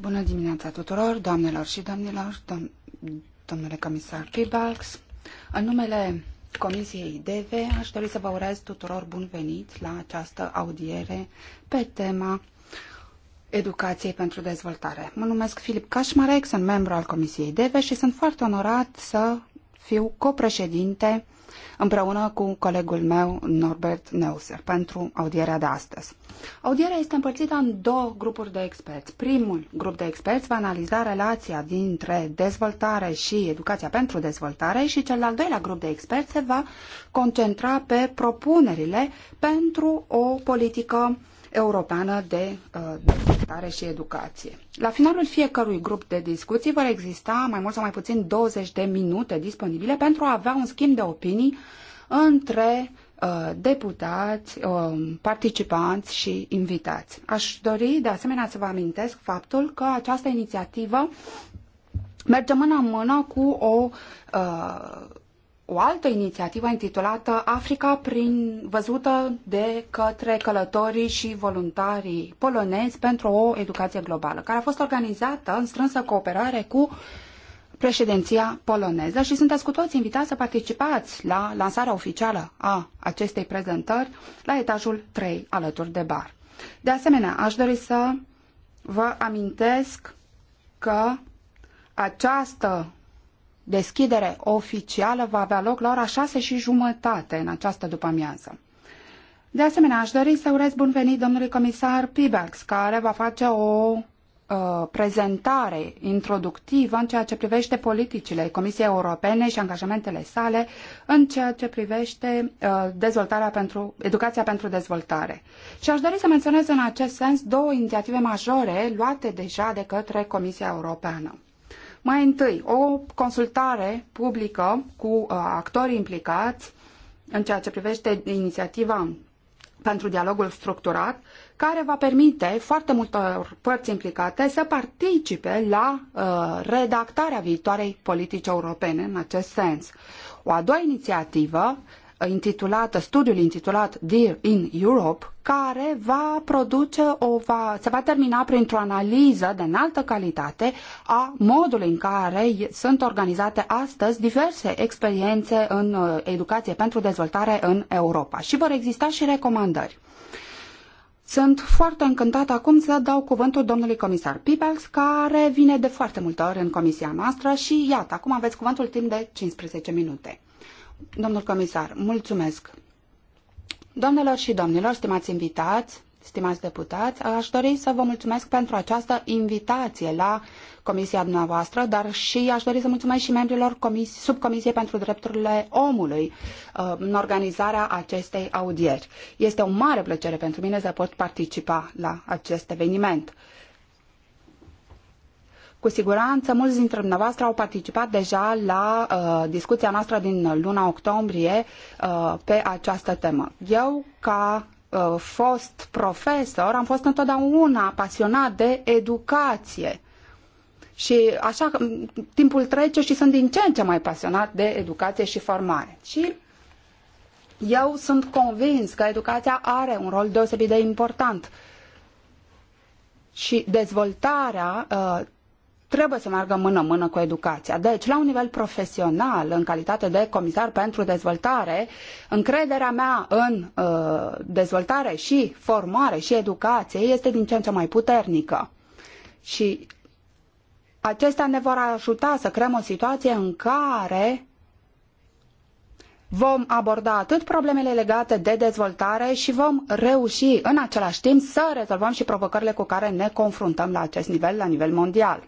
Bună dimineața tuturor, doamnelor și domnilor, dom domnule comisar Pibalks. În numele Comisiei DEVE aș dori să vă urez tuturor bun venit la această audiere pe tema Educației pentru Dezvoltare. Mă numesc Filip Kaczmarek, sunt membru al Comisiei DEVE și sunt foarte onorat să fiu copreședinte împreună cu colegul meu Norbert Neuser pentru audierea de astăzi. Audierea este împărțită în două grupuri de experți. Primul grup de experți va analiza relația dintre dezvoltare și educația pentru dezvoltare și cel al doilea grup de experți se va concentra pe propunerile pentru o politică uh, Europeană de uh, Dezvoltare și Educație. La finalul fiecărui grup de discuții vor exista mai mult sau mai puțin 20 de minute disponibile pentru a avea un schimb de opinii între uh, deputați, uh, participanți și invitați. Aș dori de asemenea să vă amintesc faptul că această inițiativă merge mână în mână cu o uh, o altă inițiativă intitulată Africa prin văzută de către călătorii și voluntarii polonezi pentru o educație globală, care a fost organizată în strânsă cooperare cu președinția poloneză și sunteți cu toți invitați să participați la lansarea oficială a acestei prezentări la etajul 3 alături de bar. De asemenea, aș dori să vă amintesc că această deschidere oficială va avea loc la ora 6 și jumătate în această după-amiază. De asemenea, aș dori să urez bun venit domnului comisar Pibax, care va face o uh, prezentare introductivă în ceea ce privește politicile Comisiei Europene și angajamentele sale în ceea ce privește uh, dezvoltarea pentru, educația pentru dezvoltare. Și aș dori să menționez în acest sens două inițiative majore luate deja de către Comisia Europeană. Mai întâi, o consultare publică cu uh, actorii implicați în ceea ce privește inițiativa pentru dialogul structurat, care va permite foarte multor părți implicate să participe la uh, redactarea viitoarei politici europene în acest sens. O a doua inițiativă intitulată, studiul intitulat Dear in Europe, care va produce o, va, se va termina printr-o analiză de înaltă calitate a modului în care sunt organizate astăzi diverse experiențe în uh, educație pentru dezvoltare în Europa și vor exista și recomandări. Sunt foarte încântată acum să dau cuvântul domnului comisar Pibels, care vine de foarte multe ori în comisia noastră și iată, acum aveți cuvântul timp de 15 minute. Domnul comisar, mulțumesc. Domnilor și domnilor, stimați invitați, stimați deputați, aș dori să vă mulțumesc pentru această invitație la comisia dumneavoastră, dar și aș dori să mulțumesc și membrilor subcomisiei pentru drepturile omului uh, în organizarea acestei audieri. Este o mare plăcere pentru mine să pot participa la acest eveniment. Cu siguranță, mulți dintre dumneavoastră au participat deja la uh, discuția noastră din luna octombrie uh, pe această temă. Eu, ca uh, fost profesor, am fost întotdeauna pasionat de educație. Și așa, timpul trece și sunt din ce în ce mai pasionat de educație și formare. Și eu sunt convins că educația are un rol deosebit de important și dezvoltarea uh, trebuie să meargă mână-mână cu educația. Deci, la un nivel profesional, în calitate de comisar pentru dezvoltare, încrederea mea în uh, dezvoltare și formare și educație este din ce în ce mai puternică. Și acestea ne vor ajuta să creăm o situație în care vom aborda atât problemele legate de dezvoltare și vom reuși în același timp să rezolvăm și provocările cu care ne confruntăm la acest nivel, la nivel mondial.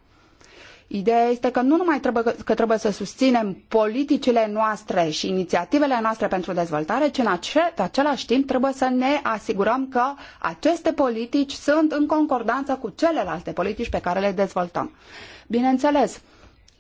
Ideea este că nu numai trebuie, că trebuie să susținem politicile noastre și inițiativele noastre pentru dezvoltare, ci în ace- același timp trebuie să ne asigurăm că aceste politici sunt în concordanță cu celelalte politici pe care le dezvoltăm. Bineînțeles, uh,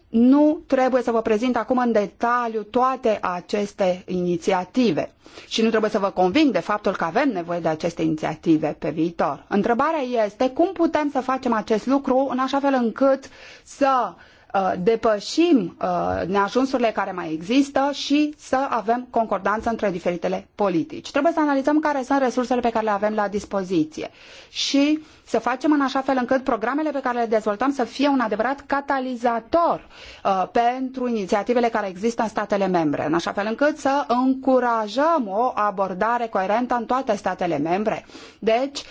nu trebuie să vă prezint acum în detaliu toate aceste inițiative și nu trebuie să vă conving de faptul că avem nevoie de aceste inițiative pe viitor. Întrebarea este cum putem să facem acest lucru în așa fel încât să Uh, depășim uh, neajunsurile care mai există și să avem concordanță între diferitele politici. Trebuie să analizăm care sunt resursele pe care le avem la dispoziție și să facem în așa fel încât programele pe care le dezvoltăm să fie un adevărat catalizator uh, pentru inițiativele care există în statele membre, în așa fel încât să încurajăm o abordare coerentă în toate statele membre. Deci,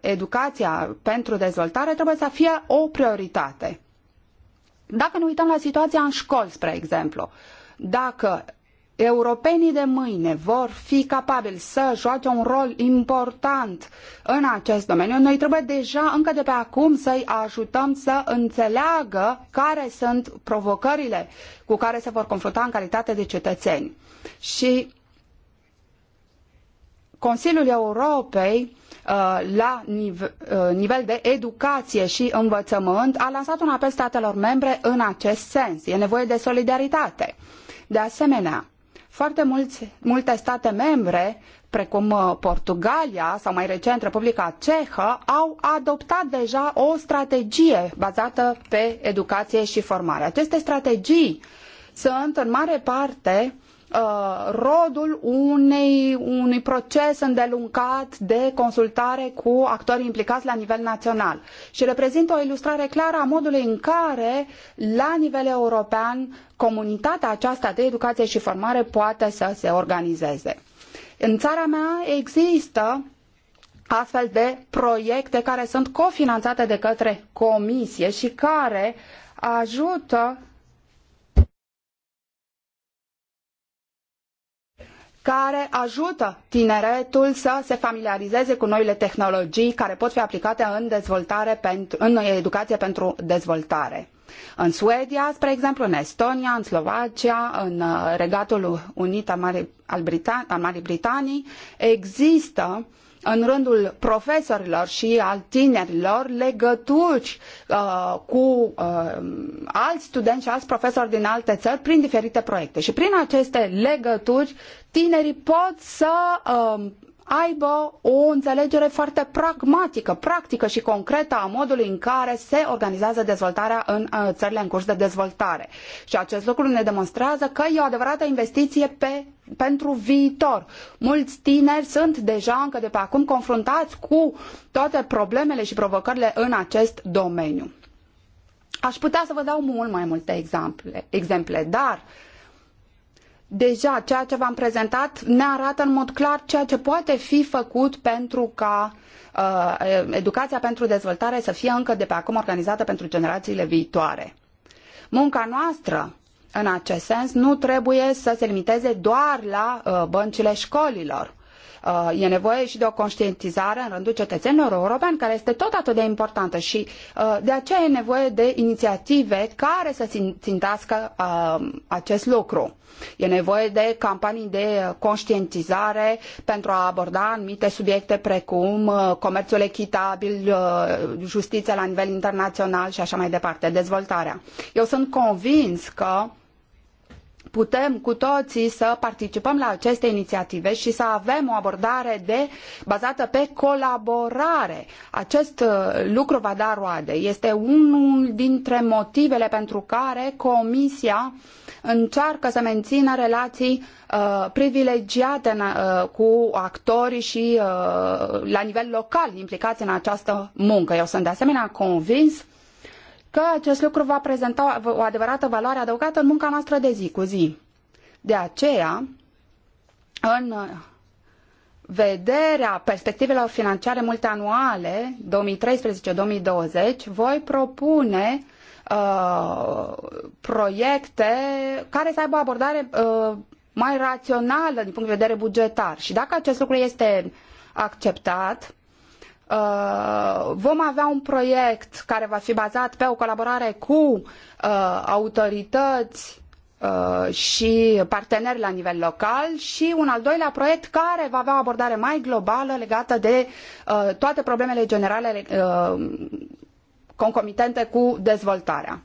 educația pentru dezvoltare trebuie să fie o prioritate. Dacă ne uităm la situația în școli, spre exemplu, dacă europenii de mâine vor fi capabili să joace un rol important în acest domeniu, noi trebuie deja, încă de pe acum, să-i ajutăm să înțeleagă care sunt provocările cu care se vor confrunta în calitate de cetățeni. Și Consiliul Europei Uh, la uh, nivel de educație și învățământ a lansat un apel statelor membre în acest sens. E nevoie de solidaritate. De asemenea, foarte mulți, multe state membre, precum uh, Portugalia sau mai recent Republica Cehă, au adoptat deja o strategie bazată pe educație și formare. Aceste strategii sunt în mare parte Uh, rodul unei, unui proces îndelungat de consultare cu actorii implicați la nivel național și reprezintă o ilustrare clară a modului în care, la nivel european, comunitatea aceasta de educație și formare poate să se organizeze. În țara mea există astfel de proiecte care sunt cofinanțate de către comisie și care ajută care ajută tineretul să se familiarizeze cu noile tehnologii care pot fi aplicate în, dezvoltare pentru, în educație pentru dezvoltare. În Suedia, spre exemplu, în Estonia, în Slovacia, în uh, Regatul Unit al Marii, al Britan al Marii Britanii, există uh, în rândul profesorilor și al tinerilor legături uh, cu uh, alți studenți și alți profesori din alte țări prin diferite proiecte. Și prin aceste legături, tinerii pot să uh, aibă o înțelegere foarte pragmatică, practică și concretă a modului în care se organizează dezvoltarea în uh, țările în curs de dezvoltare. Și acest lucru ne demonstrează că e o adevărată investiție pe pentru viitor. Mulți tineri sunt deja încă de pe acum confruntați cu toate problemele și provocările în acest domeniu. Aș putea să vă dau mult mai multe exemple, exemple dar uh, deja ceea ce v-am prezentat ne arată în mod clar ceea ce poate fi făcut pentru ca uh, educația pentru dezvoltare să fie încă de pe acum organizată pentru generațiile viitoare. Munca noastră în acest sens nu trebuie să se limiteze doar la uh, băncile școlilor Uh, e nevoie și de o conștientizare în rândul cetățenilor europeni, care este tot atât de importantă și uh, de aceea e nevoie de inițiative care să țintească uh, acest lucru. E nevoie de campanii de conștientizare pentru a aborda anumite subiecte precum comerțul echitabil, justiția la nivel internațional și așa mai departe, dezvoltarea. Eu sunt convins că putem cu toții să participăm la aceste inițiative și să avem o abordare de, bazată pe colaborare. Acest uh, lucru va da roade. Este unul dintre motivele pentru care Comisia încearcă să mențină relații uh, privilegiate în, uh, cu actorii și uh, la nivel local implicați în această muncă. Eu sunt de asemenea convins că acest lucru va prezenta o adevărată valoare adăugată în munca noastră de zi cu zi. De aceea, în vederea perspectivelor financiare multianuale 2013-2020, voi propune uh, proiecte care să aibă o abordare uh, mai rațională din punct de vedere bugetar. Și dacă acest lucru este acceptat, Uh, vom avea un proiect care va fi bazat pe o colaborare cu uh, autorități uh, și parteneri la nivel local și un al doilea proiect care va avea o abordare mai globală legată de toate problemele generale concomitente cu dezvoltarea.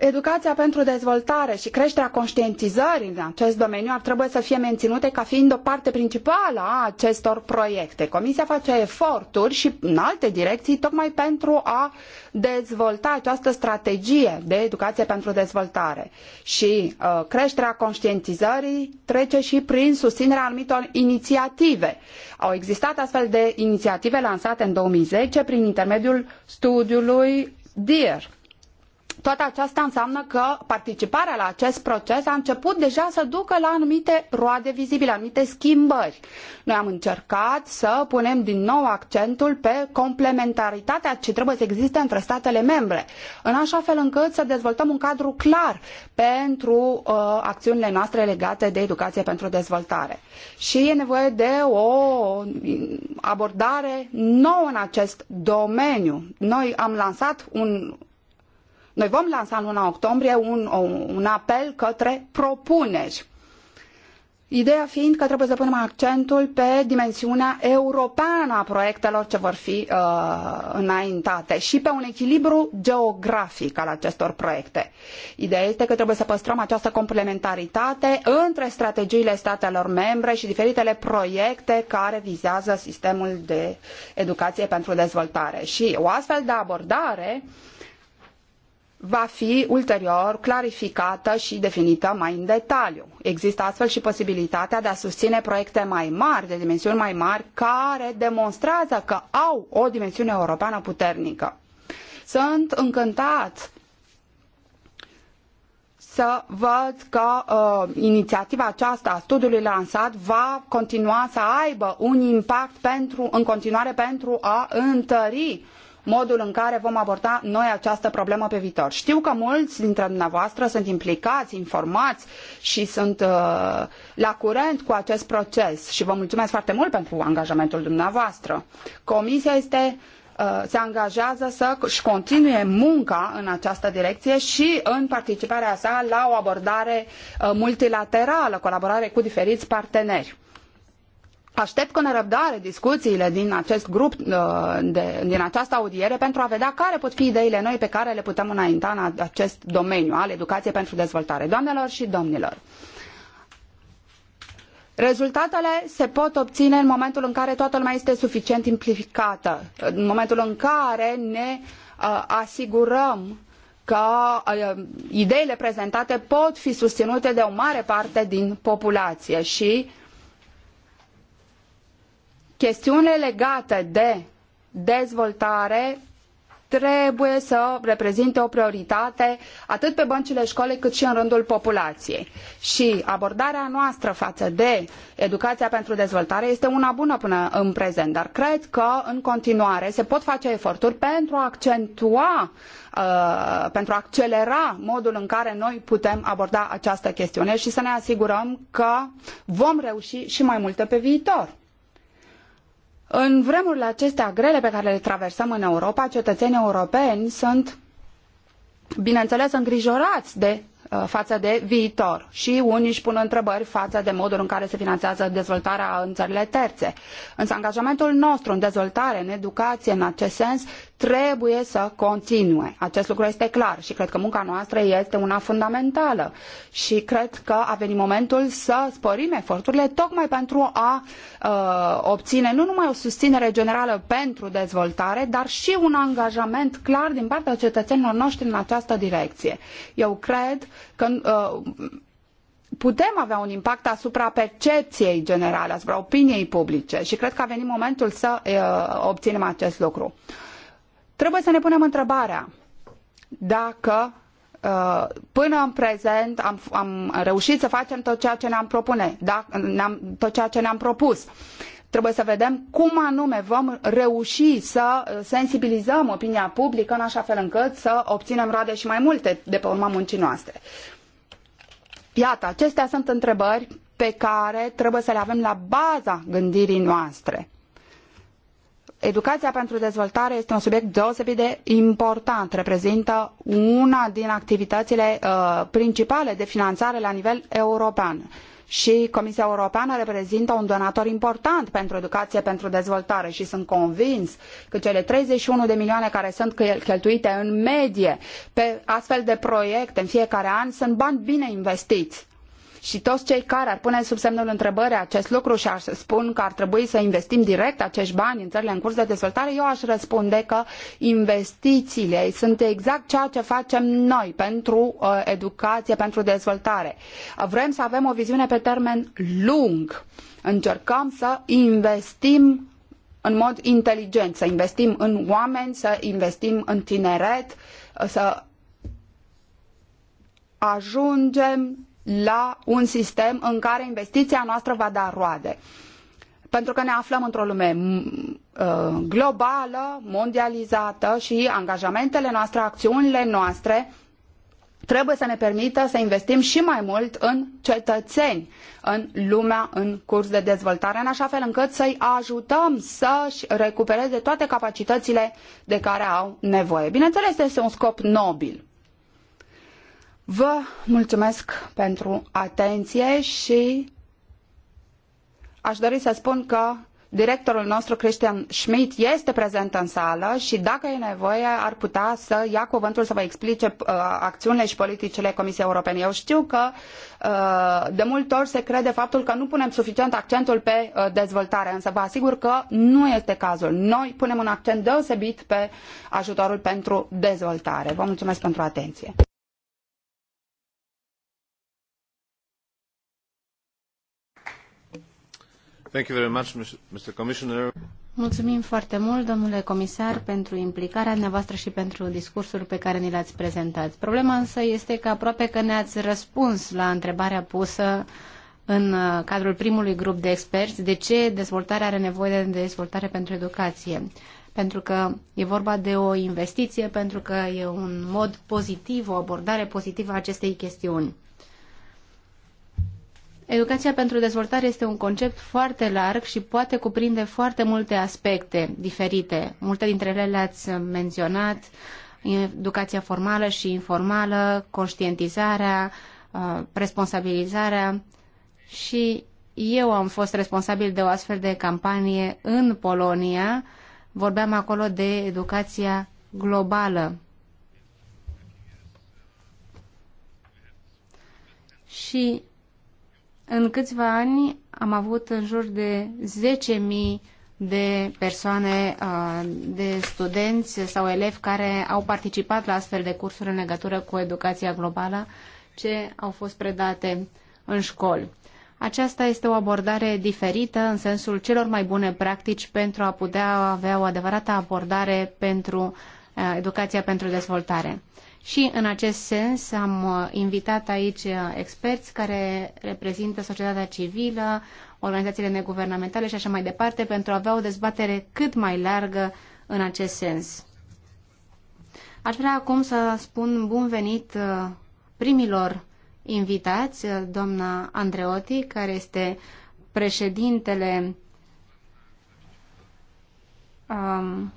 Educația pentru dezvoltare și creșterea conștientizării în acest domeniu ar trebui să fie menținute ca fiind o parte principală a acestor proiecte. Comisia face eforturi și în alte direcții tocmai pentru a dezvolta această strategie de educație pentru dezvoltare. Și uh, creșterea conștientizării trece și prin susținerea anumitor inițiative. Au existat astfel de inițiative lansate în 2010 prin intermediul studiului DIR toate acestea înseamnă că participarea la acest proces a început deja să ducă la anumite roade vizibile, anumite schimbări. Noi am încercat să punem din nou accentul pe complementaritatea ce trebuie să existe între statele membre, în așa fel încât să dezvoltăm un cadru clar pentru uh, acțiunile noastre legate de educație pentru dezvoltare. Și e nevoie de o abordare nouă în acest domeniu. Noi am lansat un noi vom lansa în luna octombrie un, un apel către propuneri. Ideea fiind că trebuie să punem accentul pe dimensiunea europeană a proiectelor ce vor fi uh, înaintate și pe un echilibru geografic al acestor proiecte. Ideea este că trebuie să păstrăm această complementaritate între strategiile statelor membre și diferitele proiecte care vizează sistemul de educație pentru dezvoltare. Și o astfel de abordare uh, va fi ulterior clarificată și definită mai în detaliu. Există astfel și posibilitatea de a susține proiecte mai mari, de dimensiuni mai mari, care demonstrează că au o dimensiune europeană puternică. Sunt încântat să văd că uh, inițiativa aceasta a studiului lansat va continua să aibă un impact pentru, în continuare pentru a întări uh, modul în care vom aborda noi această problemă pe viitor. Știu că mulți dintre dumneavoastră sunt implicați, informați și sunt uh, la curent cu acest proces și vă mulțumesc foarte mult pentru angajamentul dumneavoastră. Comisia este uh, se angajează să își continue munca în această direcție și în participarea sa la o abordare uh, multilaterală, colaborare cu diferiți parteneri. Aștept cu nerăbdare discuțiile din acest grup, uh, de, din această audiere, pentru a vedea care pot fi ideile noi pe care le putem înainta în acest domeniu al educației pentru dezvoltare. Doamnelor și domnilor, Rezultatele se pot obține în momentul în care toată lumea este suficient implicată, în momentul în care ne uh, asigurăm că uh, ideile prezentate pot fi susținute de o mare parte din populație și uh, chestiunile legate de dezvoltare trebuie să reprezinte o prioritate atât pe băncile școlii cât și în rândul populației. Și abordarea noastră față de educația pentru dezvoltare este una bună până în prezent, dar cred că în continuare se pot face eforturi pentru a accentua, uh, pentru a accelera modul în care noi putem aborda această chestiune și să ne asigurăm că vom reuși și mai multe pe viitor. În vremurile acestea grele pe care le traversăm în Europa, cetățenii europeni sunt, bineînțeles, îngrijorați de uh, față de viitor și unii își pun întrebări față de modul în care se finanțează dezvoltarea în țările terțe. Însă angajamentul nostru în dezvoltare, în educație, în acest sens, trebuie să continue. Acest lucru este clar și cred că munca noastră este una fundamentală și cred că a venit momentul să sporim eforturile tocmai pentru a uh, obține nu numai o susținere generală pentru dezvoltare, dar și un angajament clar din partea cetățenilor noștri în această direcție. Eu cred că uh, putem avea un impact asupra percepției generale, asupra opiniei publice și cred că a venit momentul să uh, obținem acest lucru. Trebuie să ne punem întrebarea dacă uh, până în prezent am, am reușit să facem tot ceea ce ne-am propune, da, ne-am, tot ceea ce ne-am propus. Trebuie să vedem cum anume vom reuși să uh, sensibilizăm opinia publică în așa fel încât să obținem roade și mai multe de pe urma muncii noastre. Iată, acestea sunt întrebări pe care trebuie să le avem la baza gândirii noastre. Educația pentru dezvoltare este un subiect deosebit de important, reprezintă una din activitățile uh, principale de finanțare la nivel european și Comisia Europeană reprezintă un donator important pentru educaie pentru dezvoltare și sunt convins că cele 31 de milioane care sunt cheltuite în medie pe astfel de proiecte în fiecare an sunt bani bine investiți și toți cei care ar pune sub semnul întrebării acest lucru și ar spun că ar trebui să investim direct acești bani în ările în curs de dezvoltare, eu aș răspunde că investițiile sunt exact ceea ce facem noi pentru uh, educație, pentru dezvoltare. Vrem să avem o viziune pe termen lung. Încercăm să investim în mod inteligent, să investim în oameni, să investim în tineret, să ajungem la un sistem în care investiția noastră va da roade. Pentru că ne aflăm într-o lume uh, globală, mondializată și angajamentele noastre, acțiunile noastre trebuie să ne permită să investim și mai mult în cetățeni, în lumea în curs de dezvoltare, în așa fel încât să-i ajutăm să-și recupereze toate capacitățile de care au nevoie. Bineînțeles, este un scop nobil. Vă mulțumesc pentru atenție și aș dori să spun că directorul nostru, Christian Schmidt, este prezent în sală și dacă e nevoie ar putea să ia cuvântul să vă explice uh, acțiunile și politicile Comisiei Europene. Eu știu că uh, de multe ori se crede faptul că nu punem suficient accentul pe uh, dezvoltare, însă vă asigur că nu este cazul. Noi punem un accent deosebit pe ajutorul pentru dezvoltare. Vă mulțumesc pentru atenție. Mulțumim foarte mult, domnule comisar, pentru implicarea noastră și pentru discursul pe care ni l-ați prezentat. Problema însă este că aproape că ne-ați răspuns la întrebarea pusă în uh, cadrul primului grup de experți de ce dezvoltarea are nevoie de dezvoltare pentru educație. Pentru că e vorba de o investiție, pentru că e un mod pozitiv, o abordare pozitivă a acestei chestiuni. Educația pentru dezvoltare este un concept foarte larg și poate cuprinde foarte multe aspecte diferite. Multe dintre ele le-ați menționat, educația formală și informală, conștientizarea, uh, responsabilizarea și eu am fost responsabil de o astfel de campanie în Polonia. Vorbeam acolo de educația globală. Și în câțiva ani am avut în jur de 10.000 de persoane, uh, de studenți sau elevi care au participat la astfel de cursuri în legătură cu educația globală ce au fost predate în școli. Aceasta este o abordare diferită în sensul celor mai bune practici pentru a putea avea o adevărată abordare pentru uh, educația pentru dezvoltare. Și în acest sens am uh, invitat aici uh, experți care reprezintă societatea civilă, organizațiile neguvernamentale și așa mai departe pentru a avea o dezbatere cât mai largă în acest sens. Aș vrea acum să spun bun venit uh, primilor invitați, doamna Andreotti, care este președintele um,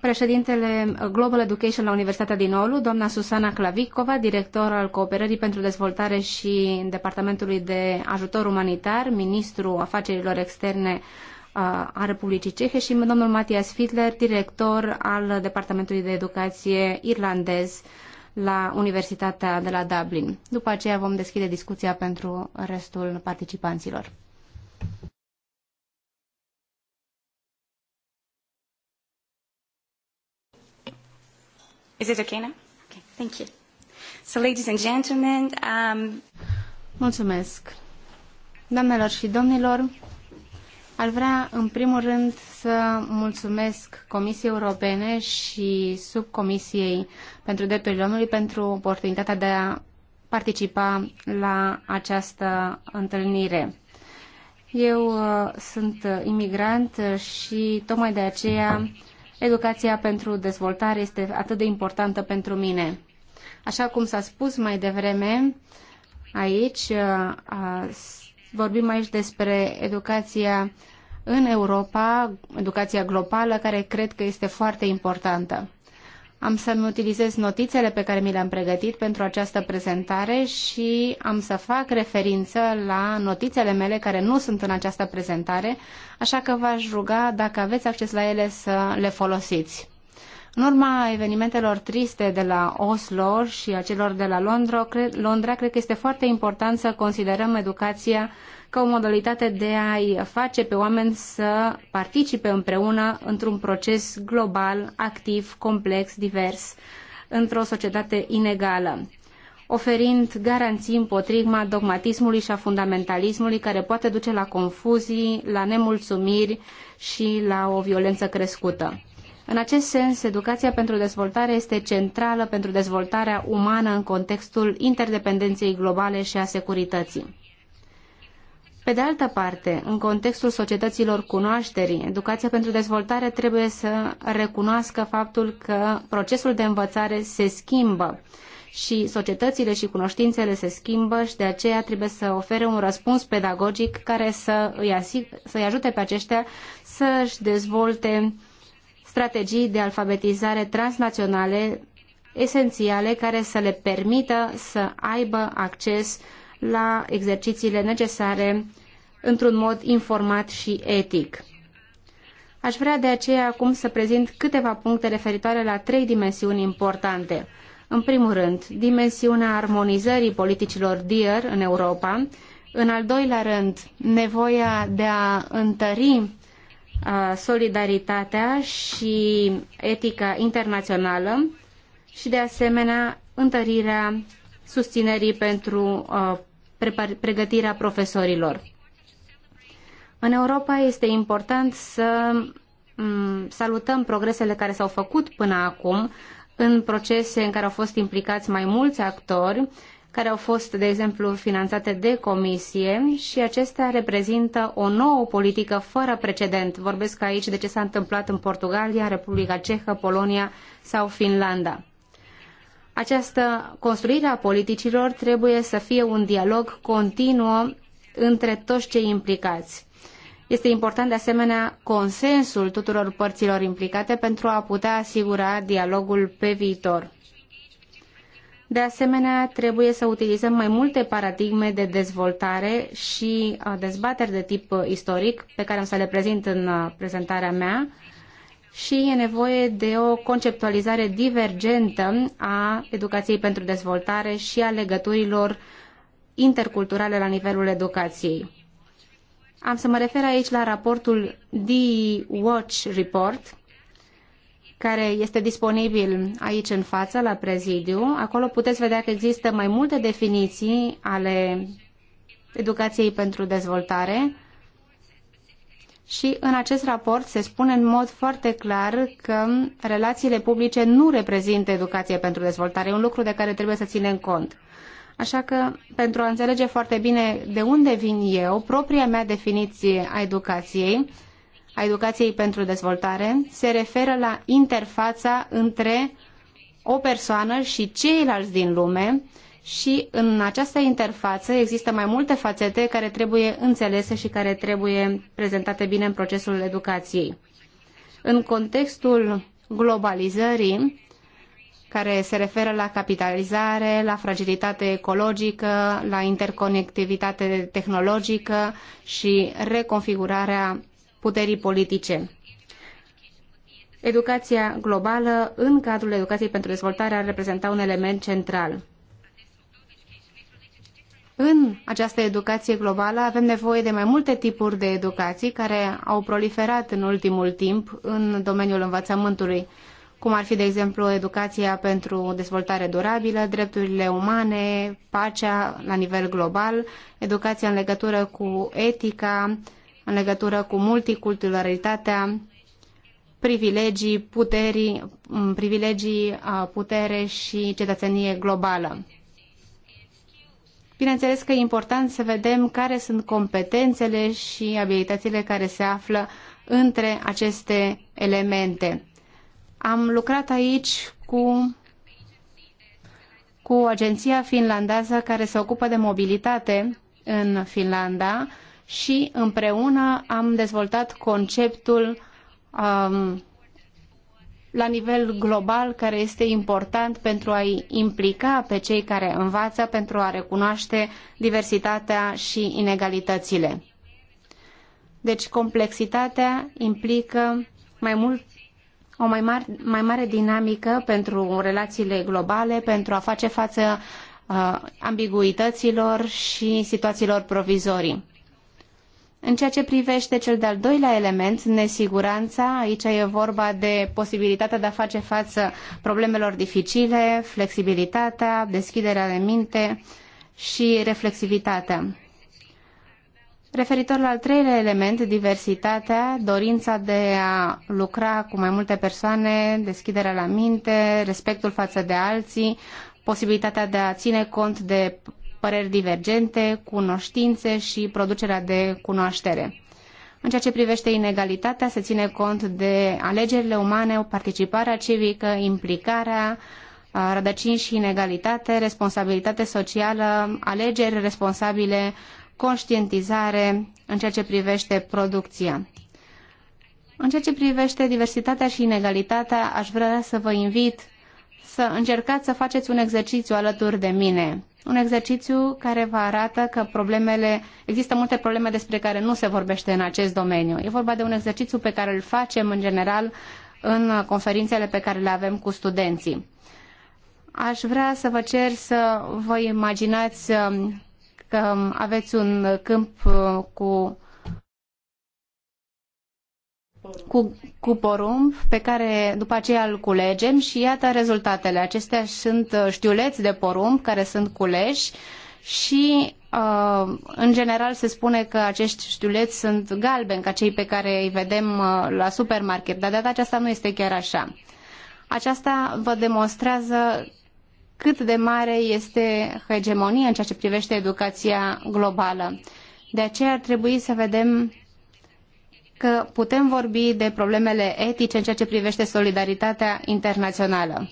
președintele Global Education la Universitatea din Oulu, doamna Susana Clavicova, director al Cooperării pentru Dezvoltare și Departamentului de Ajutor Umanitar, ministru afacerilor externe uh, a Republicii Cehe și domnul Matias Fidler, director al Departamentului de Educație irlandez la Universitatea de la Dublin. După aceea vom deschide discuția pentru restul participanților. Is it okay now? Okay, thank you. So, ladies and gentlemen, um... Mulțumesc. Doamnelor și domnilor, ar vrea în primul rând să mulțumesc Comisiei Europene și Subcomisiei pentru Drepturile Omului pentru oportunitatea de a participa la această întâlnire. Eu uh, sunt imigrant și tocmai de aceea Educația pentru dezvoltare este atât de importantă pentru mine. Așa cum s-a spus mai devreme, aici uh, vorbim aici despre educația în Europa, educația globală, care cred că este foarte importantă. Am să-mi utilizez notițele pe care mi le-am pregătit pentru această prezentare și am să fac referință la notițele mele care nu sunt în această prezentare, așa că v-aș ruga, dacă aveți acces la ele, să le folosiți. În urma evenimentelor triste de la Oslo și a celor de la Londra, cred, Londra, cred că este foarte important să considerăm educația ca o modalitate de a-i face pe oameni să participe împreună într-un proces global, activ, complex, divers, într-o societate inegală oferind garanții împotriva dogmatismului și a fundamentalismului care poate duce la confuzii, la nemulțumiri și la o violență crescută. În acest sens, educația pentru dezvoltare este centrală pentru dezvoltarea umană în contextul interdependenței globale și a securității. Pe de altă parte, în contextul societăților cunoașterii, educația pentru dezvoltare trebuie să recunoască faptul că procesul de învățare se schimbă și societățile și cunoștințele se schimbă și de aceea trebuie să ofere un răspuns pedagogic care să îi, asig- să îi ajute pe aceștia să-și dezvolte strategii de alfabetizare transnaționale esențiale care să le permită să aibă acces la exercițiile necesare într-un mod informat și etic. Aș vrea de aceea acum să prezint câteva puncte referitoare la trei dimensiuni importante. În primul rând, dimensiunea armonizării politicilor DIR în Europa. În al doilea rând, nevoia de a întări solidaritatea și etica internațională și, de asemenea, întărirea susținerii pentru pregătirea profesorilor. În Europa este important să salutăm progresele care s-au făcut până acum în procese în care au fost implicați mai mulți actori, care au fost, de exemplu, finanțate de comisie și acestea reprezintă o nouă politică fără precedent. Vorbesc aici de ce s-a întâmplat în Portugalia, Republica Cehă, Polonia sau Finlanda. Această construire a politicilor trebuie să fie un dialog continuu între toți cei implicați. Este important de asemenea consensul tuturor părților implicate pentru a putea asigura dialogul pe viitor. De asemenea, trebuie să utilizăm mai multe paradigme de dezvoltare și uh, dezbateri de tip istoric, pe care am să le prezint în uh, prezentarea mea, și e nevoie de o conceptualizare divergentă a educației pentru dezvoltare și a legăturilor interculturale la nivelul educației. Am să mă refer aici la raportul The Watch Report, care este disponibil aici în față, la prezidiu. Acolo puteți vedea că există mai multe definiții ale educației pentru dezvoltare, și în acest raport se spune în mod foarte clar că relațiile publice nu reprezintă educație pentru dezvoltare, e un lucru de care trebuie să ținem cont. Așa că, pentru a înțelege foarte bine de unde vin eu, propria mea definiție a educației, a educației pentru dezvoltare, se referă la interfața între o persoană și ceilalți din lume și în această interfață există mai multe fațete care trebuie înțelese și care trebuie prezentate bine în procesul educației. În contextul globalizării, care se referă la capitalizare, la fragilitate ecologică, la interconectivitate tehnologică și reconfigurarea puterii politice. Educația globală în cadrul educației pentru dezvoltare ar reprezenta un element central. În această educație globală avem nevoie de mai multe tipuri de educații care au proliferat în ultimul timp în domeniul învățământului, cum ar fi, de exemplu, educația pentru dezvoltare durabilă, drepturile umane, pacea la nivel global, educația în legătură cu etica, în legătură cu multiculturalitatea, privilegii, puterii, privilegii, putere și cetățenie globală. Bineînțeles că e important să vedem care sunt competențele și abilitățile care se află între aceste elemente. Am lucrat aici cu, cu agenția finlandeză care se ocupă de mobilitate în Finlanda și împreună am dezvoltat conceptul um, la nivel global care este important pentru a-i implica pe cei care învață pentru a recunoaște diversitatea și inegalitățile. Deci complexitatea implică mai mult o mai mare, mai mare dinamică pentru relațiile globale, pentru a face față uh, ambiguităților și situațiilor provizorii. În ceea ce privește cel de-al doilea element, nesiguranța, aici e vorba de posibilitatea de a face față problemelor dificile, flexibilitatea, deschiderea de minte și reflexivitatea. Referitor la al treilea element, diversitatea, dorința de a lucra cu mai multe persoane, deschiderea la minte, respectul față de alții, posibilitatea de a ține cont de păreri divergente, cunoștințe și producerea de cunoaștere. În ceea ce privește inegalitatea, se ține cont de alegerile umane, participarea civică, implicarea, rădăcini și inegalitate, responsabilitate socială, alegeri responsabile, conștientizare în ceea ce privește producția. În ceea ce privește diversitatea și inegalitatea, aș vrea să vă invit să încercați să faceți un exercițiu alături de mine. Un exercițiu care vă arată că problemele, există multe probleme despre care nu se vorbește în acest domeniu. E vorba de un exercițiu pe care îl facem în general în conferințele pe care le avem cu studenții. Aș vrea să vă cer să vă imaginați um, că aveți un câmp uh, cu cu, cu porumb pe care după aceea îl culegem și iată rezultatele. Acestea sunt uh, știuleți de porumb care sunt culeși și uh, în general se spune că acești știuleți sunt galbeni ca cei pe care îi vedem uh, la supermarket, dar de data aceasta nu este chiar așa. Aceasta vă demonstrează cât de mare este hegemonia în ceea ce privește educația globală. De aceea ar trebui să vedem că putem vorbi de problemele etice în ceea ce privește solidaritatea internațională.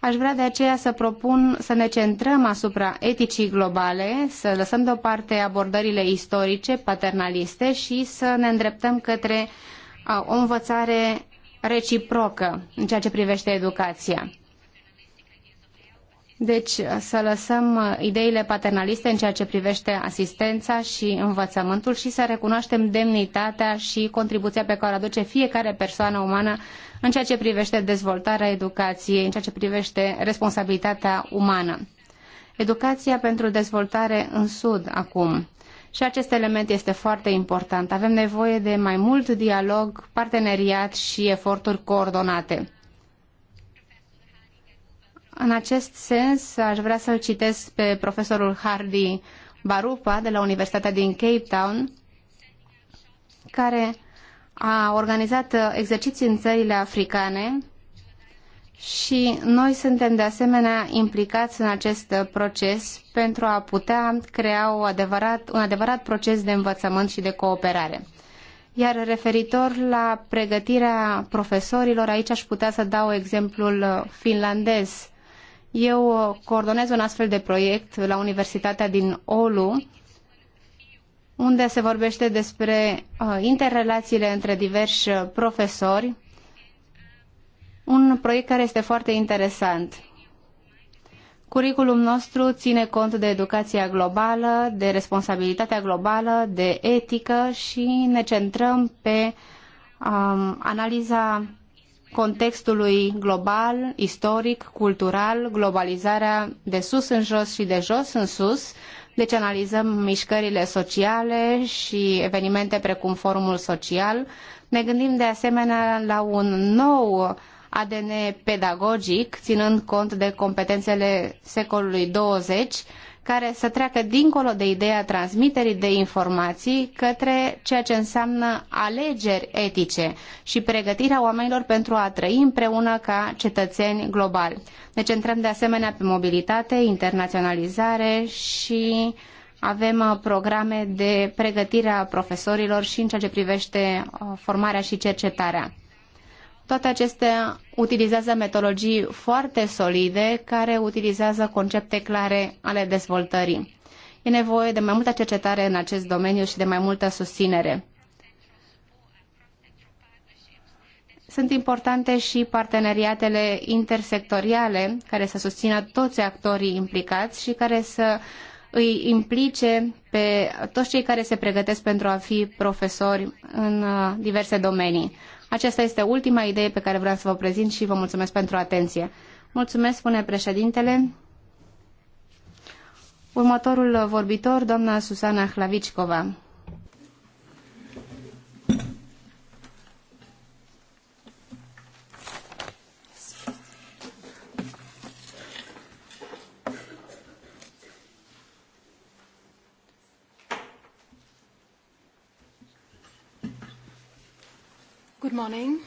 Aș vrea de aceea să propun să ne centrăm asupra eticii globale, să lăsăm deoparte abordările istorice, paternaliste și să ne îndreptăm către uh, o învățare reciprocă în ceea ce privește educația. Deci să lăsăm uh, ideile paternaliste în ceea ce privește asistența și învățământul și să recunoaștem demnitatea și contribuția pe care o aduce fiecare persoană umană în ceea ce privește dezvoltarea educației, în ceea ce privește responsabilitatea umană. Educația pentru dezvoltare în Sud acum. Și acest element este foarte important. Avem nevoie de mai mult dialog, parteneriat și eforturi coordonate. În acest sens, aș vrea să-l citesc pe profesorul Hardy Barupa de la Universitatea din Cape Town, care a organizat exerciții în țările africane și noi suntem de asemenea implicați în acest proces pentru a putea crea o adevărat, un adevărat proces de învățământ și de cooperare. Iar referitor la pregătirea profesorilor, aici aș putea să dau exemplul finlandez. Eu coordonez un astfel de proiect la Universitatea din Oulu, unde se vorbește despre uh, interrelațiile între diversi uh, profesori, un proiect care este foarte interesant. Curiculum nostru ține cont de educația globală, de responsabilitatea globală, de etică și ne centrăm pe um, analiza contextului global, istoric, cultural, globalizarea de sus în jos și de jos în sus, deci analizăm mișcările sociale și evenimente precum forumul social. Ne gândim de asemenea la un nou ADN pedagogic, ținând cont de competențele secolului 20, care să treacă dincolo de ideea transmiterii de informații către ceea ce înseamnă alegeri etice și pregătirea oamenilor pentru a trăi împreună ca cetățeni globali. Ne deci centrăm de asemenea pe mobilitate, internaționalizare și avem uh, programe de pregătire a profesorilor și în ceea ce privește uh, formarea și cercetarea. Toate acestea utilizează metodologii foarte solide care utilizează concepte clare ale dezvoltării. E nevoie de mai multă cercetare în acest domeniu și de mai multă susținere. Sunt importante și parteneriatele intersectoriale care să susțină toți actorii implicați și care să îi implice pe toți cei care se pregătesc pentru a fi profesori în uh, diverse domenii. Aceasta este ultima idee pe care vreau să vă prezint și vă mulțumesc pentru atenție. Mulțumesc, spune președintele. Următorul vorbitor, doamna Susana Hlavicicova. Good morning.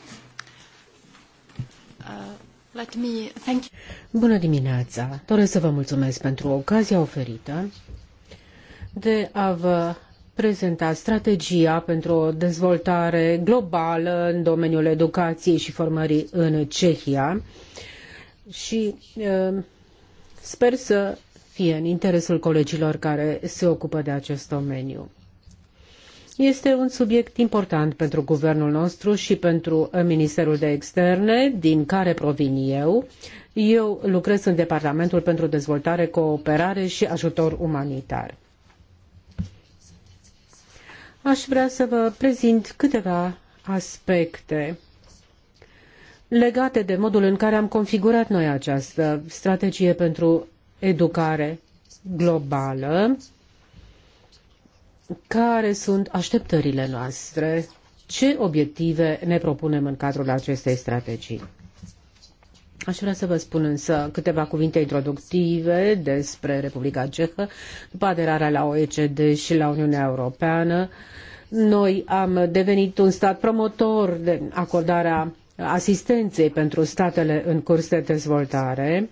Uh, let me thank you. Bună dimineața! Doresc să vă mulțumesc pentru ocazia oferită de a vă prezenta strategia pentru o dezvoltare globală în domeniul educației și formării în Cehia și uh, sper să fie în interesul colegilor care se ocupă de acest domeniu. Este un subiect important pentru guvernul nostru și pentru Ministerul de Externe, din care provin eu. Eu lucrez în Departamentul pentru Dezvoltare, Cooperare și Ajutor Umanitar. Aș vrea să vă prezint câteva aspecte legate de modul în care am configurat noi această strategie pentru educare globală care sunt așteptările noastre, ce obiective ne propunem în cadrul acestei strategii. Aș vrea să vă spun însă câteva cuvinte introductive despre Republica Cehă după aderarea la OECD și la Uniunea Europeană. Noi am devenit un stat promotor de acordarea asistenței pentru statele în curs de dezvoltare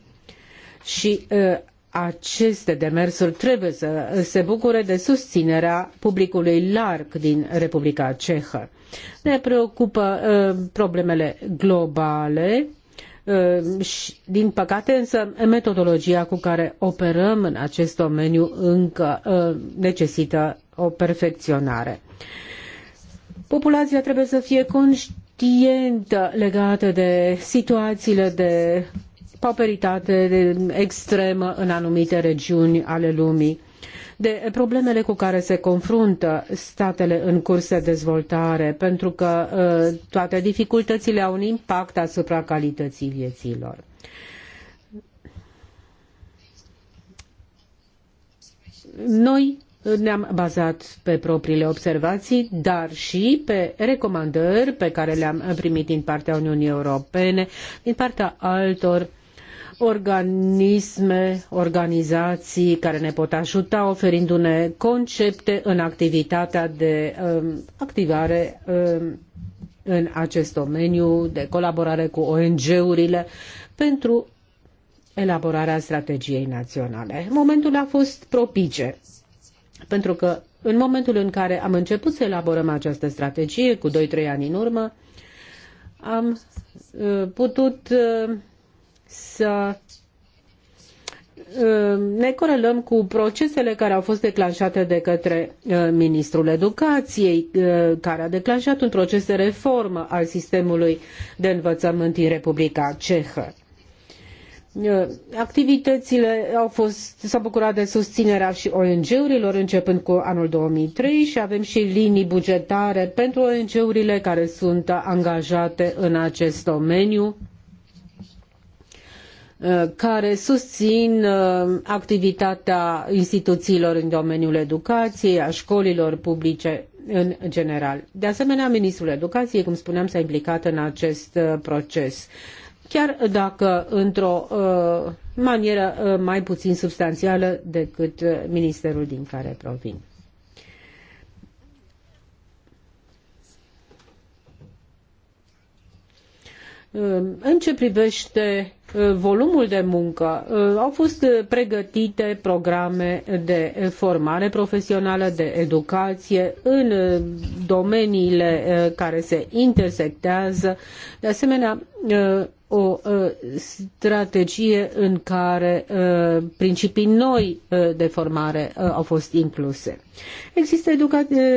și uh, aceste demersuri trebuie să se bucure de susținerea publicului larg din Republica Cehă. Ne preocupă uh, problemele globale uh, și, din păcate, însă, metodologia cu care operăm în acest domeniu încă uh, necesită o perfecționare. Populația trebuie să fie conștientă legată de situațiile de pauperitate extremă în anumite regiuni ale lumii, de problemele cu care se confruntă statele în curs de dezvoltare, pentru că uh, toate dificultățile au un impact asupra calității vieților. Noi ne-am bazat pe propriile observații, dar și pe recomandări pe care le-am primit din partea Uniunii Europene, din partea altor organisme, organizații care ne pot ajuta oferindu-ne concepte în activitatea de um, activare um, în acest domeniu, de colaborare cu ONG-urile pentru elaborarea strategiei naționale. Momentul a fost propice, pentru că în momentul în care am început să elaborăm această strategie, cu 2-3 ani în urmă, am uh, putut uh, să uh, ne corelăm cu procesele care au fost declanșate de către uh, ministrul educației, uh, care a declanșat un proces de reformă al sistemului de învățământ din Republica Cehă. Activitățile au fost, s-au bucurat de susținerea și ONG-urilor începând cu anul 2003 și avem și linii bugetare pentru ONG-urile care sunt angajate în acest domeniu Uh, care susțin uh, activitatea instituțiilor în domeniul educației, a școlilor publice în general. De asemenea, Ministrul Educației, cum spuneam, s-a implicat în acest uh, proces. Chiar dacă într-o uh, manieră uh, mai puțin substanțială decât ministerul din care provin. În ce privește Uh, volumul de muncă. Uh, au fost uh, pregătite programe de formare profesională, de educație în domeniile care se intersectează. De asemenea, o uh, strategie în care uh, principii noi uh, de formare au fost incluse. Există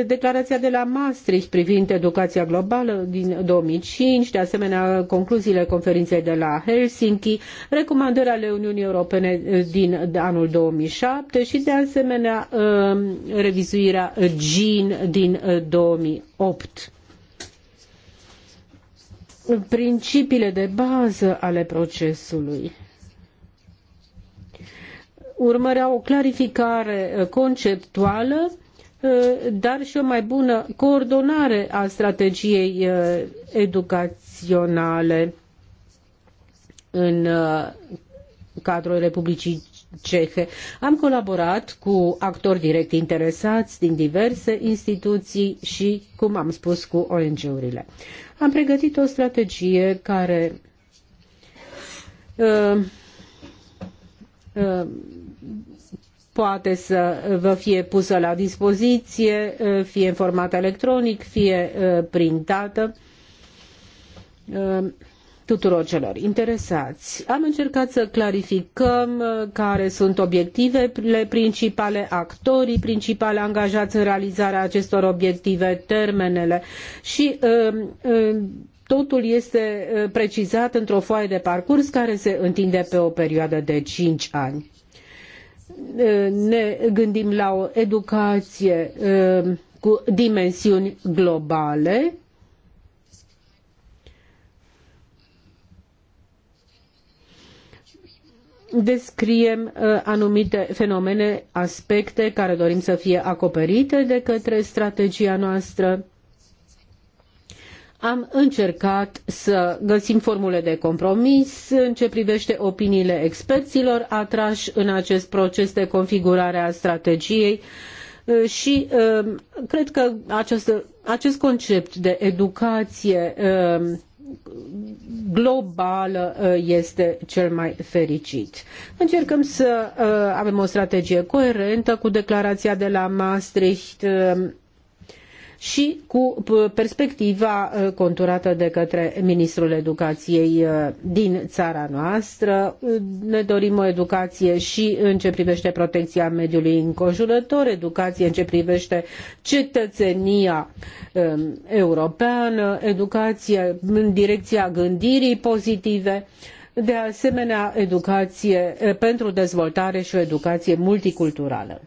declarația de la Maastricht privind educația globală din 2005, de asemenea concluziile conferinței de la Helsinki, recomandări ale Uniunii Europene din anul 2007 și de asemenea revizuirea GIN din 2008 principiile de bază ale procesului urmărea o clarificare uh, conceptuală, uh, dar și o mai bună coordonare a strategiei uh, educaționale în cadrul Republicii cehe. Am colaborat cu actori direct interesați din diverse instituții și, cum am spus, cu ONG-urile. Am pregătit o strategie care uh, uh, poate să vă fie pusă la dispoziție, uh, fie în format electronic, fie printată tuturor celor interesați. Am încercat să clarificăm uh, care sunt obiectivele principale, actorii principale angajați în realizarea acestor obiective, termenele și uh, uh, totul este precizat într-o foaie de parcurs care se întinde pe o perioadă de cinci ani. Ne gândim la o educație cu dimensiuni globale, descriem uh, anumite fenomene, aspecte care dorim să fie acoperite de către strategia noastră. Am încercat să găsim formule de compromis în ce privește opiniile experților atrași în acest proces de configurare a strategiei uh, și uh, cred că acest, acest concept de educație globală uh, este cel mai fericit. Încercăm să uh, avem o strategie coerentă cu declarația de la Maastricht uh, și cu uh, perspectiva uh, conturată de către Ministrul Educației uh, din țara noastră. Ne dorim o educație și în ce privește protecția mediului înconjurător, educație în ce privește cetățenia um, europeană, educație în direcția gândirii pozitive, de asemenea educație pentru dezvoltare și o educație multiculturală.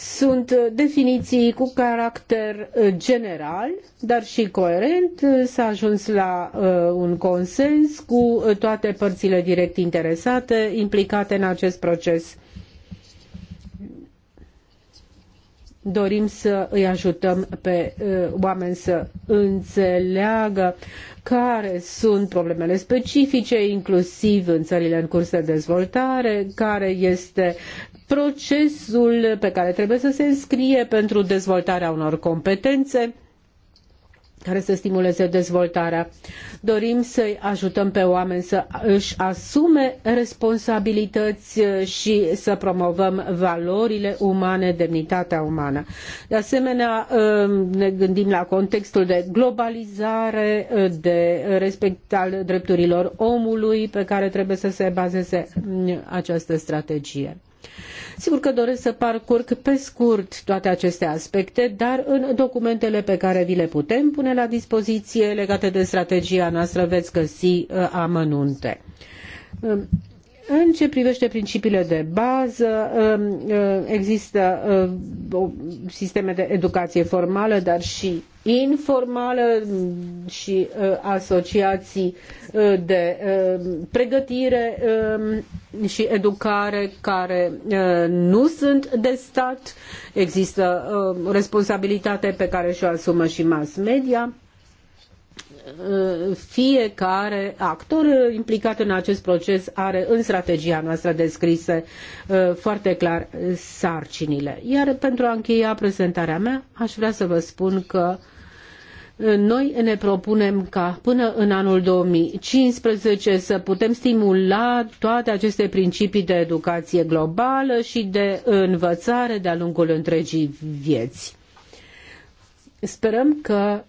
Sunt uh, definiții cu caracter uh, general, dar și coerent. Uh, s-a ajuns la un consens cu toate părțile direct interesate implicate în acest proces. dorim să îi ajutăm pe oameni să înțeleagă care sunt problemele specifice, inclusiv în țările în curs de dezvoltare, care este procesul pe care trebuie să se înscrie pentru dezvoltarea unor competențe care să stimuleze dezvoltarea. Dorim să-i ajutăm pe oameni să își asume responsabilități și să promovăm valorile umane, demnitatea umană. De asemenea, um, ne gândim la contextul de globalizare, de respect al drepturilor omului pe care trebuie să se bazeze această strategie. Sigur că doresc să parcurg pe scurt toate aceste aspecte, dar în documentele pe care vi le putem pune la dispoziție legate de strategia noastră veți găsi uh, amănunte. Um, în ce privește principiile de bază, um, um, există um, sisteme de educație formală, dar și informală și uh, asociații uh, de pregătire și educare care uh, nu sunt de stat. Există responsabilitate pe care și-o asumă și mass media. Uh, fiecare actor implicat în acest proces are în strategia noastră descrise uh, foarte clar sarcinile. Iar pentru a încheia prezentarea mea, aș vrea să vă spun că uh, noi ne propunem ca până în anul 2015 să putem stimula toate aceste principii de educație globală și de învățare de-a lungul întregii vieți. Sperăm că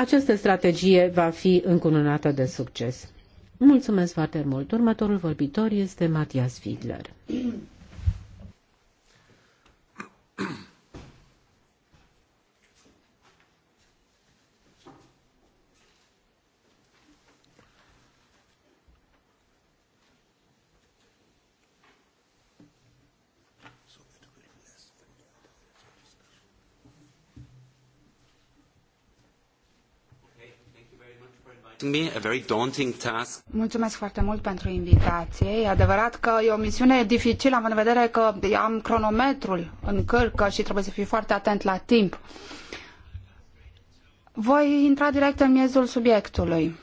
această strategie va fi încununată de succes. Mulțumesc foarte mult. Următorul vorbitor este Matias Fiedler. me, Mulțumesc foarte mult pentru invitație. E adevărat că e o misiune dificilă, având în vedere că am cronometrul în cărcă și trebuie să fiu foarte atent la timp. Voi intra direct în miezul subiectului.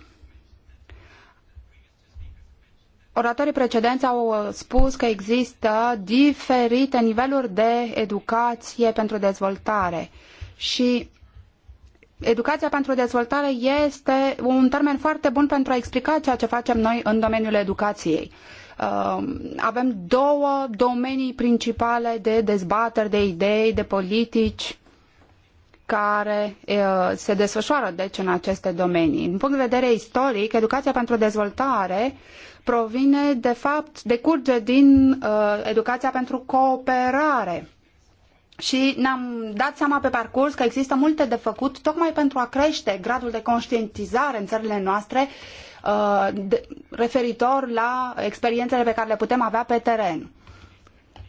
Oratorii precedenți au spus că există diferite niveluri de educație pentru dezvoltare și educația pentru dezvoltare este un termen foarte bun pentru a explica ceea ce facem noi în domeniul educației. Uh, avem două domenii principale de dezbateri, de idei, de politici care uh, se desfășoară deci în aceste domenii. Din punct de vedere istoric, educația pentru dezvoltare provine de fapt, decurge din uh, educația pentru cooperare și ne-am dat seama pe parcurs că există multe de făcut tocmai pentru a crește gradul de conștientizare în țările noastre uh, referitor la experiențele pe care le putem avea pe teren.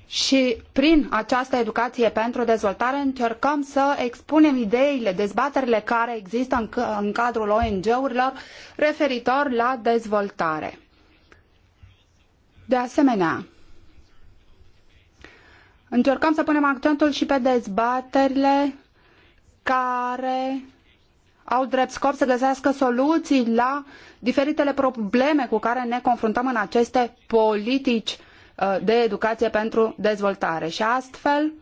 Și prin această educație pentru dezvoltare încercăm să expunem ideile, dezbaterile care există în, în cadrul ONG-urilor referitor la dezvoltare. De asemenea, Încercăm să punem accentul și pe dezbaterile care au drept scop să găsească soluții la diferitele probleme cu care ne confruntăm în aceste politici uh, de educație pentru dezvoltare. Și astfel,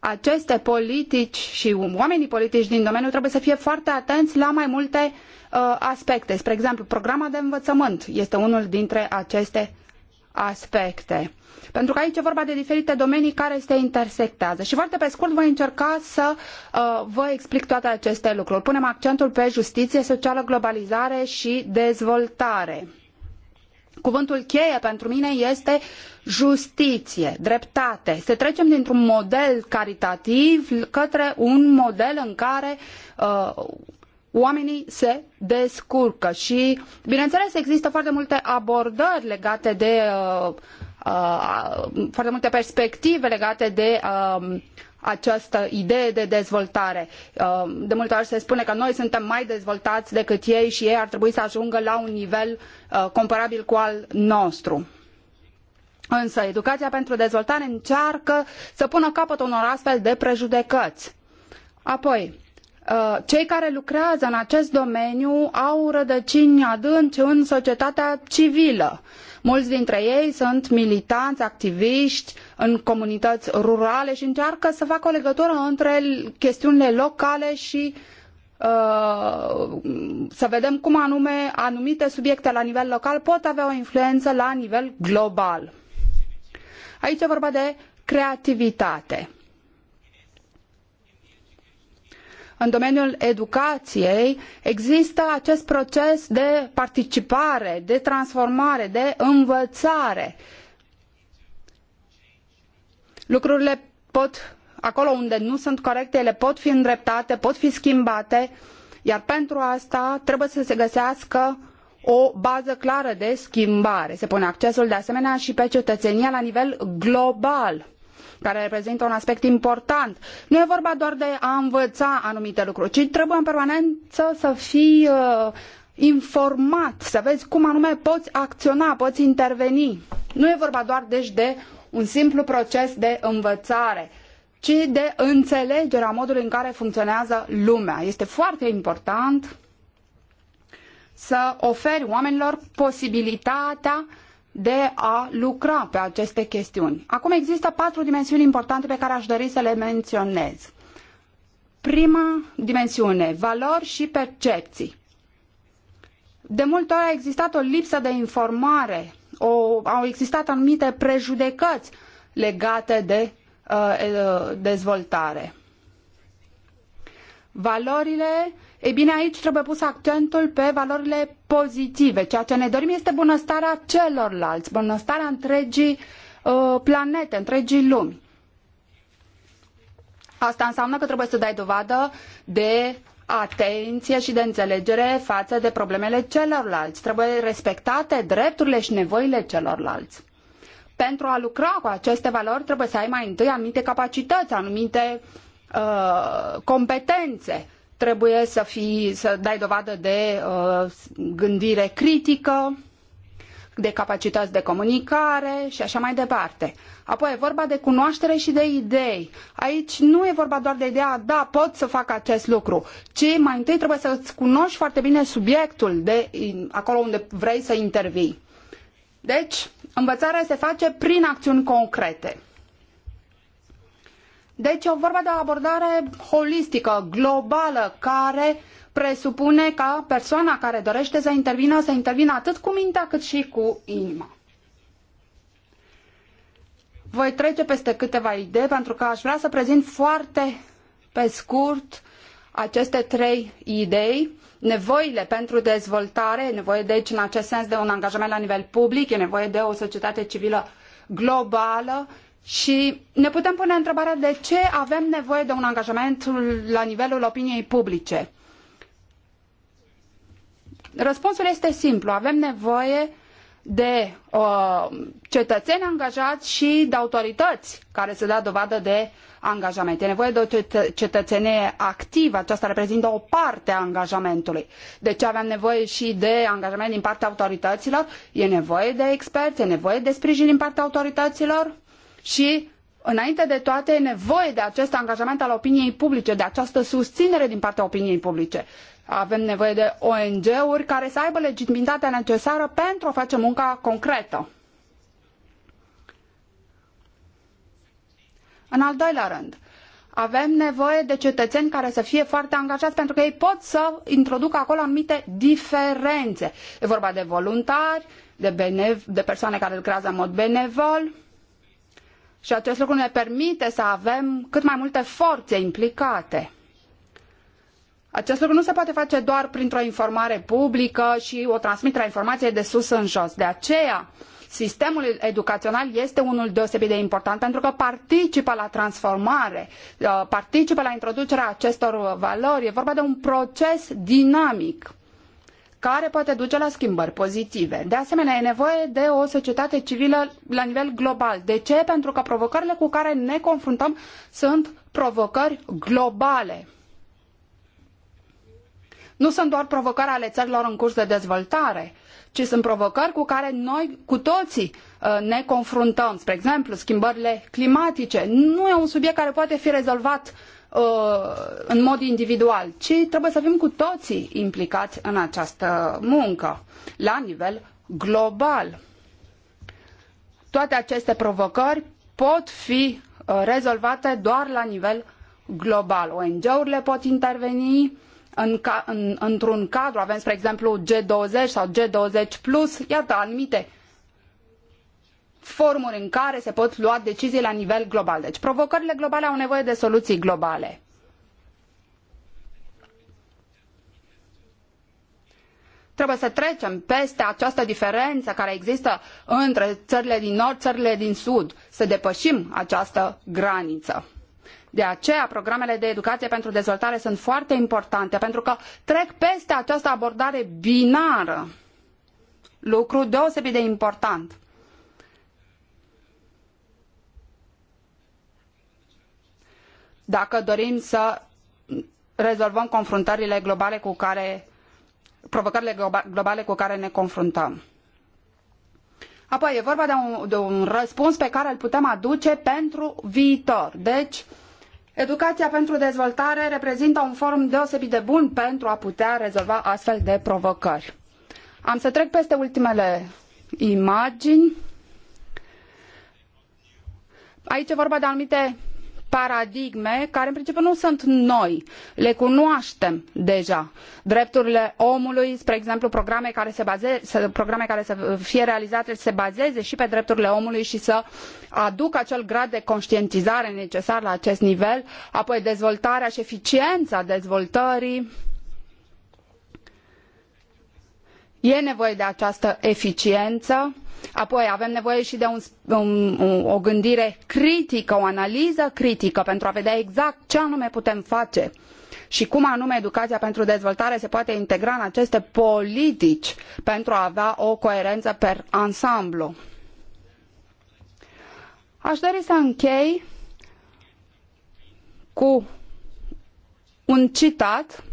aceste politici și oamenii politici din domeniu trebuie să fie foarte atenți la mai multe uh, aspecte. Spre exemplu, programa de învățământ este unul dintre aceste aspecte. Pentru că aici e vorba de diferite domenii care se intersectează. Și foarte pe scurt voi încerca să uh, vă explic toate aceste lucruri. Punem accentul pe justiție socială, globalizare și dezvoltare. Cuvântul cheie pentru mine este justiție, dreptate. Să trecem dintr-un model caritativ către un model în care uh, oamenii se descurcă și, bineînțeles, există foarte multe abordări legate de uh, uh, foarte multe perspective legate de uh, această idee de dezvoltare. Um, de multe ori se spune că noi suntem mai dezvoltați decât ei și ei ar trebui să ajungă la un nivel uh, comparabil cu al nostru. Însă educația pentru dezvoltare încearcă să pună capăt unor astfel de prejudecăți. Apoi, Uh, cei care lucrează în acest domeniu au rădăcini adânci în societatea civilă. Mulți dintre ei sunt militanți, activiști în comunități rurale și încearcă să facă o legătură între chestiunile locale și uh, să vedem cum anume anumite subiecte la nivel local pot avea o influență la nivel global. Aici e vorba de creativitate. în domeniul educației există acest proces de participare, de transformare, de învățare. Lucrurile pot, acolo unde nu sunt corecte, ele pot fi îndreptate, pot fi schimbate, iar pentru asta trebuie să se găsească o bază clară de schimbare. Se pune accesul de asemenea și pe cetățenia la nivel global care reprezintă un aspect important. Nu e vorba doar de a învăța anumite lucruri, ci trebuie în permanență să fii uh, informat, să vezi cum anume poți acționa, poți interveni. Nu e vorba doar deci de un simplu proces de învățare, ci de înțelegerea modului în care funcționează lumea. Este foarte important să oferi oamenilor posibilitatea de a lucra pe aceste chestiuni. Acum există patru dimensiuni importante pe care aș dori să le menționez. Prima dimensiune, valori și percepții. De multe ori a existat o lipsă de informare, o, au existat anumite prejudecăți legate de uh, dezvoltare. Valorile ei bine, aici trebuie pus accentul pe valorile pozitive. Ceea ce ne dorim este bunăstarea celorlalți, bunăstarea întregii uh, planete, întregii lumi. Asta înseamnă că trebuie să dai dovadă de atenție și de înțelegere față de problemele celorlalți. Trebuie respectate drepturile și nevoile celorlalți. Pentru a lucra cu aceste valori trebuie să ai mai întâi anumite capacități, anumite uh, competențe trebuie să, fii, să dai dovadă de uh, gândire critică, de capacități de comunicare și așa mai departe. Apoi e vorba de cunoaștere și de idei. Aici nu e vorba doar de ideea, da, pot să fac acest lucru, ci mai întâi trebuie să-ți cunoști foarte bine subiectul de acolo unde vrei să intervii. Deci, învățarea se face prin acțiuni concrete. Deci e o vorba de o abordare holistică, globală, care presupune ca persoana care dorește să intervină, să intervină atât cu mintea cât și cu inima. Voi trece peste câteva idei pentru că aș vrea să prezint foarte pe scurt aceste trei idei, nevoile pentru dezvoltare, nevoie deci în acest sens de un angajament la nivel public, e nevoie de o societate civilă globală și ne putem pune întrebarea de ce avem nevoie de un angajament la nivelul opiniei publice. Răspunsul este simplu. Avem nevoie de uh, cetățeni angajați și de autorități care să dea dovadă de angajament. E nevoie de o cetățenie activă, aceasta reprezintă o parte a angajamentului. Deci avem nevoie și de angajament din partea autorităților, e nevoie de experți, e nevoie de sprijin din partea autorităților și Înainte de toate, e nevoie de acest angajament al opiniei publice, de această susținere din partea opiniei publice. Avem nevoie de ONG-uri care să aibă legitimitatea necesară pentru a face munca concretă. În al doilea rând, avem nevoie de cetățeni care să fie foarte angajați pentru că ei pot să introducă acolo anumite diferențe. E vorba de voluntari, de, de persoane care lucrează în mod benevol, și acest lucru ne permite să avem cât mai multe forțe implicate. Acest lucru nu se poate face doar printr-o informare publică și o transmitere a informației de sus în jos. De aceea, sistemul educațional este unul deosebit de important pentru că participă la transformare, uh, participă la introducerea acestor valori. E vorba de un proces dinamic care poate duce la schimbări pozitive. De asemenea, e nevoie de o societate civilă la nivel global. De ce? Pentru că provocările cu care ne confruntăm sunt provocări globale. Nu sunt doar provocări ale țărilor în curs de dezvoltare, ci sunt provocări cu care noi cu toții uh, ne confruntăm. Spre exemplu, schimbările climatice. Nu e un subiect care poate fi rezolvat Uh, în mod individual, ci trebuie să fim cu toții implicați în această muncă, la nivel global. Toate aceste provocări pot fi uh, rezolvate doar la nivel global. ONG-urile pot interveni în ca, în, într-un cadru, avem, spre exemplu, G20 sau G20+, iată, anumite formuri în care se pot lua decizii la nivel global. Deci provocările globale au nevoie de soluții globale. Trebuie să trecem peste această diferență care există între țările din nord, țările din sud, să depășim această graniță. De aceea, programele de educație pentru dezvoltare sunt foarte importante, pentru că trec peste această abordare binară. Lucru deosebit de important. dacă dorim să rezolvăm confruntările globale cu care provocările globale cu care ne confruntăm. Apoi e vorba de un, de un răspuns pe care îl putem aduce pentru viitor. Deci, educația pentru dezvoltare reprezintă un forum deosebit de bun pentru a putea rezolva astfel de provocări. Am să trec peste ultimele imagini. Aici e vorba de anumite paradigme care în principiu nu sunt noi, le cunoaștem deja. Drepturile omului, spre exemplu, programe care, se bazeze, programe care să fie realizate să se bazeze și pe drepturile omului și să aducă acel grad de conștientizare necesar la acest nivel, apoi dezvoltarea și eficiența dezvoltării. E nevoie de această eficiență Apoi avem nevoie și de o gândire critică, o analiză critică pentru a vedea exact ce anume putem face și cum anume educația pentru dezvoltare se poate integra în aceste politici pentru a avea o coerență per ansamblu. Aș dori să închei cu un citat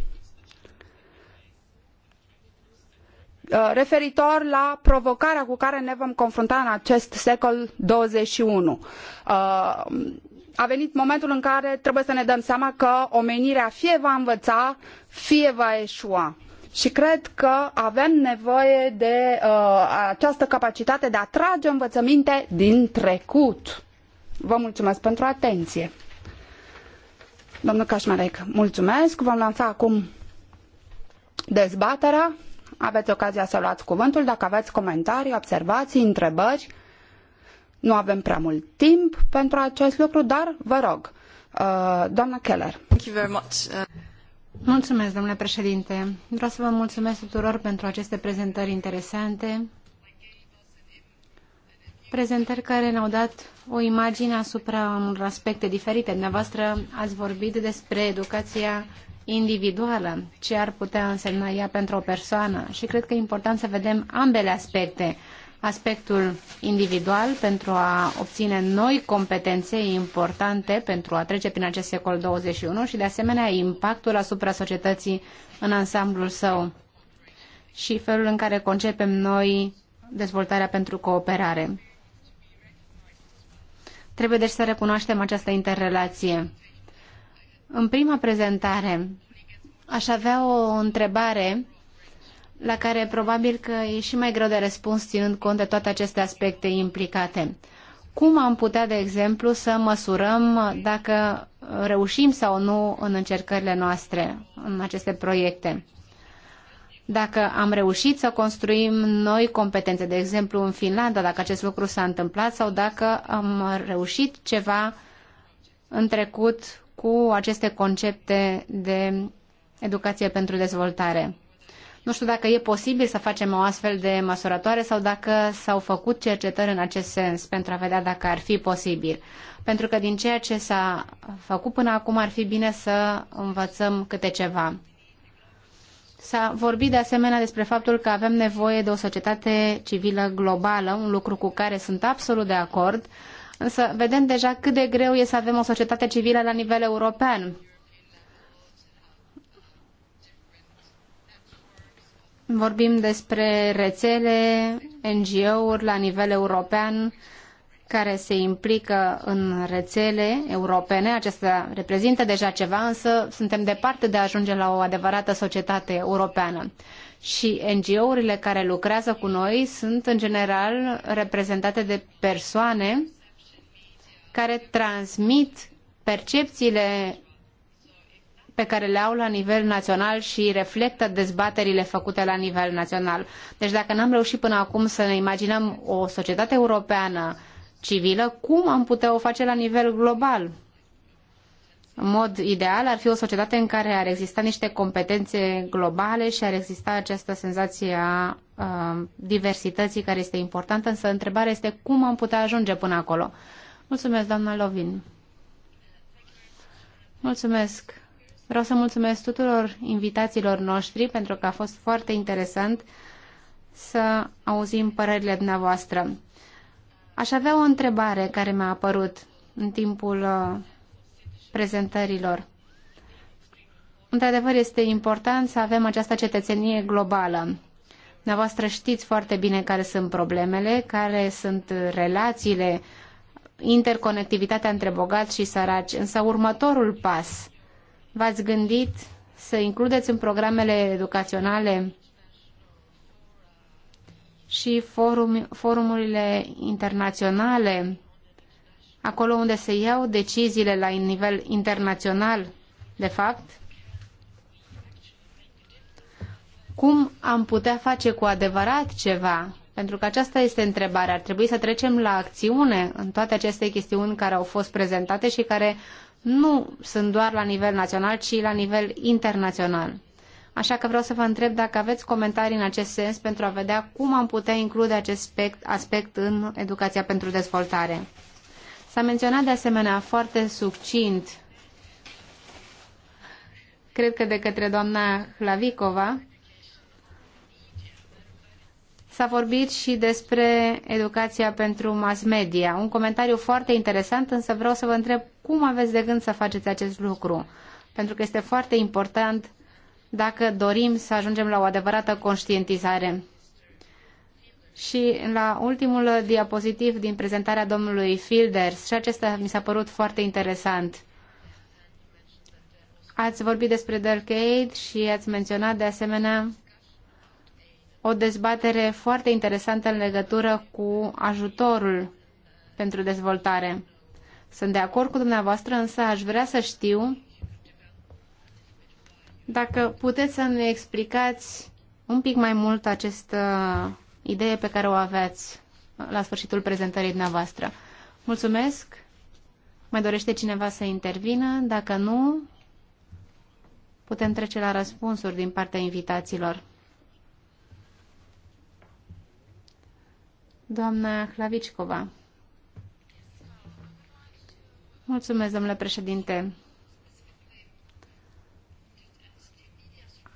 Uh, referitor la provocarea cu care ne vom confrunta în acest secol 21. Uh, a venit momentul în care trebuie să ne dăm seama că omenirea fie va învăța, fie va eșua. Și cred că avem nevoie de uh, această capacitate de a trage învățăminte din trecut. Vă mulțumesc pentru atenție. Domnul Cașmarec, mulțumesc. Vom lansa acum dezbaterea aveți ocazia să luați cuvântul dacă aveți comentarii, observații, întrebări. Nu avem prea mult timp pentru acest lucru, dar vă rog, uh, doamna Keller. Thank you very much. Uh, mulțumesc, domnule președinte. Vreau să vă mulțumesc tuturor pentru aceste prezentări interesante, prezentări care ne-au dat o imagine asupra unor aspecte diferite. Dumneavoastră ați vorbit despre educația individuală, ce ar putea însemna ea pentru o persoană. Și cred că e important să vedem ambele aspecte. Aspectul individual pentru a obține noi competențe importante pentru a trece prin acest secol 21 și de asemenea impactul asupra societății în ansamblul său și felul în care concepem noi dezvoltarea pentru cooperare. Trebuie deci să recunoaștem această interrelație. În prima prezentare aș avea o întrebare la care probabil că e și mai greu de răspuns ținând cont de toate aceste aspecte implicate. Cum am putea, de exemplu, să măsurăm dacă reușim sau nu în încercările noastre, în aceste proiecte? Dacă am reușit să construim noi competențe, de exemplu în Finlanda, dacă acest lucru s-a întâmplat sau dacă am reușit ceva în trecut cu aceste concepte de educație pentru dezvoltare. Nu știu dacă e posibil să facem o astfel de măsurătoare sau dacă s-au făcut cercetări în acest sens pentru a vedea dacă ar fi posibil. Pentru că din ceea ce s-a făcut până acum ar fi bine să învățăm câte ceva. S-a vorbit de asemenea despre faptul că avem nevoie de o societate civilă globală, un lucru cu care sunt absolut de acord, Însă vedem deja cât de greu e să avem o societate civilă la nivel european. Vorbim despre rețele, NGO-uri la nivel european care se implică în rețele europene. Acestea reprezintă deja ceva, însă suntem departe de a ajunge la o adevărată societate europeană. Și NGO-urile care lucrează cu noi sunt în general reprezentate de persoane care transmit percepțiile pe care le au la nivel național și reflectă dezbaterile făcute la nivel național. Deci dacă n-am reușit până acum să ne imaginăm o societate europeană civilă, cum am putea o face la nivel global? În mod ideal ar fi o societate în care ar exista niște competențe globale și ar exista această senzație a diversității care este importantă, însă întrebarea este cum am putea ajunge până acolo. Mulțumesc, doamna Lovin. Mulțumesc. Vreau să mulțumesc tuturor invitațiilor noștri pentru că a fost foarte interesant să auzim părerile dumneavoastră. Aș avea o întrebare care mi-a apărut în timpul uh, prezentărilor. Într-adevăr, este important să avem această cetățenie globală. Dumneavoastră știți foarte bine care sunt problemele, care sunt relațiile interconectivitatea între bogați și săraci. Însă următorul pas, v-ați gândit să includeți în programele educaționale și forum, forumurile internaționale, acolo unde se iau deciziile la nivel internațional, de fapt? Cum am putea face cu adevărat ceva pentru că aceasta este întrebarea. Ar trebui să trecem la acțiune în toate aceste chestiuni care au fost prezentate și care nu sunt doar la nivel național, ci la nivel internațional. Așa că vreau să vă întreb dacă aveți comentarii în acest sens pentru a vedea cum am putea include acest aspect, aspect în educația pentru dezvoltare. S-a menționat de asemenea foarte succint, cred că de către doamna Hlavicova, S-a vorbit și despre educația pentru mass media. Un comentariu foarte interesant, însă vreau să vă întreb cum aveți de gând să faceți acest lucru. Pentru că este foarte important dacă dorim să ajungem la o adevărată conștientizare. Și la ultimul diapozitiv din prezentarea domnului Filders, și acesta mi s-a părut foarte interesant. Ați vorbit despre Dark Aid și ați menționat de asemenea o dezbatere foarte interesantă în legătură cu ajutorul pentru dezvoltare. Sunt de acord cu dumneavoastră, însă aș vrea să știu dacă puteți să ne explicați un pic mai mult această idee pe care o aveați la sfârșitul prezentării dumneavoastră. Mulțumesc! Mai dorește cineva să intervină? Dacă nu, putem trece la răspunsuri din partea invitațiilor. Doamna Hlavicicova. Mulțumesc, domnule președinte.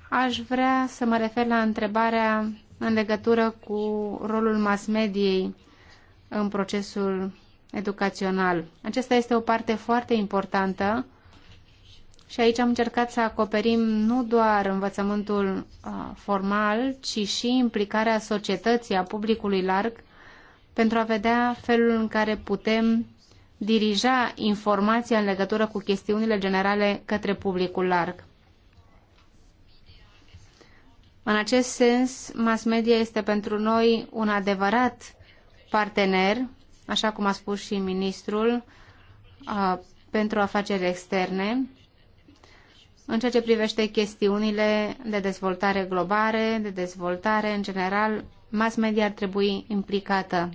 Aș vrea să mă refer la întrebarea în legătură cu rolul mass mediei în procesul educațional. Aceasta este o parte foarte importantă și aici am încercat să acoperim nu doar învățământul uh, formal, ci și implicarea societății, a publicului larg pentru a vedea felul în care putem dirija informația în legătură cu chestiunile generale către publicul larg. În acest sens, mass media este pentru noi un adevărat partener, așa cum a spus și ministrul, a, pentru afaceri externe, în ceea ce privește chestiunile de dezvoltare globale, de dezvoltare în general, mass media ar trebui implicată.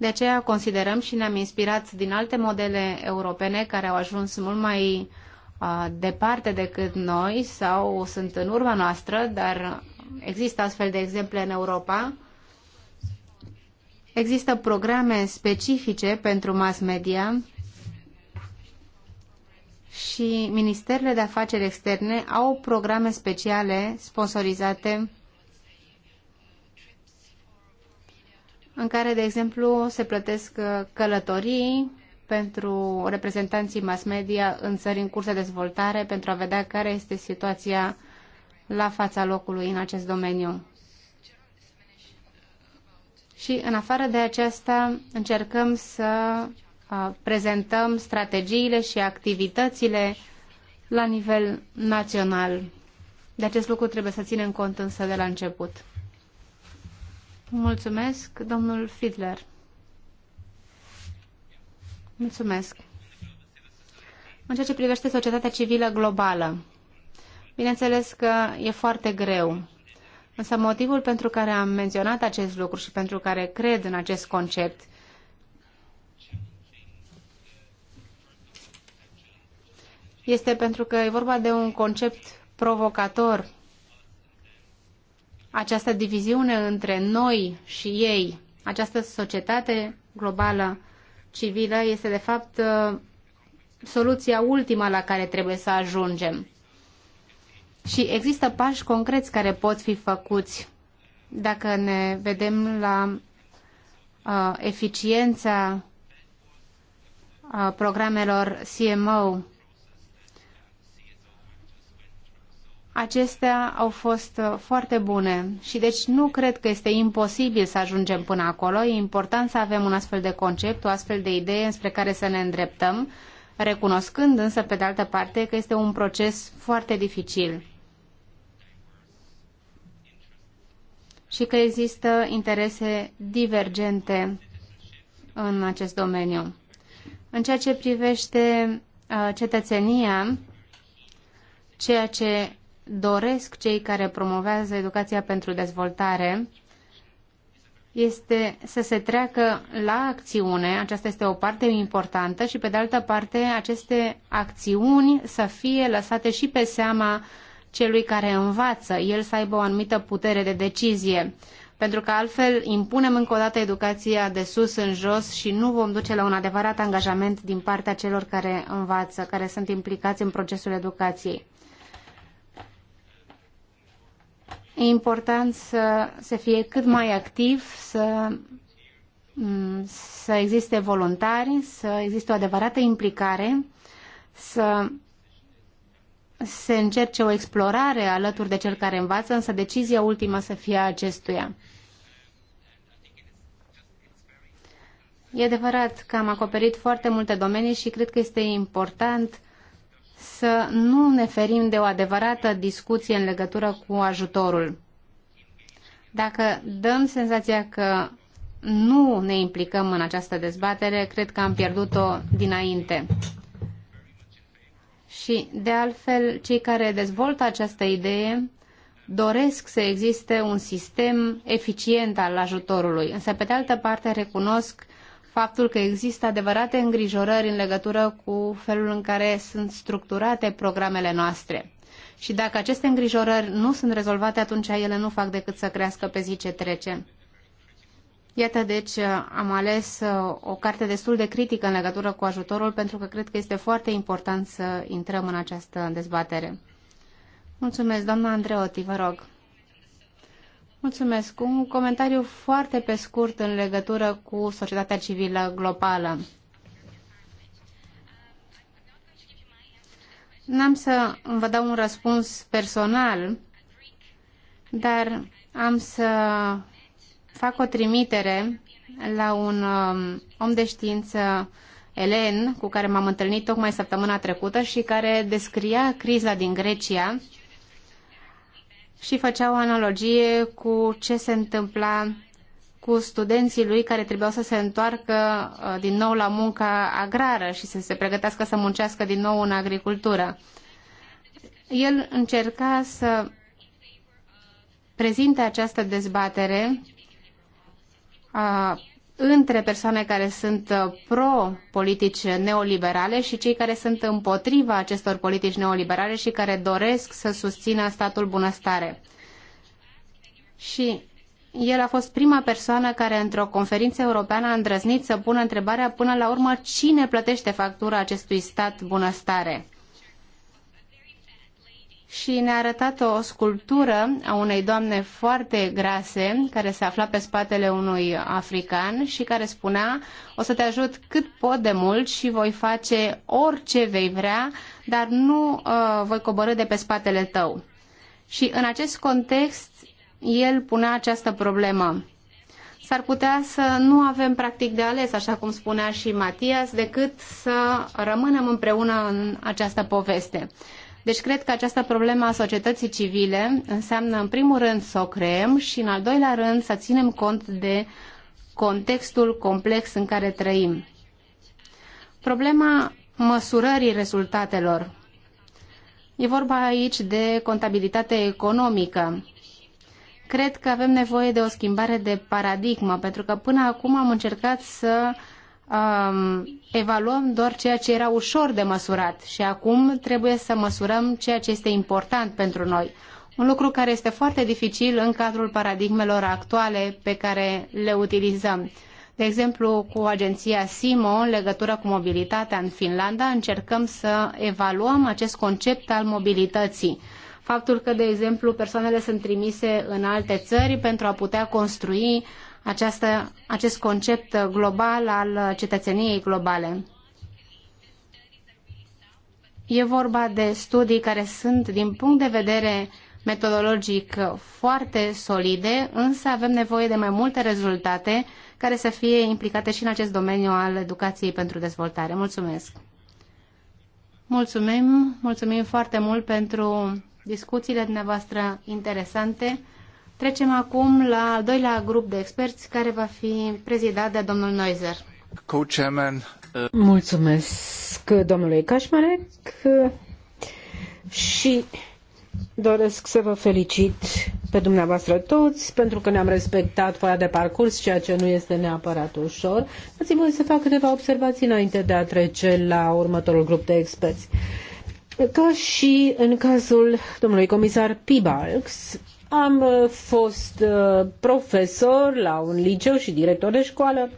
De aceea considerăm și ne-am inspirat din alte modele europene care au ajuns mult mai uh, departe decât noi sau sunt în urma noastră, dar există astfel de exemple în Europa. Există programe specifice pentru mass media și ministerele de afaceri externe au programe speciale sponsorizate în care, de exemplu, se plătesc uh, călătorii pentru reprezentanții mass media în țări în curs de dezvoltare pentru a vedea care este situația la fața locului în acest domeniu. Și în afară de aceasta încercăm să uh, prezentăm strategiile și activitățile la nivel național. De acest lucru trebuie să ținem cont însă de la început. Mulțumesc, domnul Fidler. Mulțumesc. În ceea ce privește societatea civilă globală, bineînțeles că e foarte greu. Însă motivul pentru care am menționat acest lucru și pentru care cred în acest concept este pentru că e vorba de un concept provocator această diviziune între noi și ei, această societate globală civilă, este de fapt uh, soluția ultima la care trebuie să ajungem. Și există pași concreți care pot fi făcuți dacă ne vedem la uh, eficiența uh, programelor CMO acestea au fost uh, foarte bune și deci nu cred că este imposibil să ajungem până acolo. E important să avem un astfel de concept, o astfel de idee înspre care să ne îndreptăm, recunoscând însă pe de altă parte că este un proces foarte dificil. și că există interese divergente în acest domeniu. În ceea ce privește uh, cetățenia, ceea ce doresc cei care promovează educația pentru dezvoltare este să se treacă la acțiune, aceasta este o parte importantă și pe de altă parte aceste acțiuni să fie lăsate și pe seama celui care învață, el să aibă o anumită putere de decizie, pentru că altfel impunem încă o dată educația de sus în jos și nu vom duce la un adevărat angajament din partea celor care învață, care sunt implicați în procesul educației. E important să, să fie cât mai activ, să, mm, să existe voluntari, să existe o adevărată implicare, să se încerce o explorare alături de cel care învață, însă decizia ultimă să fie a acestuia. E adevărat că am acoperit foarte multe domenii și cred că este important să nu ne ferim de o adevărată discuție în legătură cu ajutorul. Dacă dăm senzația că nu ne implicăm în această dezbatere, cred că am pierdut-o dinainte. Și, de altfel, cei care dezvoltă această idee doresc să existe un sistem eficient al ajutorului, însă, pe de altă parte, recunosc faptul că există adevărate îngrijorări în legătură cu felul în care sunt structurate programele noastre. Și dacă aceste îngrijorări nu sunt rezolvate, atunci ele nu fac decât să crească pe zi ce trece. Iată, deci, am ales uh, o carte destul de critică în legătură cu ajutorul, pentru că cred că este foarte important să intrăm în această dezbatere. Mulțumesc, doamna Andreotti, vă rog. Mulțumesc. Un comentariu foarte pe scurt în legătură cu societatea civilă globală. N-am să vă dau un răspuns personal, dar am să fac o trimitere la un um, om de știință, Elen, cu care m-am întâlnit tocmai săptămâna trecută și care descria criza din Grecia și făcea o analogie cu ce se întâmpla cu studenții lui care trebuiau să se întoarcă uh, din nou la munca agrară și să se pregătească să muncească din nou în agricultură. El încerca să prezinte această dezbatere uh, între persoane care sunt uh, pro-politici neoliberale și cei care sunt împotriva acestor politici neoliberale și care doresc să susțină statul bunăstare. Și el a fost prima persoană care într-o conferință europeană a îndrăznit să pună întrebarea până la urmă cine plătește factura acestui stat bunăstare și ne-a arătat o sculptură a unei doamne foarte grase care se afla pe spatele unui african și care spunea o să te ajut cât pot de mult și voi face orice vei vrea, dar nu uh, voi coborâ de pe spatele tău. Și în acest context el punea această problemă. S-ar putea să nu avem practic de ales, așa cum spunea și Matias, decât să rămânem împreună în această poveste. Deci cred că această problemă a societății civile înseamnă în primul rând să o creăm și în al doilea rând să ținem cont de contextul complex în care trăim. Problema măsurării rezultatelor. E vorba aici de contabilitate economică. Cred că avem nevoie de o schimbare de paradigmă, pentru că până acum am încercat să uh, um, evaluăm doar ceea ce era ușor de măsurat și acum trebuie să măsurăm ceea ce este important pentru noi. Un lucru care este foarte dificil în cadrul paradigmelor actuale pe care le utilizăm. De exemplu, cu agenția SIMO, în legătură cu mobilitatea în Finlanda, încercăm să evaluăm acest concept al mobilității. Faptul că, de exemplu, persoanele sunt trimise în alte țări pentru a putea construi uh, această, acest concept global al cetățeniei globale. E vorba de studii care sunt, din punct de vedere metodologic, foarte solide, însă avem nevoie de mai multe rezultate care să fie implicate și în acest domeniu al educației pentru dezvoltare. Mulțumesc! Mulțumim, mulțumim foarte mult pentru discuțiile dumneavoastră interesante. Trecem acum la al doilea grup de experți care va fi prezidat de domnul Neuser. Co-chairman. Uh, Mulțumesc domnului Cașmarec și doresc să vă felicit pe dumneavoastră toți pentru că ne-am respectat foaia de parcurs, ceea ce nu este neapărat ușor. Ați voi să fac câteva observații înainte de a trece la următorul grup de experți. Ca și în cazul domnului comisar Pibalx, am uh, fost uh, profesor la un liceu și director de școală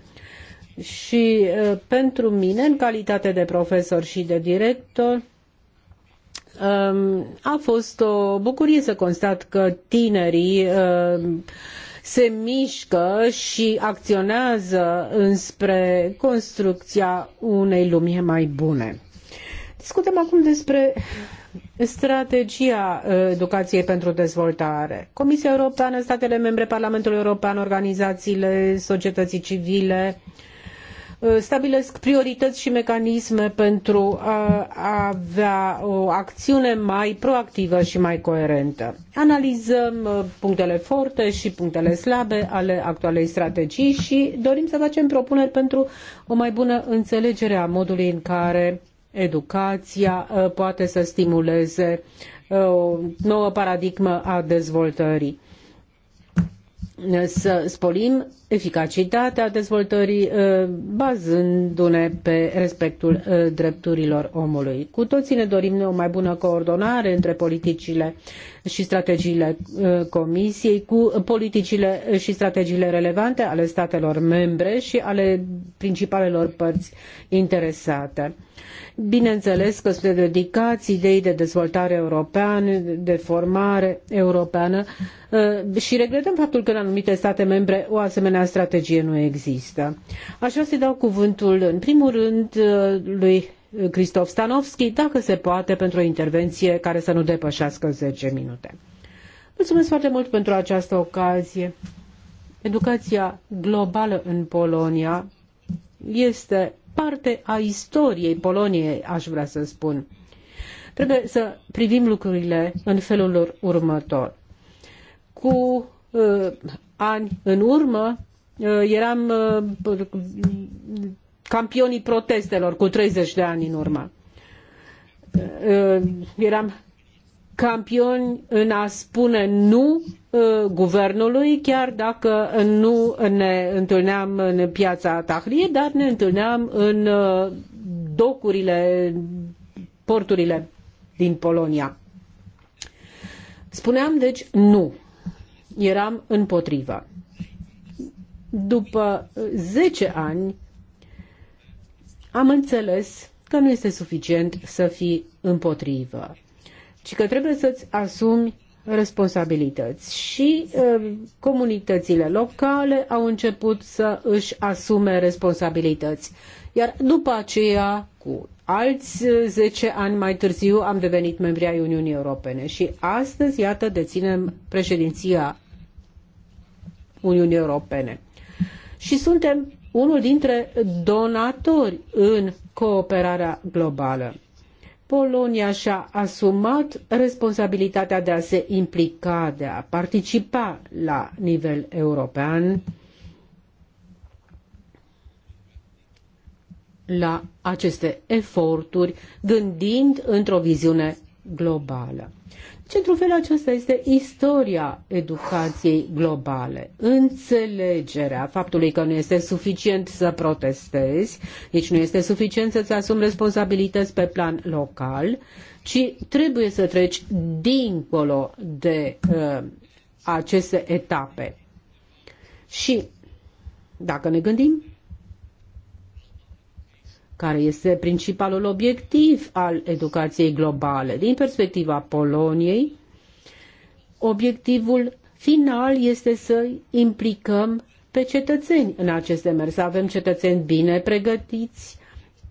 și uh, pentru mine, în calitate de profesor și de director, um, a fost o bucurie să constat că tinerii um, se mișcă și acționează înspre construcția unei lumii mai bune. Discutăm acum despre strategia uh, educației pentru dezvoltare. Comisia Europeană, statele membre, Parlamentul European, organizațiile societății civile uh, stabilesc priorități și mecanisme pentru a avea o acțiune mai proactivă și mai coerentă. Analizăm uh, punctele forte și punctele slabe ale actualei strategii și dorim să facem propuneri pentru o mai bună înțelegere a modului în care educația uh, poate să stimuleze uh, o nouă paradigmă a dezvoltării să spolim eficacitatea dezvoltării uh, bazându-ne pe respectul drepturilor omului. Cu toții ne dorim o mai bună coordonare între politicile și strategiile Comisiei cu politicile și strategiile relevante ale statelor membre și ale principalelor părți interesate. Bineînțeles că sunt dedicați idei de dezvoltare europeană, de formare europeană uh, și regretăm faptul că în anumite state membre o asemenea strategie nu există. Aș vrea să-i dau cuvântul în primul rând uh, lui Cristof Stanovski, dacă se poate, pentru o intervenție care să nu depășească 10 minute. Mulțumesc foarte mult pentru această ocazie. Educația globală în Polonia este parte a istoriei Poloniei, aș vrea să spun. Trebuie să privim lucrurile în felul lor următor. Cu uh, ani în urmă uh, eram uh, campionii protestelor cu 30 de ani în urmă. Uh, eram campioni în a spune nu Uh, guvernului, chiar dacă nu ne întâlneam în piața Tahrie, dar ne întâlneam în uh, docurile, porturile din Polonia. Spuneam, deci, nu. Eram împotrivă. După 10 ani am înțeles că nu este suficient să fii împotrivă, ci că trebuie să-ți asumi responsabilități și uh, comunitățile locale au început să își asume responsabilități. Iar după aceea, cu alți uh, zece ani mai târziu, am devenit membri ai Uniunii Europene și astăzi, iată, deținem președinția Uniunii Europene. Și suntem unul dintre donatori în cooperarea globală. Polonia și-a asumat responsabilitatea de a se implica, de a participa la nivel european la aceste eforturi, gândind într-o viziune globală. Ce într-un fel acesta este istoria educației globale. Înțelegerea faptului că nu este suficient să protestezi, nici nu este suficient să-ți asumi responsabilități pe plan local, ci trebuie să treci dincolo de uh, aceste etape. Și dacă ne gândim care este principalul obiectiv al educației globale. Din perspectiva Poloniei, obiectivul final este să implicăm pe cetățeni în acest demers, să avem cetățeni bine pregătiți,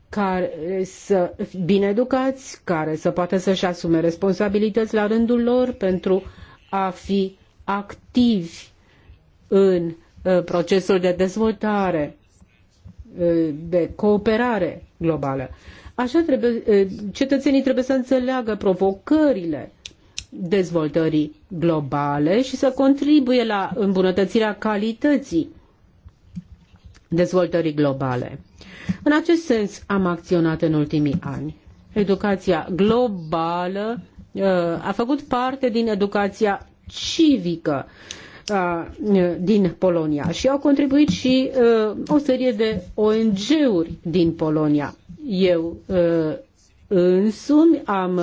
care să, bine educați, care să poată să-și asume responsabilități la rândul lor pentru a fi activi în uh, procesul de dezvoltare de cooperare globală. Așa trebuie, cetățenii trebuie să înțeleagă provocările dezvoltării globale și să contribuie la îmbunătățirea calității dezvoltării globale. În acest sens am acționat în ultimii ani. Educația globală a făcut parte din educația civică din Polonia și au contribuit și o serie de ONG-uri din Polonia. Eu însumi am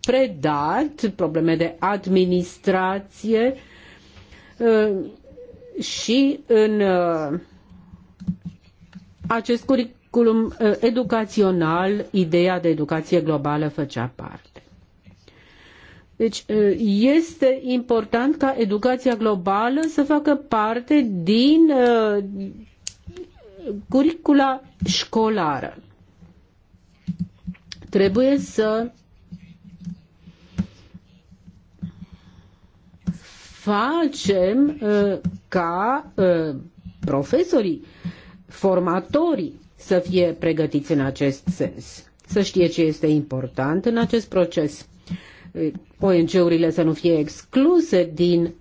predat probleme de administrație și în acest curriculum educațional, ideea de educație globală făcea parte. Deci este important ca educația globală să facă parte din curicula școlară. Trebuie să facem ca profesorii, formatorii să fie pregătiți în acest sens, să știe ce este important în acest proces. ONG-urile să nu fie excluse din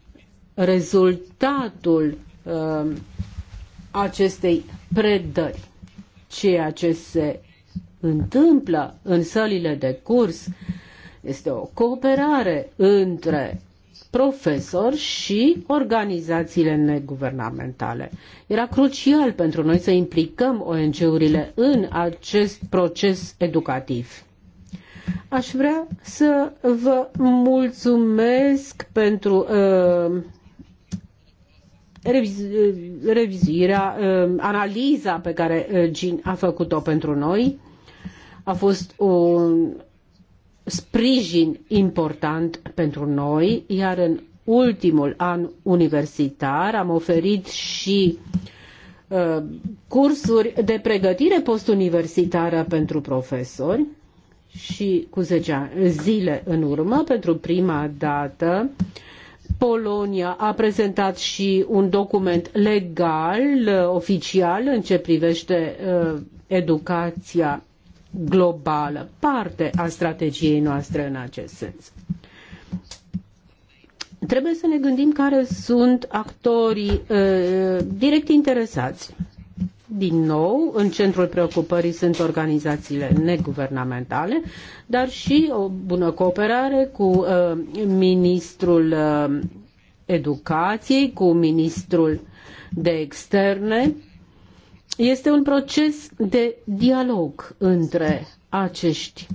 rezultatul uh, acestei predări. Ceea ce se întâmplă în sălile de curs este o cooperare între profesori și organizațiile neguvernamentale. Era crucial pentru noi să implicăm ONG-urile în acest proces educativ. Aș vrea să vă mulțumesc pentru uh, uh revizuirea, uh, analiza pe care Gin uh, a făcut-o pentru noi. A fost un sprijin important pentru noi, iar în ultimul an universitar am oferit și uh, cursuri de pregătire postuniversitară pentru profesori și cu 10 zile în urmă, pentru prima dată, Polonia a prezentat și un document legal, uh, oficial, în ce privește uh, educația globală, parte a strategiei noastre în acest sens. Trebuie să ne gândim care sunt actorii uh, direct interesați din nou, în centrul preocupării sunt organizațiile neguvernamentale, dar și o bună cooperare cu uh, ministrul uh, educației, cu ministrul de externe. Este un proces de dialog între acești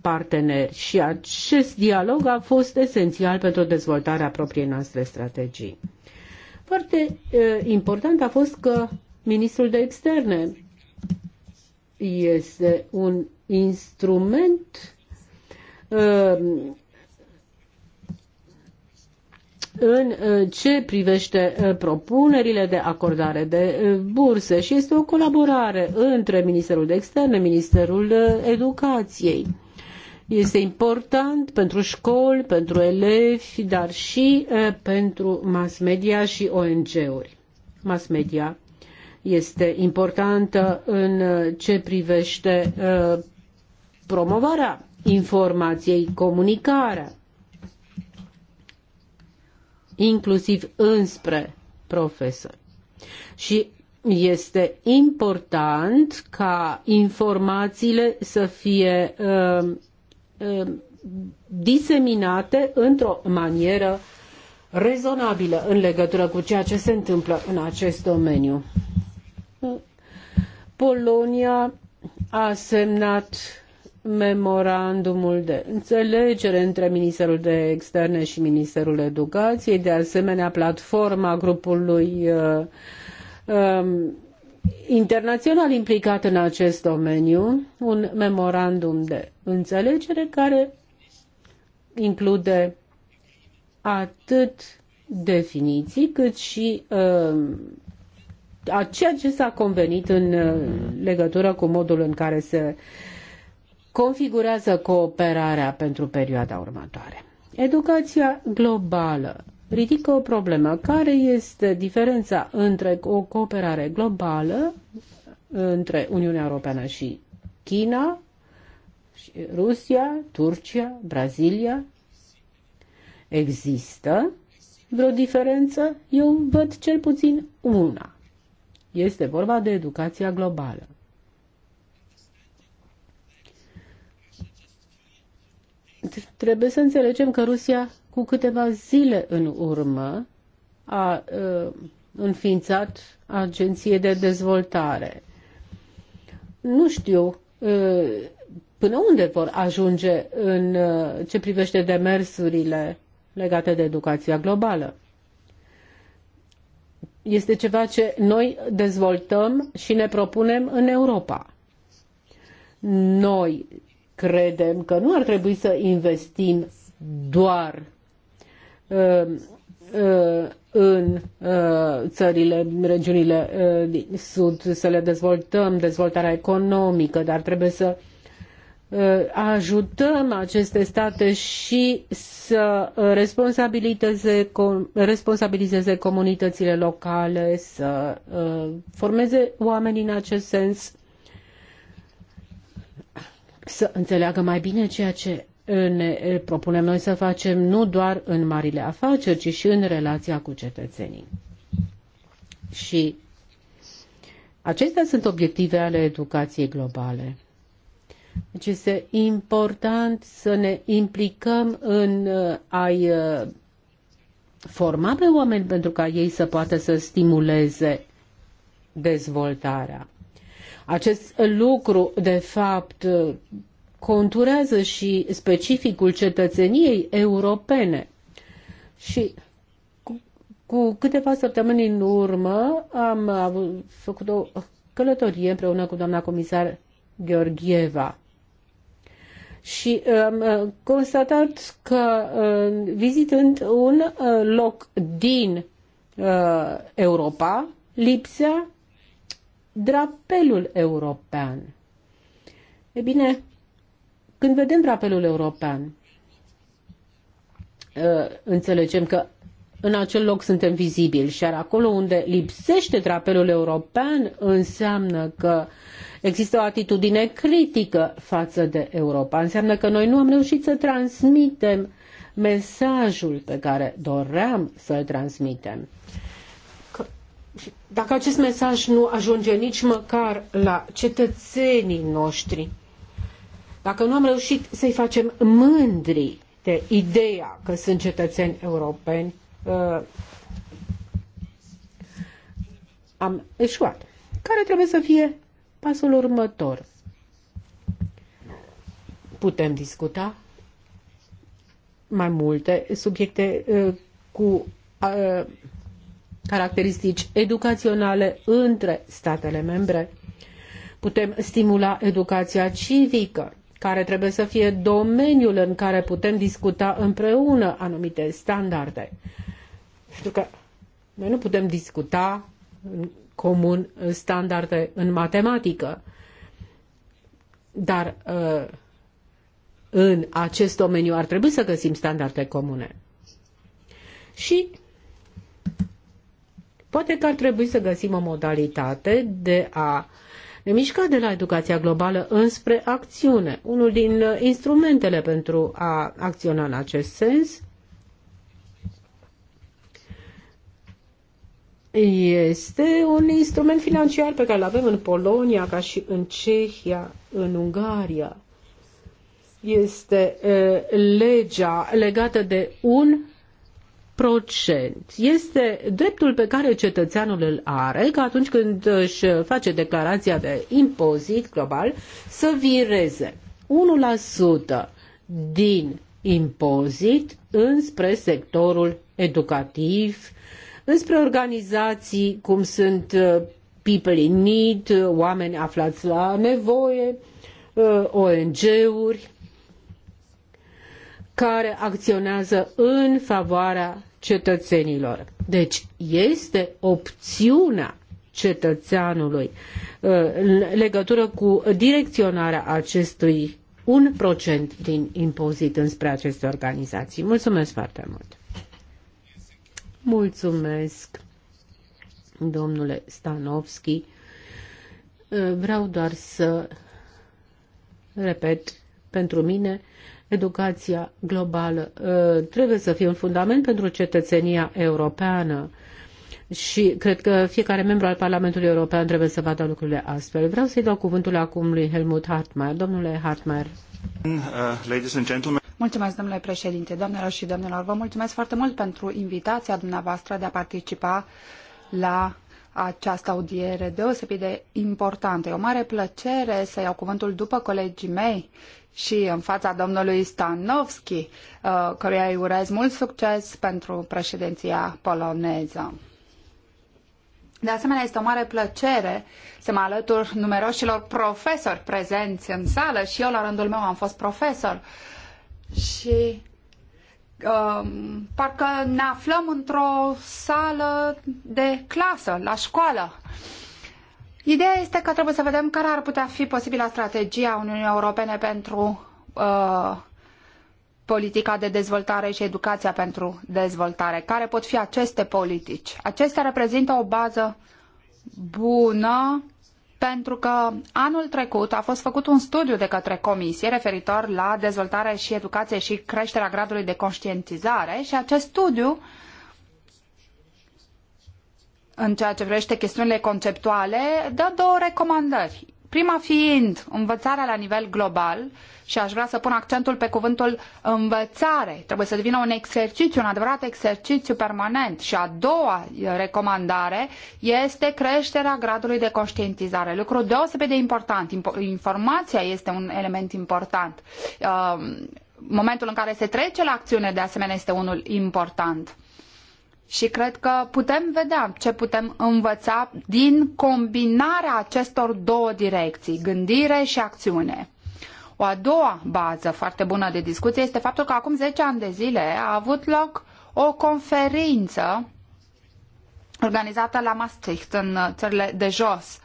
parteneri și acest dialog a fost esențial pentru dezvoltarea propriei noastre strategii. Foarte e, uh, important a fost că Ministrul de Externe este un instrument um, în uh, ce privește uh, propunerile de acordare de uh, burse și este o colaborare între Ministerul de Externe, Ministerul Educației. Este important pentru școli, pentru elevi, dar și pentru mass media și ONG-uri. Mass media este importantă în uh, ce privește uh, promovarea informației, comunicarea, inclusiv înspre profesori. Și este important ca informațiile să fie uh, uh, diseminate într-o manieră rezonabilă în legătură cu ceea ce se întâmplă în acest domeniu. Polonia a semnat memorandumul de înțelegere între Ministerul de Externe și Ministerul Educației, de asemenea platforma grupului uh, um, internațional implicat în acest domeniu, un memorandum de înțelegere care include atât definiții cât și uh, a ceea ce s-a convenit în uh, legătură cu modul în care se configurează cooperarea pentru perioada următoare. Educația globală ridică o problemă. Care este diferența între o cooperare globală între Uniunea Europeană și China, și Rusia, Turcia, Brazilia? Există vreo diferență? Eu văd cel puțin una. Este vorba de educația globală. Deci trebuie să înțelegem că Rusia, cu câteva zile în urmă, a uh, înființat agenție de dezvoltare. Nu știu uh, până unde vor ajunge în uh, ce privește demersurile legate de educația globală este ceva ce noi dezvoltăm și ne propunem în Europa. Noi credem că nu ar trebui să investim doar uh, uh, în uh, țările, regiunile uh, din sud, să le dezvoltăm, dezvoltarea economică, dar trebuie să Uh, ajutăm aceste state și să responsabilizeze, responsabilizeze comunitățile locale, să uh, formeze oamenii în acest sens, să înțeleagă mai bine ceea ce uh, ne propunem noi să facem nu doar în marile afaceri, ci și în relația cu cetățenii. Și acestea sunt obiective ale educației globale. Deci este important să ne implicăm în uh, a-i uh, forma pe oameni pentru ca ei să poată să stimuleze dezvoltarea. Acest lucru, de fapt, uh, conturează și specificul cetățeniei europene. Și cu, cu câteva săptămâni în urmă am avut, făcut o călătorie împreună cu doamna comisar Gheorgheva și am um, uh, constatat că uh, vizitând un uh, loc din Europa, lipsea drapelul european. E bine, când vedem drapelul european, înțelegem că în acel loc suntem vizibili. Și acolo unde lipsește drapelul european, înseamnă că există o atitudine critică față de Europa. Înseamnă că noi nu am reușit să transmitem mesajul pe care doream să-l transmitem. Că, dacă acest mesaj nu ajunge nici măcar la cetățenii noștri, dacă nu am reușit să-i facem mândri de ideea că sunt cetățeni europeni, Uh, am eșuat. Care trebuie să fie pasul următor? Putem discuta mai multe subiecte uh, cu uh, caracteristici educaționale între statele membre. Putem stimula educația civică, care trebuie să fie domeniul în care putem discuta împreună anumite standarde. Uh, pentru că noi nu putem discuta în comun standarde în matematică, dar uh, în acest domeniu ar trebui să găsim standarde comune. Și poate că ar trebui să găsim o modalitate de a ne mișca de la educația globală înspre acțiune. Unul din uh, instrumentele pentru a acționa în acest sens este un instrument financiar pe care îl avem în Polonia, ca și în Cehia, în Ungaria. Este uh, legea legată de un procent. Este dreptul pe care cetățeanul îl are că atunci când își face declarația de impozit global să vireze 1% din impozit înspre sectorul educativ, înspre organizații cum sunt uh, People in Need, uh, oameni aflați la nevoie, uh, ONG-uri care acționează în favoarea cetățenilor. Deci este opțiunea cetățeanului în legătură cu direcționarea acestui un procent din impozit înspre aceste organizații. Mulțumesc foarte mult! Mulțumesc, domnule Stanovski. Vreau doar să repet, pentru mine, educația globală uh, trebuie să fie un fundament pentru cetățenia europeană și cred că fiecare membru al Parlamentului European trebuie să vadă lucrurile astfel. Vreau să-i dau cuvântul acum lui Helmut Hartmeier. Domnule Hartmeier. Uh, ladies and gentlemen. Mulțumesc, domnule președinte, doamnelor și domnilor. Vă mulțumesc foarte mult pentru invitația dumneavoastră de a participa la această audiere deosebit de importantă. E o mare plăcere să iau cuvântul după colegii mei și în fața domnului Stanovski, uh, căruia îi urez mult succes pentru președinția poloneză. De asemenea, este o mare plăcere să mă alătur numeroșilor profesori prezenți în sală și eu la rândul meu am fost profesor și um, parcă ne aflăm într-o sală de clasă, la școală. Ideea este că trebuie să vedem care ar putea fi posibila strategia Uniunii Europene pentru uh, politica de dezvoltare și educația pentru dezvoltare. Care pot fi aceste politici? Acestea reprezintă o bază bună pentru că anul trecut a fost făcut un studiu de către comisie referitor la dezvoltare și educație și creșterea gradului de conștientizare și acest studiu în ceea ce privește chestiunile conceptuale, dă două recomandări. Prima fiind învățarea la nivel global și aș vrea să pun accentul pe cuvântul învățare. Trebuie să devină un exercițiu, un adevărat exercițiu permanent. Și a doua recomandare este creșterea gradului de conștientizare. Lucru deosebit de important. Informația este un element important. Momentul în care se trece la acțiune, de asemenea, este unul important. Și cred că putem vedea ce putem învăța din combinarea acestor două direcții, gândire și acțiune. O a doua bază foarte bună de discuție este faptul că acum zece ani de zile a avut loc o conferință organizată la Maastricht, în țările de jos,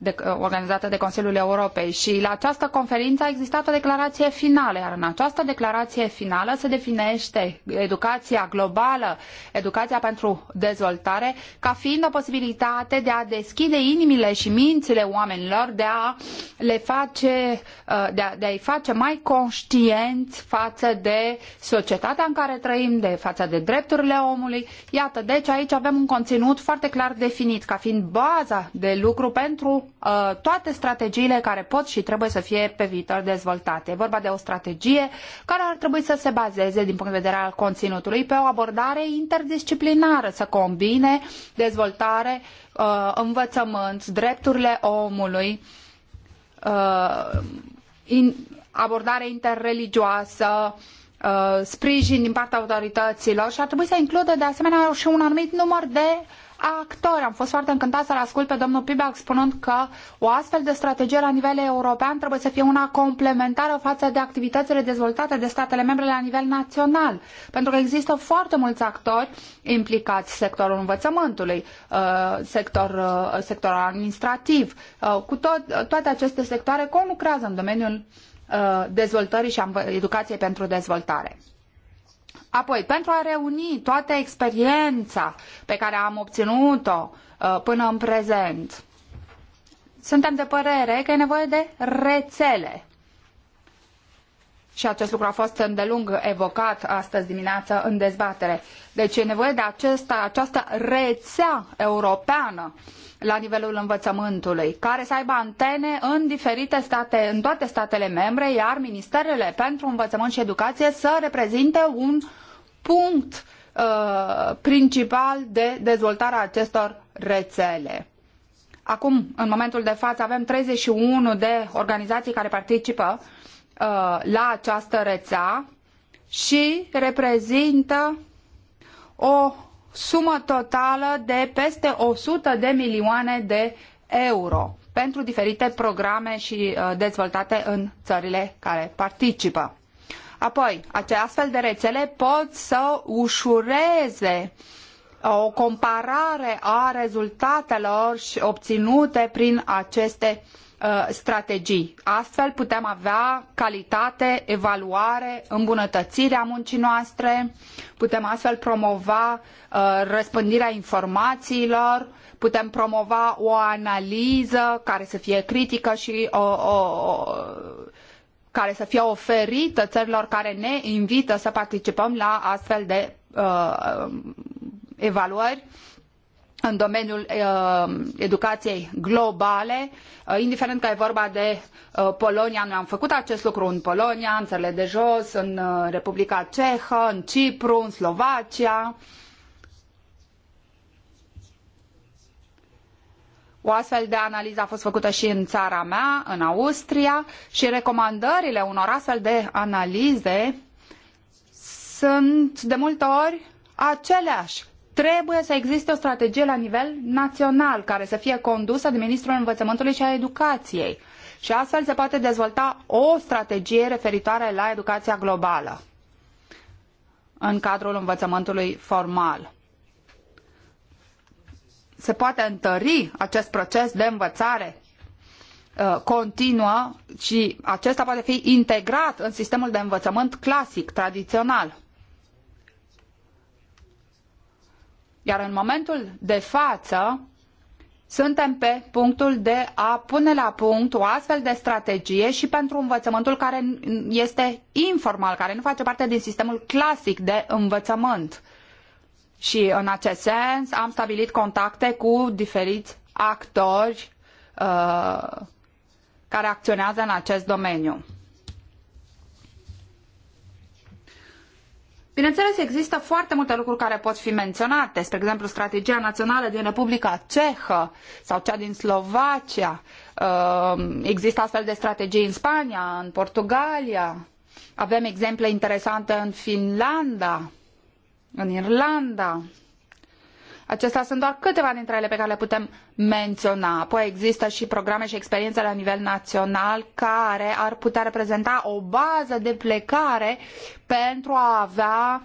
de, organizată de Consiliul Europei și la această conferință a existat o declarație finală, iar în această declarație finală se definește educația globală, educația pentru dezvoltare, ca fiind o posibilitate de a deschide inimile și mințile oamenilor, de a le face, uh, de, a, de a-i face mai conștienți față de societatea în care trăim, de față de drepturile omului. Iată, deci aici avem un conținut foarte clar definit ca fiind baza de lucru pentru uh, toate strategiile care pot și trebuie să fie pe viitor dezvoltate. vorba de o strategie care ar trebui să se bazeze, din punct de vedere al conținutului, pe o abordare interdisciplinară, să combine dezvoltare, uh, învățământ, drepturile omului, uh, in, abordare interreligioasă, uh, sprijin din partea autorităților și ar trebui să includă de asemenea și un anumit număr de actori. Am fost foarte încântat să-l ascult pe domnul Pibac spunând că o astfel de strategie la nivel european trebuie să fie una complementară față de activitățile dezvoltate de statele membre la nivel național. Pentru că există foarte mulți actori implicați, sectorul învățământului, uh, sector, uh, sectorul administrativ, uh, cu tot, toate aceste sectoare conlucrează în domeniul dezvoltării și educației pentru dezvoltare. Apoi, pentru a reuni toată experiența pe care am obținut-o uh, până în prezent, suntem de părere că e nevoie de rețele și acest lucru a fost îndelung evocat astăzi dimineață în dezbatere. Deci e nevoie de acesta, această rețea europeană la nivelul învățământului, care să aibă antene în diferite state, în toate statele membre, iar ministerele pentru învățământ și educație să reprezinte un punct uh, principal de dezvoltare a acestor rețele. Acum, în momentul de față, avem 31 de organizații care participă uh, Uh, la această rețea și reprezintă o sumă totală de peste 100 de milioane de euro pentru diferite programe și uh, dezvoltate în țările care participă. Apoi, acele astfel de rețele pot să ușureze uh, o comparare a rezultatelor obținute prin aceste uh, Uh, strategii. Astfel putem avea calitate, evaluare, îmbunătățirea muncii noastre, putem astfel promova uh, răspândirea informațiilor, putem promova o analiză care să fie critică și o, o, care să fie oferită țărilor care ne invită să participăm la astfel de uh, evaluări în domeniul uh, educației globale, uh, indiferent că e vorba de uh, Polonia, noi am făcut acest lucru în Polonia, în țările de jos, în Republica Cehă, în Cipru, în Slovacia. O astfel de analiză a fost făcută și în țara mea, în Austria, și recomandările unor astfel de analize sunt de multe ori aceleași Trebuie să existe o strategie la nivel național care să fie condusă de Ministrul Învățământului și a Educației și astfel se poate dezvolta o strategie referitoare la educația globală în cadrul învățământului formal. Se poate întări acest proces de învățare uh, continuă și acesta poate fi integrat în sistemul de învățământ clasic, tradițional. Iar în momentul de față, suntem pe punctul de a pune la punct o astfel de strategie și pentru învățământul care este informal, care nu face parte din sistemul clasic de învățământ. Și în acest sens am stabilit contacte cu diferiți actori uh, care acționează în acest domeniu. Bineînțeles, există foarte multe lucruri care pot fi menționate, spre exemplu strategia națională din Republica Cehă sau cea din Slovacia. Ehm, există astfel de strategii în Spania, în Portugalia. Avem exemple interesante în Finlanda, în Irlanda. Acestea sunt doar câteva dintre ele pe care le putem menționa. Apoi există și programe și experiențe la nivel național care ar putea reprezenta o bază de plecare pentru a avea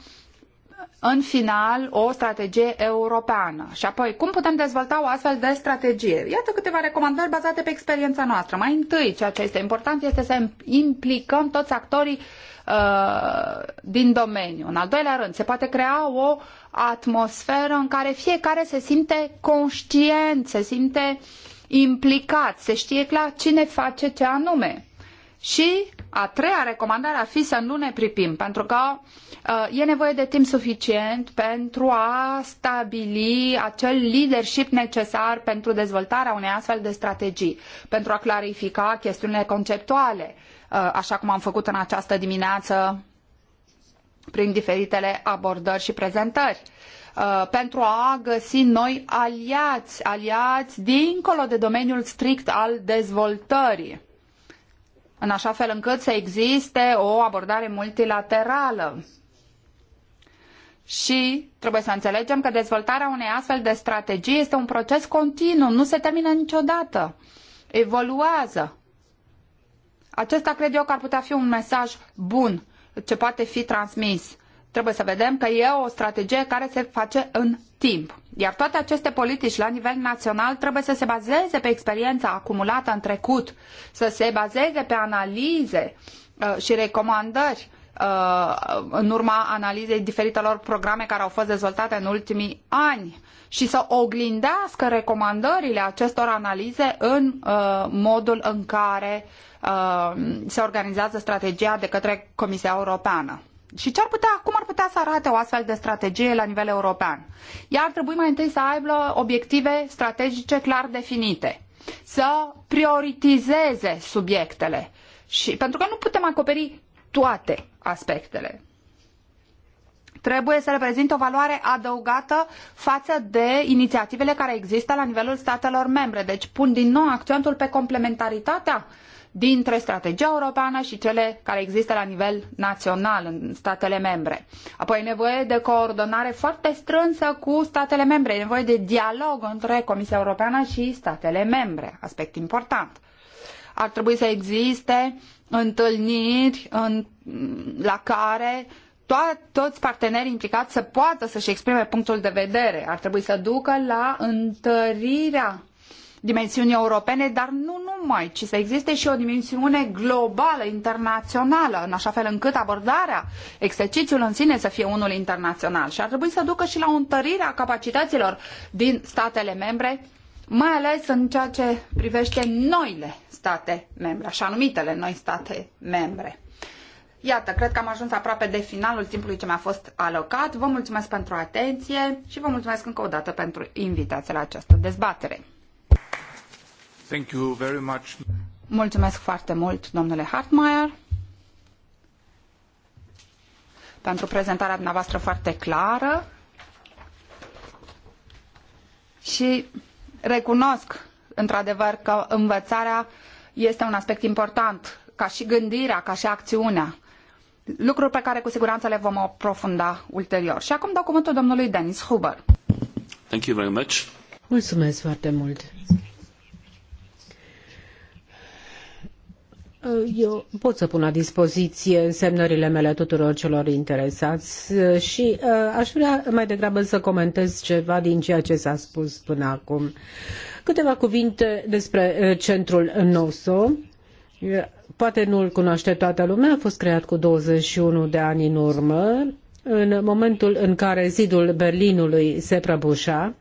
în final o strategie europeană. Și apoi, cum putem dezvolta o astfel de strategie? Iată câteva recomandări bazate pe experiența noastră. Mai întâi, ceea ce este important este să implicăm toți actorii Uh, din domeniu. În al doilea rând, se poate crea o atmosferă în care fiecare se simte conștient, se simte implicat, se știe clar cine face ce anume. Și a treia recomandare ar fi să nu ne pripim, pentru că uh, e nevoie de timp suficient pentru a stabili acel leadership necesar pentru dezvoltarea unei astfel de strategii, pentru a clarifica chestiunile conceptuale, Uh, așa cum am făcut în această dimineață prin diferitele abordări și prezentări uh, pentru a găsi noi aliați, aliați dincolo de domeniul strict al dezvoltării, în așa fel încât să existe o abordare multilaterală. Și trebuie să înțelegem că dezvoltarea unei astfel de strategii este un proces continuu, nu se termină niciodată, evoluează. Acesta cred eu că ar putea fi un mesaj bun ce poate fi transmis. Trebuie să vedem că e o strategie care se face în timp. Iar toate aceste politici la nivel național trebuie să se bazeze pe experiența acumulată în trecut, să se bazeze pe analize uh, și recomandări uh, în urma analizei diferitelor programe care au fost dezvoltate în ultimii ani și să oglindească recomandările acestor analize în uh, modul în care uh, se organizează strategia de către Comisia Europeană. Și ce ar putea, cum ar putea să arate o astfel de strategie la nivel european? Ea ar trebui mai întâi să aibă obiective strategice clar definite, să prioritizeze subiectele, și, pentru că nu putem acoperi toate aspectele trebuie să reprezinte o valoare adăugată față de inițiativele care există la nivelul statelor membre. Deci pun din nou accentul pe complementaritatea dintre strategia europeană și cele care există la nivel național în statele membre. Apoi e nevoie de coordonare foarte strânsă cu statele membre, e nevoie de dialog între Comisia Europeană și statele membre, aspect important. Ar trebui să existe întâlniri în, la care to- toți partenerii implicați să poată să-și exprime punctul de vedere. Ar trebui să ducă la întărirea dimensiunii europene, dar nu numai, ci să existe și o dimensiune globală, internațională, în așa fel încât abordarea, exercițiul în sine să fie unul internațional. Și ar trebui să ducă și la o întărire a capacităților din statele membre, mai ales în ceea ce privește noile state membre, așa numitele noi state membre. Iată, cred că am ajuns aproape de finalul timpului ce mi-a fost alocat. Vă mulțumesc pentru atenție și vă mulțumesc încă o dată pentru invitația la această dezbatere. Thank you very much. Mulțumesc foarte mult, domnule Hartmeier, pentru prezentarea dumneavoastră foarte clară și recunosc într-adevăr că învățarea este un aspect important ca și gândirea, ca și acțiunea lucruri pe care cu siguranță le vom aprofunda ulterior. Și acum dau cuvântul domnului Denis Huber. Thank you very much. Mulțumesc foarte mult. Eu pot să pun la dispoziție însemnările mele tuturor celor interesați și uh, aș vrea mai degrabă să comentez ceva din ceea ce s-a spus până acum. Câteva cuvinte despre uh, centrul nostru poate nu îl cunoaște toată lumea, a fost creat cu 21 de ani în urmă, în momentul în care zidul Berlinului se prăbușa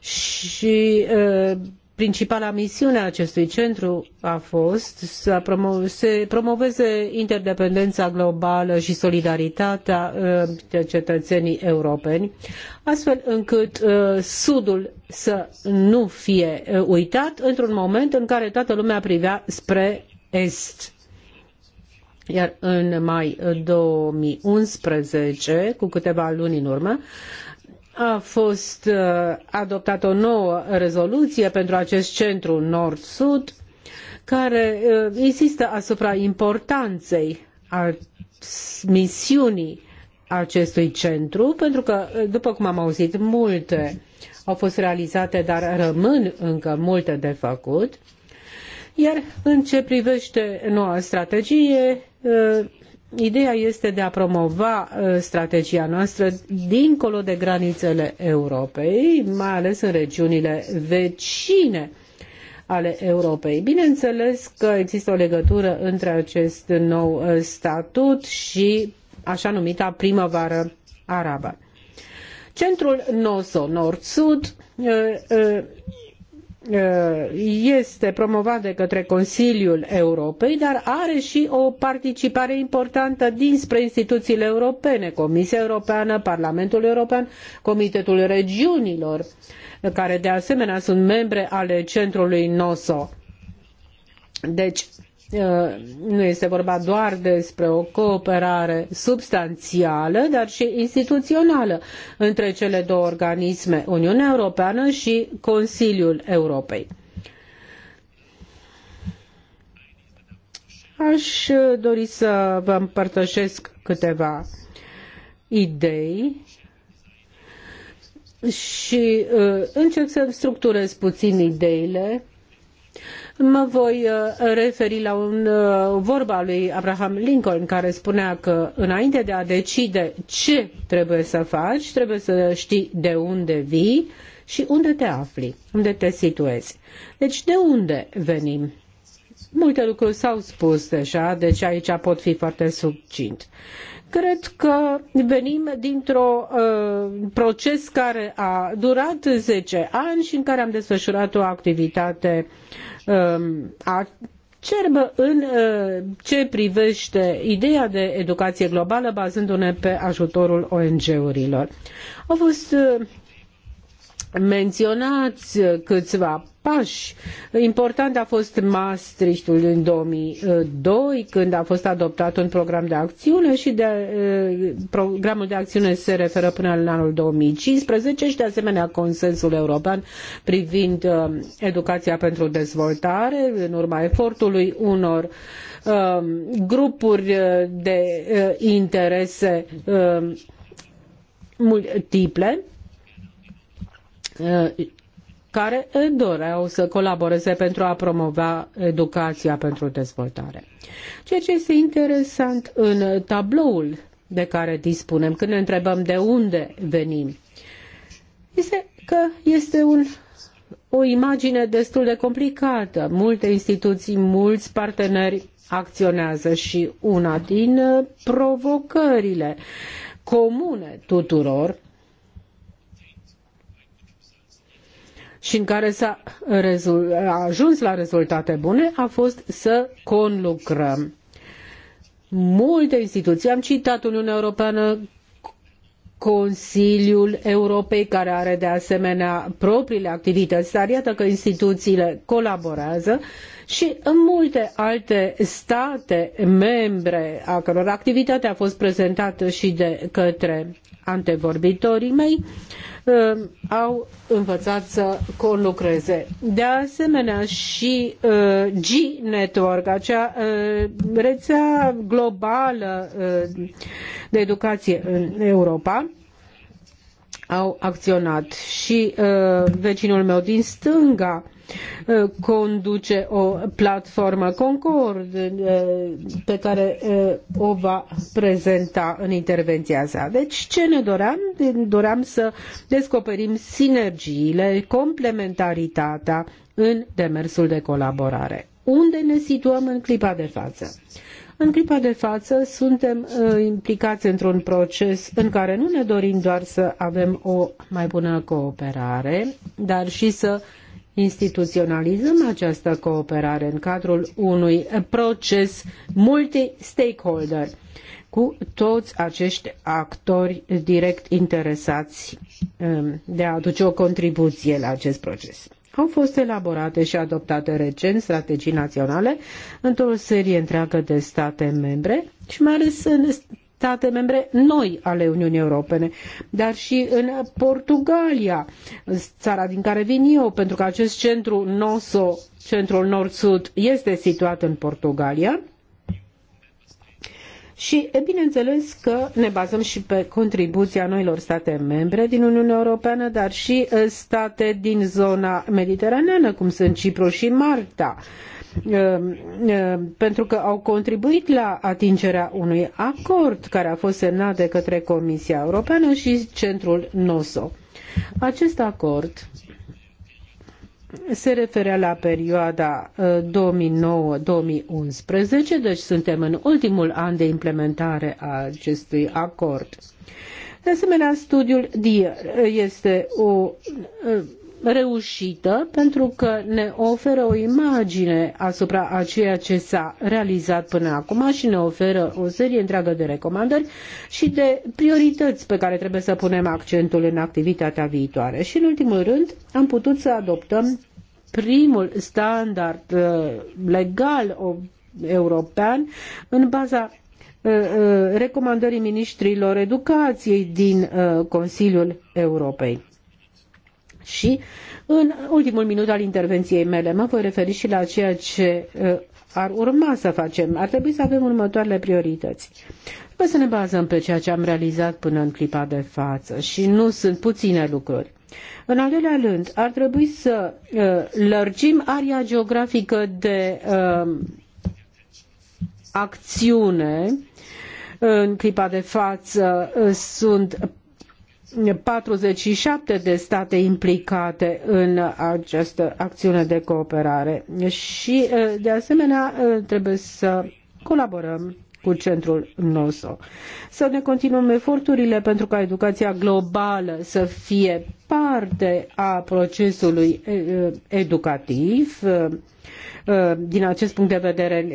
și principala misiune a acestui centru a fost să se promoveze interdependența globală și solidaritatea de cetățenii europeni, astfel încât Sudul să nu fie uitat într-un moment în care toată lumea privea spre Est. Iar în mai 2011, cu câteva luni în urmă, a fost uh, adoptată o nouă rezoluție pentru acest centru nord-sud, care uh, insistă asupra importanței a misiunii acestui centru, pentru că, uh, după cum am auzit, multe au fost realizate, dar rămân încă multe de făcut. Iar în ce privește noua strategie, uh, ideea este de a promova uh, strategia noastră dincolo de granițele Europei, mai ales în regiunile vecine ale Europei. Bineînțeles că există o legătură între acest nou uh, statut și așa numita primăvară arabă. Centrul nostru, Nord-Sud, Eh, este promovat de către Consiliul Europei, dar are și o participare importantă dinspre instituțiile europene, Comisia Europeană, Parlamentul European, Comitetul Regiunilor, care de asemenea sunt membre ale centrului NOSO. Deci, Uh, nu este vorba doar despre o cooperare substanțială, dar și instituțională între cele două organisme, Uniunea Europeană și Consiliul Europei. Aș dori să vă împărtășesc câteva idei și uh, încerc să structurez puțin ideile Mă voi uh, referi la un, uh, vorba lui Abraham Lincoln care spunea că înainte de a decide ce trebuie să faci, trebuie să știi de unde vii și unde te afli, unde te situezi. Deci de unde venim? Multe lucruri s-au spus deja, deci aici pot fi foarte subcint. Cred că venim dintr-un uh, proces care a durat 10 ani și în care am desfășurat o activitate uh, Um, acerbă în uh, ce privește ideea de educație globală bazându-ne pe ajutorul ONG-urilor. Au fost uh, menționați câțiva pași. Important a fost Maastrichtul în 2002, când a fost adoptat un program de acțiune și de, eh, programul de acțiune se referă până în anul 2015 și de asemenea consensul european privind eh, educația pentru dezvoltare în urma efortului unor eh, grupuri de interese multiple Eh, care doreau să colaboreze pentru a promova educația pentru dezvoltare. Ceea ce este interesant în tabloul de care dispunem, când ne întrebăm de unde venim, este că este un, o imagine destul de complicată. Multe instituții, mulți parteneri acționează și una din provocările comune tuturor și în care s-a ajuns la rezultate bune a fost să conlucrăm. Multe instituții, am citat Uniunea Europeană, Consiliul Europei, care are de asemenea propriile activități, dar iată că instituțiile colaborează și în multe alte state membre, a căror activitate a fost prezentată și de către antevorbitorii mei, uh, Uh, au învățat să conlucreze. De asemenea și uh, G-Network, acea uh, rețea globală de educație în Europa, au acționat. Și uh, vecinul meu din stânga uh, conduce o platformă Concord uh, pe care uh, o va prezenta în intervenția sa. Deci ce ne doream? Doream să descoperim sinergiile, complementaritatea în demersul de colaborare. Unde ne situăm în clipa de față? În clipa de față suntem uh, implicați într-un proces în care nu ne dorim doar să avem o mai bună cooperare, dar și să instituționalizăm această cooperare în cadrul unui proces multi-stakeholder cu toți acești actori direct interesați um, de a aduce o contribuție la acest proces. Au fost elaborate și adoptate recent strategii naționale într-o serie întreagă de state membre și mai ales în state membre noi ale Uniunii Europene, dar și în Portugalia, țara din care vin eu, pentru că acest centru NOSO, centrul Nord-Sud, este situat în Portugalia și, e bineînțeles, că ne bazăm și pe contribuția noilor state membre din Uniunea Europeană, dar și state din zona mediteraneană, cum sunt Cipru și Malta, pentru că au contribuit la atingerea unui acord care a fost semnat de către Comisia Europeană și centrul NOSO. Acest acord se referea la perioada 2009-2011, ă, deci suntem în ultimul an de implementare a acestui acord. De asemenea, studiul DIER este o ă, reușită pentru că ne oferă o imagine asupra a ceea ce s-a realizat până acum și ne oferă o serie întreagă de recomandări și de priorități pe care trebuie să punem accentul în activitatea viitoare. Și în ultimul rând am putut să adoptăm primul standard uh, legal european în baza uh, uh, recomandării ministrilor educației din Consiliul Europei. Și în ultimul minut al intervenției mele mă voi referi și la ceea ce uh, ar urma să facem. Ar trebui să avem următoarele priorități. Trebuie să ne bazăm pe ceea ce am realizat până în clipa de față și nu sunt puține lucruri. În al doilea rând, ar trebui să uh, lărgim aria geografică de uh, acțiune. În clipa de față uh, sunt 47 de state implicate în această acțiune de cooperare și, de asemenea, trebuie să colaborăm cu centrul nostru. Să ne continuăm eforturile pentru ca educația globală să fie parte a procesului educativ. Din acest punct de vedere,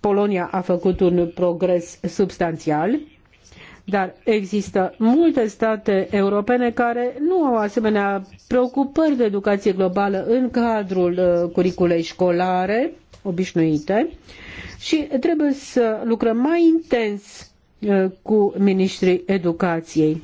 Polonia a făcut un progres substanțial dar există multe state europene care nu au asemenea preocupări de educație globală în cadrul uh, curiculei școlare obișnuite și trebuie să lucrăm mai intens uh, cu ministrii educației.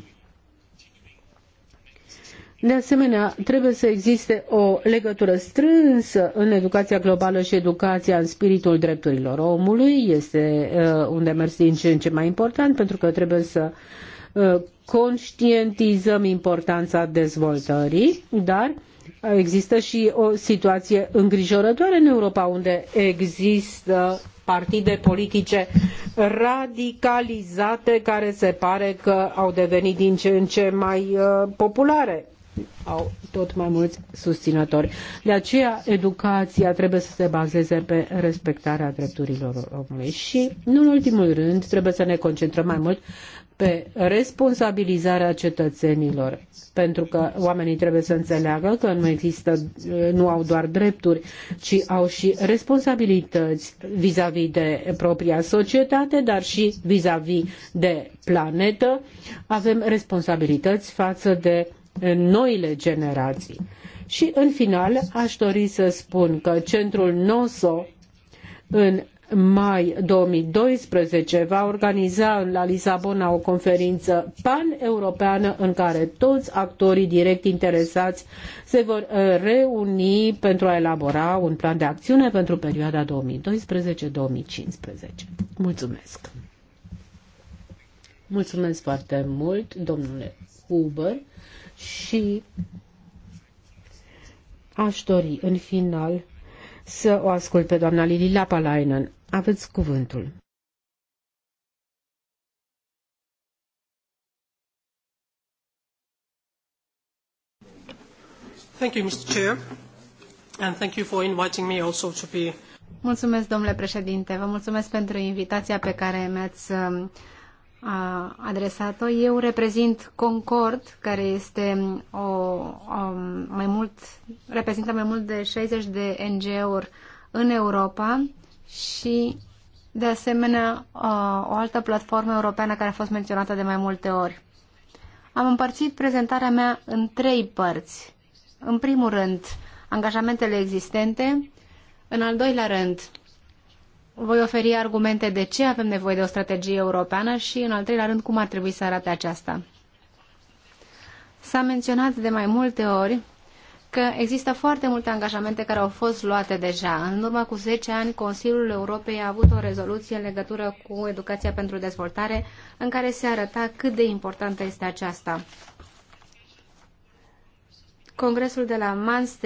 De asemenea, trebuie să existe o legătură strânsă în educația globală și educația în spiritul drepturilor omului. Este uh, un demers din ce în ce mai important pentru că trebuie să uh, conștientizăm importanța dezvoltării, dar există și o situație îngrijorătoare în Europa unde există partide politice radicalizate care se pare că au devenit din ce în ce mai uh, populare au tot mai mulți susținători. De aceea, educația trebuie să se bazeze pe respectarea drepturilor omului. Și, nu în ultimul rând, trebuie să ne concentrăm mai mult pe responsabilizarea cetățenilor, pentru că oamenii trebuie să înțeleagă că nu există, nu au doar drepturi, ci au și responsabilități vis-a-vis -vis de propria societate, dar și vis-a-vis -vis de planetă. Avem responsabilități față de noile generații. Și în final aș dori să spun că centrul NOSO în mai 2012 va organiza la Lisabona o conferință pan-europeană în care toți actorii direct interesați se vor uh, reuni pentru a elabora un plan de acțiune pentru perioada 2012-2015. Mulțumesc! Mulțumesc foarte mult, domnule Uber și aș dori în final să o ascult pe doamna Lili Lapalainen. Aveți cuvântul. Thank you, Mr. Chair, and thank you for inviting me also to be Mulțumesc, domnule președinte. Vă mulțumesc pentru invitația pe care mi-ați um, a adresat-o. Eu reprezint Concord, care este o, o mai mult, reprezintă mai mult de 60 de NGO-uri în Europa și de asemenea o altă platformă europeană care a fost menționată de mai multe ori. Am împărțit prezentarea mea în trei părți. În primul rând, angajamentele existente, în al doilea rând, voi oferi argumente de ce avem nevoie de o strategie europeană și, în al treilea rând, cum ar trebui să arate aceasta. S-a menționat de mai multe ori că există foarte multe angajamente care au fost luate deja. În urmă cu 10 ani, Consiliul Europei a avut o rezoluție în legătură cu educația pentru dezvoltare, în care se arăta cât de importantă este aceasta. Congresul de la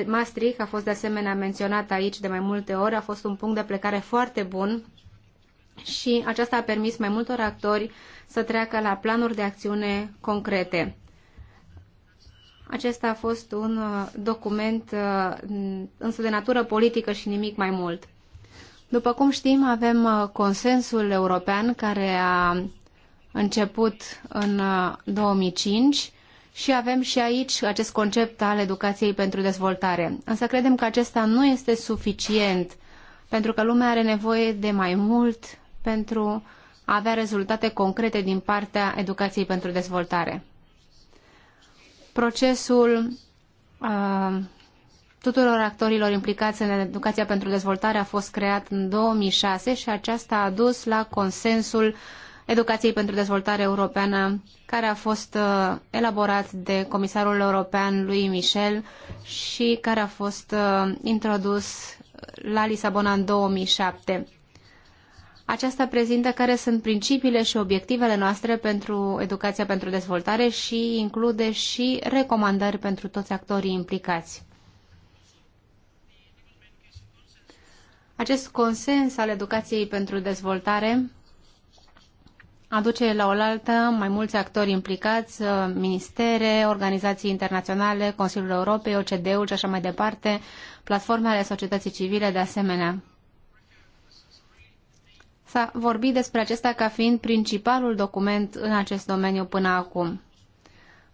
Maastricht a fost de asemenea menționat aici de mai multe ori, a fost un punct de plecare foarte bun și aceasta a permis mai multor actori să treacă la planuri de acțiune concrete. Acesta a fost un uh, document uh, însă de natură politică și nimic mai mult. După cum știm, avem uh, consensul european care a început în 2005 și avem și aici acest concept al educației pentru dezvoltare. Însă credem că acesta nu este suficient pentru că lumea are nevoie de mai mult pentru a avea rezultate concrete din partea educației pentru dezvoltare. Procesul uh, tuturor actorilor implicați în educația pentru dezvoltare a fost creat în 2006 și aceasta a dus la consensul Educației pentru Dezvoltare Europeană, care a fost uh, elaborat de comisarul european lui Michel și care a fost uh, introdus la Lisabona în 2007. Aceasta prezintă care sunt principiile și obiectivele noastre pentru educația pentru dezvoltare și include și recomandări pentru toți actorii implicați. Acest consens al educației pentru dezvoltare aduce la oaltă mai mulți actori implicați, uh, ministere, organizații internaționale, Consiliul Europei, OCD-ul și așa mai departe, platforme ale societății civile de asemenea. S-a vorbit despre acesta ca fiind principalul document în acest domeniu până acum.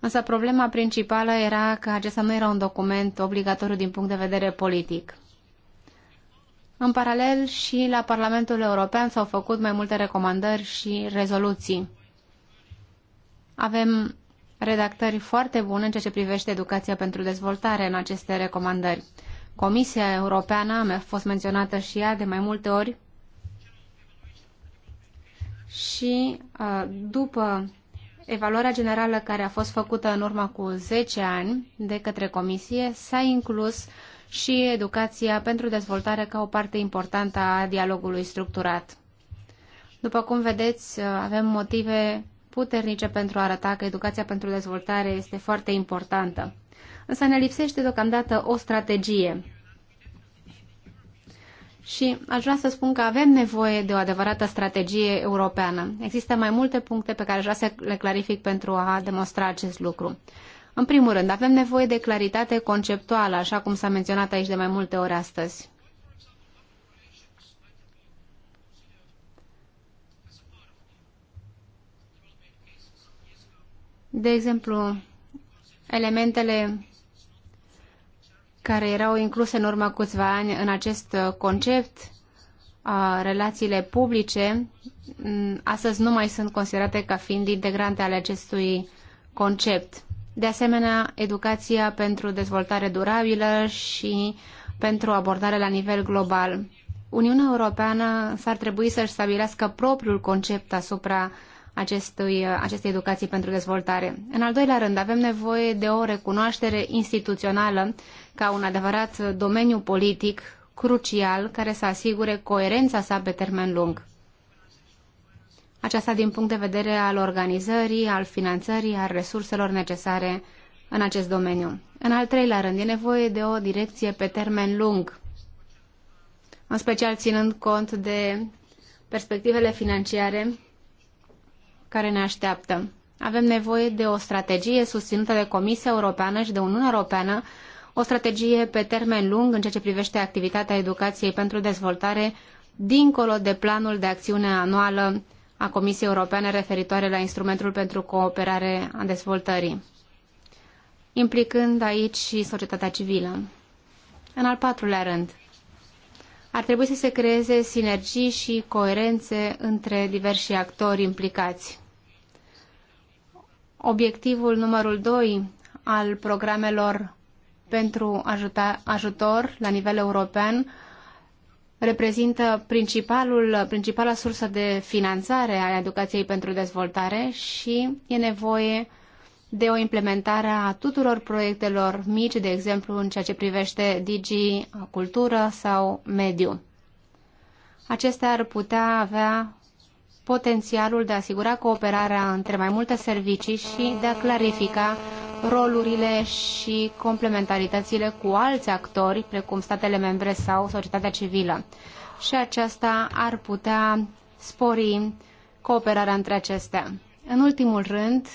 Însă problema principală era că acesta nu era un document obligatoriu din punct de vedere politic. În paralel și la Parlamentul European s-au făcut mai multe recomandări și rezoluții. Avem redactări foarte bune în ceea ce privește educația pentru dezvoltare în aceste recomandări. Comisia Europeană a fost menționată și ea de mai multe ori și uh, după evaluarea generală care a fost făcută în urma cu 10 ani de către Comisie s-a inclus uh, și educația pentru dezvoltare ca o parte importantă a dialogului structurat. După cum vedeți, avem motive puternice pentru a arăta că educația pentru dezvoltare este foarte importantă. Însă ne lipsește deocamdată o strategie. Și aș vrea să spun că avem nevoie de o adevărată strategie europeană. Există mai multe puncte pe care aș vrea să le clarific pentru a demonstra acest lucru. În primul rând, avem nevoie de claritate conceptuală, așa cum s-a menționat aici de mai multe ori astăzi. De exemplu, elementele care erau incluse în urmă câțiva ani în acest concept, a relațiile publice, astăzi nu mai sunt considerate ca fiind integrante ale acestui concept. De asemenea, educația pentru dezvoltare durabilă și pentru abordare la nivel global. Uniunea Europeană s-ar trebui să-și stabilească propriul concept asupra acestui, acestei educații pentru dezvoltare. În al doilea rând, avem nevoie de o recunoaștere instituțională ca un adevărat domeniu politic crucial care să asigure coerența sa pe termen lung aceasta din punct de vedere al organizării, al finanțării, al resurselor necesare în acest domeniu. În al treilea rând, e nevoie de o direcție pe termen lung, în special ținând cont de perspectivele financiare care ne așteaptă. Avem nevoie de o strategie susținută de Comisia Europeană și de Uniunea Europeană, o strategie pe termen lung în ceea ce privește activitatea educației pentru dezvoltare, dincolo de planul de acțiune anuală a Comisiei Europene referitoare la instrumentul pentru cooperare a dezvoltării, implicând aici și societatea civilă. În al patrulea rând, ar trebui să se creeze sinergii și coerențe între diversi actori implicați. Obiectivul numărul 2 al programelor pentru ajuta, ajutor la nivel european reprezintă principalul, principala sursă de finanțare a educației pentru dezvoltare și e nevoie de o implementare a tuturor proiectelor mici, de exemplu în ceea ce privește digi, cultură sau mediu. Acestea ar putea avea potențialul de a asigura cooperarea între mai multe servicii și de a clarifica rolurile și complementaritățile cu alți actori, precum statele membre sau societatea civilă. Și aceasta ar putea spori cooperarea între acestea. În ultimul rând,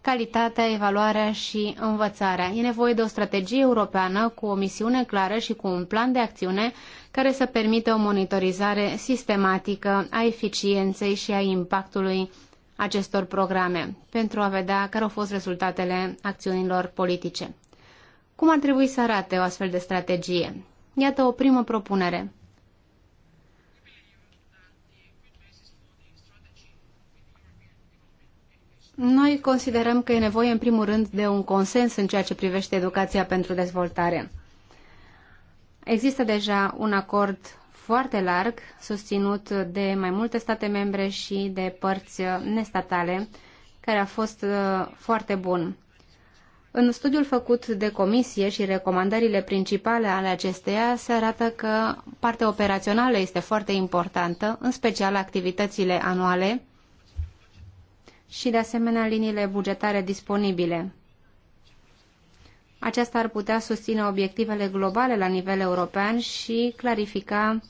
calitatea, evaluarea și învățarea. E nevoie de o strategie europeană cu o misiune clară și cu un plan de acțiune care să permită o monitorizare sistematică a eficienței și a impactului acestor programe pentru a vedea care au fost rezultatele acțiunilor politice. Cum ar trebui să arate o astfel de strategie? Iată o primă propunere. Noi considerăm că e nevoie, în primul rând, de un consens în ceea ce privește educația pentru dezvoltare. Există deja un acord foarte larg, susținut de mai multe state membre și de părți nestatale, care a fost uh, foarte bun. În studiul făcut de comisie și recomandările principale ale acesteia se arată că partea operațională este foarte importantă, în special activitățile anuale, și, de asemenea, liniile bugetare disponibile. Aceasta ar putea susține obiectivele globale la nivel european și clarifica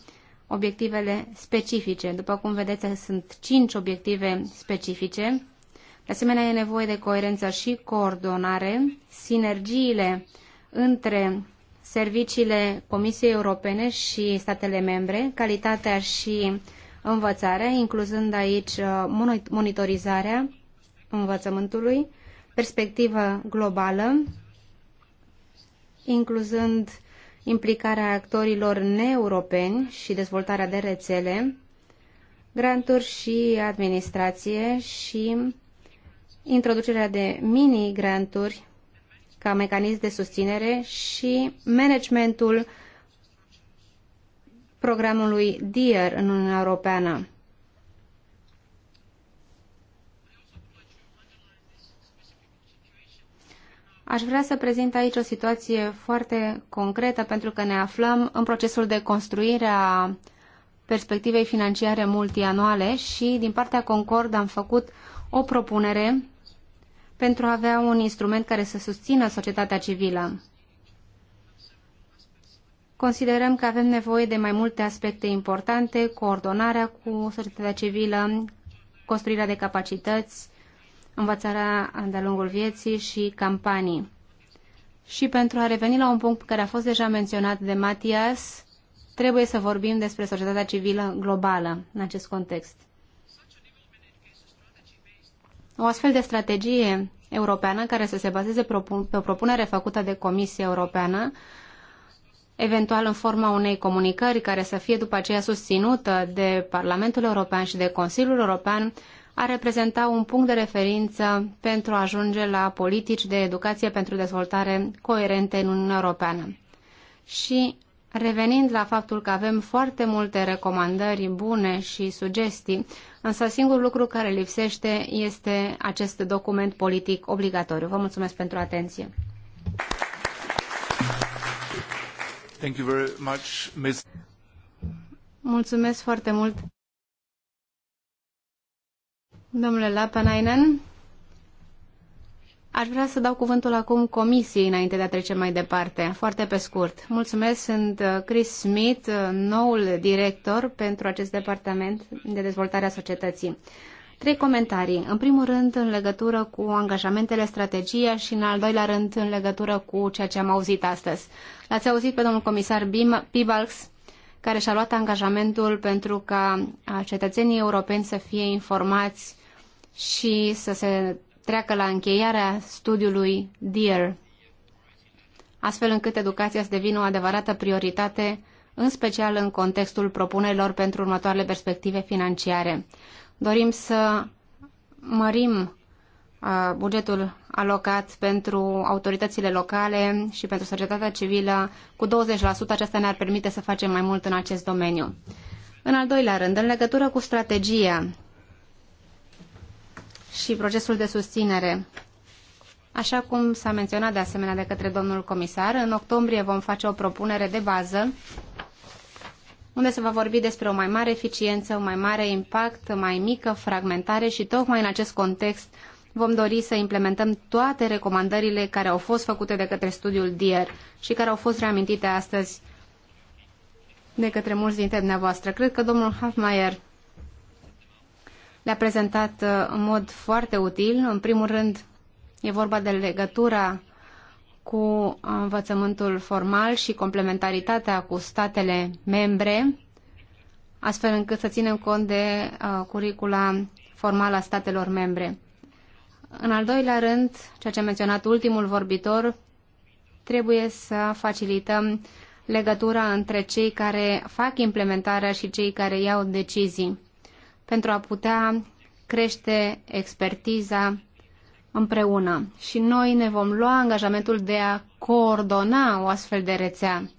obiectivele specifice. După cum vedeți, sunt cinci obiective specifice. De asemenea, e nevoie de coerență și coordonare, sinergiile între serviciile Comisiei Europene și statele membre, calitatea și învățare, incluzând aici uh, monitorizarea învățământului, perspectivă globală, incluzând implicarea actorilor neeuropeni și dezvoltarea de rețele, granturi și administrație și introducerea de mini-granturi ca mecanism de susținere și managementul programului DIER în Uniunea Europeană. Aș vrea să prezint aici o situație foarte concretă pentru că ne aflăm în procesul de construire a perspectivei financiare multianuale și din partea Concord am făcut o propunere pentru a avea un instrument care să susțină societatea civilă. Considerăm că avem nevoie de mai multe aspecte importante, coordonarea cu societatea civilă, construirea de capacități, învățarea de-a lungul vieții și campanii. Și pentru a reveni la un punct care a fost deja menționat de Matias, trebuie să vorbim despre societatea civilă globală în acest context. O astfel de strategie europeană care să se bazeze pe o propunere făcută de Comisia Europeană eventual în forma unei comunicări care să fie după aceea susținută de Parlamentul European și de Consiliul European, ar reprezenta un punct de referință pentru a ajunge la politici de educație pentru dezvoltare coerente în Uniunea Europeană. Și Revenind la faptul că avem foarte multe recomandări bune și sugestii, însă singurul lucru care lipsește este acest document politic obligatoriu. Vă mulțumesc pentru atenție. Thank you very much, Ms. Mulțumesc foarte mult. Domnule Lapanainen, aș vrea să dau cuvântul acum comisiei înainte de a trece mai departe, foarte pe scurt. Mulțumesc, sunt uh, Chris Smith, uh, noul director pentru acest departament de dezvoltare a societății. Trei comentarii. În primul rând, în legătură cu angajamentele, strategia și, în al doilea rând, în legătură cu ceea ce am auzit astăzi. L-ați auzit pe domnul comisar Bim, Pibalx, care și-a luat angajamentul pentru ca cetățenii europeni să fie informați și să se treacă la încheierea studiului DEAR, astfel încât educația să devină o adevărată prioritate, în special în contextul propunerilor pentru următoarele perspective financiare. Dorim să mărim bugetul alocat pentru autoritățile locale și pentru societatea civilă cu 20%. Aceasta ne-ar permite să facem mai mult în acest domeniu. În al doilea rând, în legătură cu strategia și procesul de susținere, așa cum s-a menționat de asemenea de către domnul comisar, în octombrie vom face o propunere de bază unde se va vorbi despre o mai mare eficiență, un mai mare impact, mai mică fragmentare și tocmai în acest context Vom dori să implementăm toate recomandările care au fost făcute de către studiul DIER și care au fost reamintite astăzi de către mulți dintre dumneavoastră. Cred că domnul Hafmeier le-a prezentat uh, în mod foarte util. În primul rând, e vorba de legătura cu învățământul formal și complementaritatea cu statele membre, astfel încât să ținem cont de uh, curicula formală a statelor membre. În al doilea rând, ceea ce a menționat ultimul vorbitor, trebuie să facilităm legătura între cei care fac implementarea și cei care iau decizii pentru a putea crește expertiza împreună. Și noi ne vom lua angajamentul de a coordona o astfel de rețea,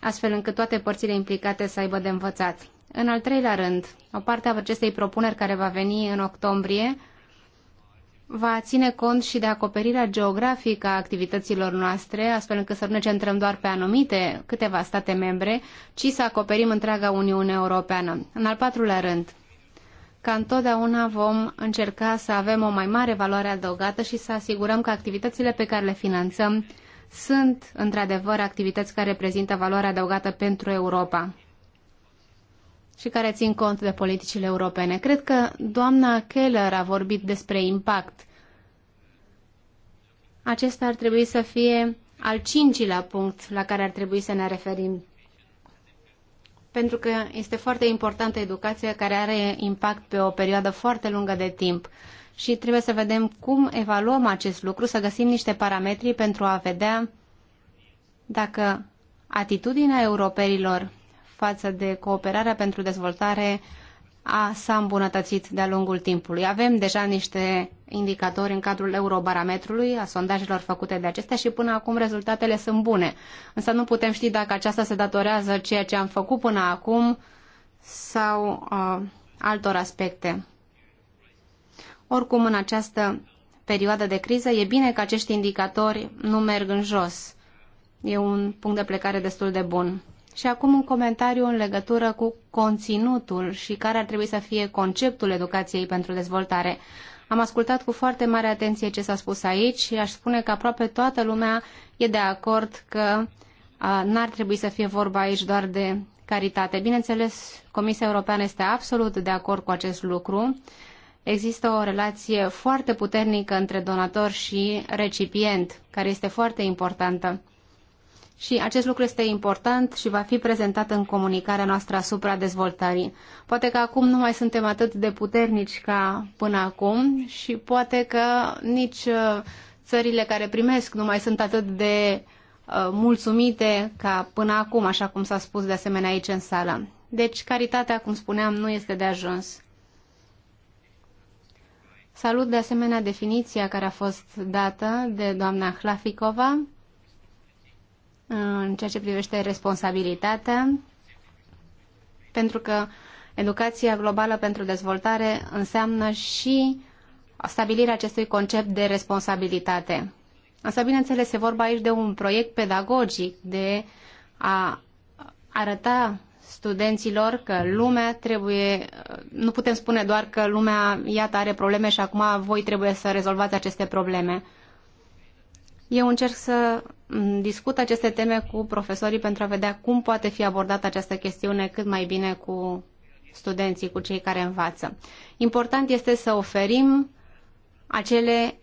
astfel încât toate părțile implicate să aibă de învățat. În al treilea rând, o parte a acestei propuneri care va veni în octombrie va ține cont și de acoperirea geografică a activităților noastre, astfel încât să nu ne centrăm doar pe anumite câteva state membre, ci să acoperim întreaga Uniune Europeană. În al patrulea rând, ca întotdeauna vom încerca să avem o mai mare valoare adăugată și să asigurăm că activitățile pe care le finanțăm sunt într-adevăr activități care reprezintă valoare adăugată pentru Europa și care țin cont de politicile europene. Cred că doamna Keller a vorbit despre impact. Acesta ar trebui să fie al cincilea punct la care ar trebui să ne referim. Pentru că este foarte importantă educația care are impact pe o perioadă foarte lungă de timp și trebuie să vedem cum evaluăm acest lucru, să găsim niște parametri pentru a vedea dacă atitudinea europeilor față de cooperarea pentru dezvoltare a, s-a îmbunătățit de-a lungul timpului. Avem deja niște indicatori în cadrul eurobarometrului, a sondajelor făcute de acestea și până acum rezultatele sunt bune. Însă nu putem ști dacă aceasta se datorează ceea ce am făcut până acum sau uh, altor aspecte. Oricum, în această perioadă de criză, e bine că acești indicatori nu merg în jos. E un punct de plecare destul de bun. Și acum un comentariu în legătură cu conținutul și care ar trebui să fie conceptul educației pentru dezvoltare. Am ascultat cu foarte mare atenție ce s-a spus aici și aș spune că aproape toată lumea e de acord că n-ar trebui să fie vorba aici doar de caritate. Bineînțeles, Comisia Europeană este absolut de acord cu acest lucru. Există o relație foarte puternică între donator și recipient, care este foarte importantă. Și acest lucru este important și va fi prezentat în comunicarea noastră asupra dezvoltării. Poate că acum nu mai suntem atât de puternici ca până acum și poate că nici uh, țările care primesc nu mai sunt atât de uh, mulțumite ca până acum, așa cum s-a spus de asemenea aici în sală. Deci, caritatea, cum spuneam, nu este de ajuns. Salut de asemenea definiția care a fost dată de doamna Hlafikova în ceea ce privește responsabilitatea, pentru că educația globală pentru dezvoltare înseamnă și stabilirea acestui concept de responsabilitate. Însă, bineînțeles, se vorba aici de un proiect pedagogic, de a arăta studenților că lumea trebuie, nu putem spune doar că lumea, iată, are probleme și acum voi trebuie să rezolvați aceste probleme. Eu încerc să mm, discut aceste teme cu profesorii pentru a vedea cum poate fi abordată această chestiune cât mai bine cu studenții, cu cei care învață. Important este să oferim acele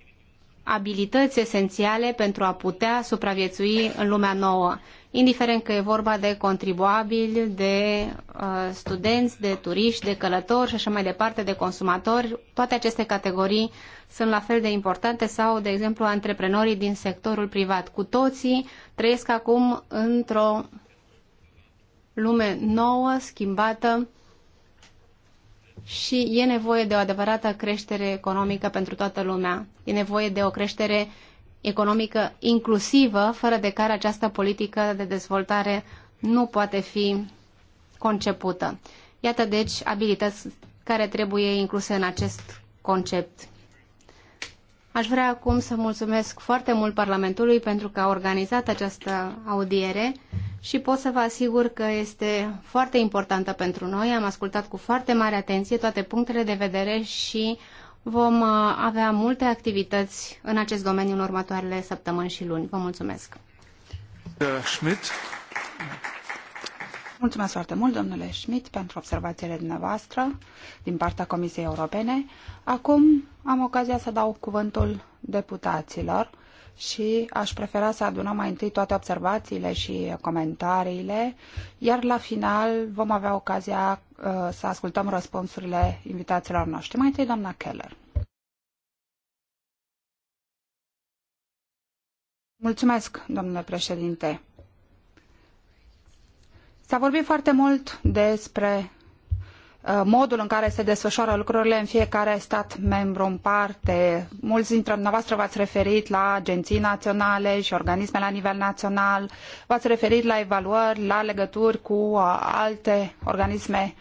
abilități esențiale pentru a putea supraviețui în lumea nouă, indiferent că e vorba de contribuabili, de uh, studenți, de turiști, de călători și așa mai departe, de consumatori. Toate aceste categorii sunt la fel de importante sau, de exemplu, antreprenorii din sectorul privat. Cu toții trăiesc acum într-o lume nouă, schimbată, și e nevoie de o adevărată creștere economică pentru toată lumea. E nevoie de o creștere economică inclusivă, fără de care această politică de dezvoltare nu poate fi concepută. Iată, deci, abilități care trebuie incluse în acest concept. Aș vrea acum să mulțumesc foarte mult Parlamentului pentru că a organizat această audiere și pot să vă asigur că este foarte importantă pentru noi. Am ascultat cu foarte mare atenție toate punctele de vedere și vom uh, avea multe activități în acest domeniu în următoarele săptămâni și luni. Vă mulțumesc! Schmidt. Mulțumesc foarte mult, domnule Schmidt, pentru observațiile dumneavoastră din partea Comisiei Europene. Acum am ocazia să dau cuvântul deputaților și aș prefera să adunăm mai întâi toate observațiile și comentariile, iar la final vom avea ocazia uh, să ascultăm răspunsurile invitațiilor noștri. Mai întâi, doamna Keller. Mulțumesc, domnule președinte. S-a vorbit foarte mult despre Uh, modul în care se desfășoară lucrurile în fiecare stat membru în parte. Mulți dintre dumneavoastră v-ați referit la agenții naționale și organisme la nivel național, v-ați referit la evaluări, la legături cu uh, alte organisme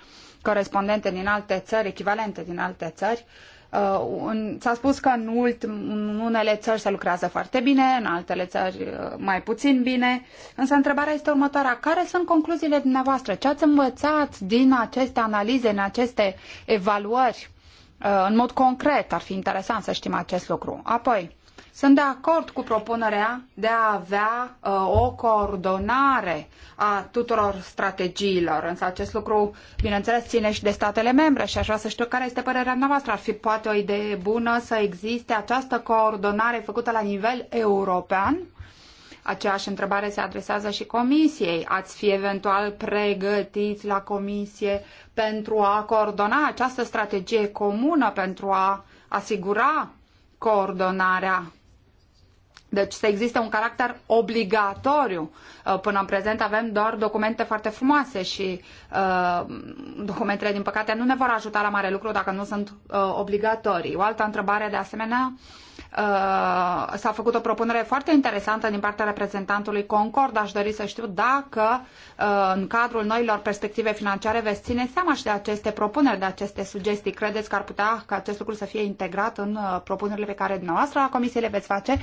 corespondente din alte țări, echivalente din alte țări. Uh, Uh, s-a spus că în, ultim, în unele țări se lucrează foarte bine, în altele țări uh, mai puțin bine, însă întrebarea este următoarea. Care sunt concluziile dumneavoastră? Ce ați învățat din aceste analize, din aceste evaluări? Uh, în mod concret. Ar fi interesant să știm acest lucru. Apoi, sunt de acord cu propunerea de a avea uh, o coordonare a tuturor strategiilor, însă acest lucru, bineînțeles, ține și de statele membre și aș vrea să știu care este părerea noastră. Ar fi poate o idee bună să existe această coordonare făcută la nivel european Aceeași întrebare se adresează și comisiei. Ați fi eventual pregătiți la comisie pentru a coordona această strategie comună, pentru a asigura coordonarea deci să existe un caracter obligatoriu. Uh, până în prezent avem doar documente foarte frumoase și uh, documentele, din păcate, nu ne vor ajuta la mare lucru dacă nu sunt uh, obligatorii. O altă întrebare, de asemenea, uh, Uh, s-a făcut o propunere foarte interesantă din partea reprezentantului Concord. Aș dori să știu dacă uh, în cadrul noilor perspective financiare veți ține seama și de aceste propuneri, de aceste sugestii. Credeți că ar putea ca acest lucru să fie integrat în uh, propunerile pe care dumneavoastră la comisie le veți face?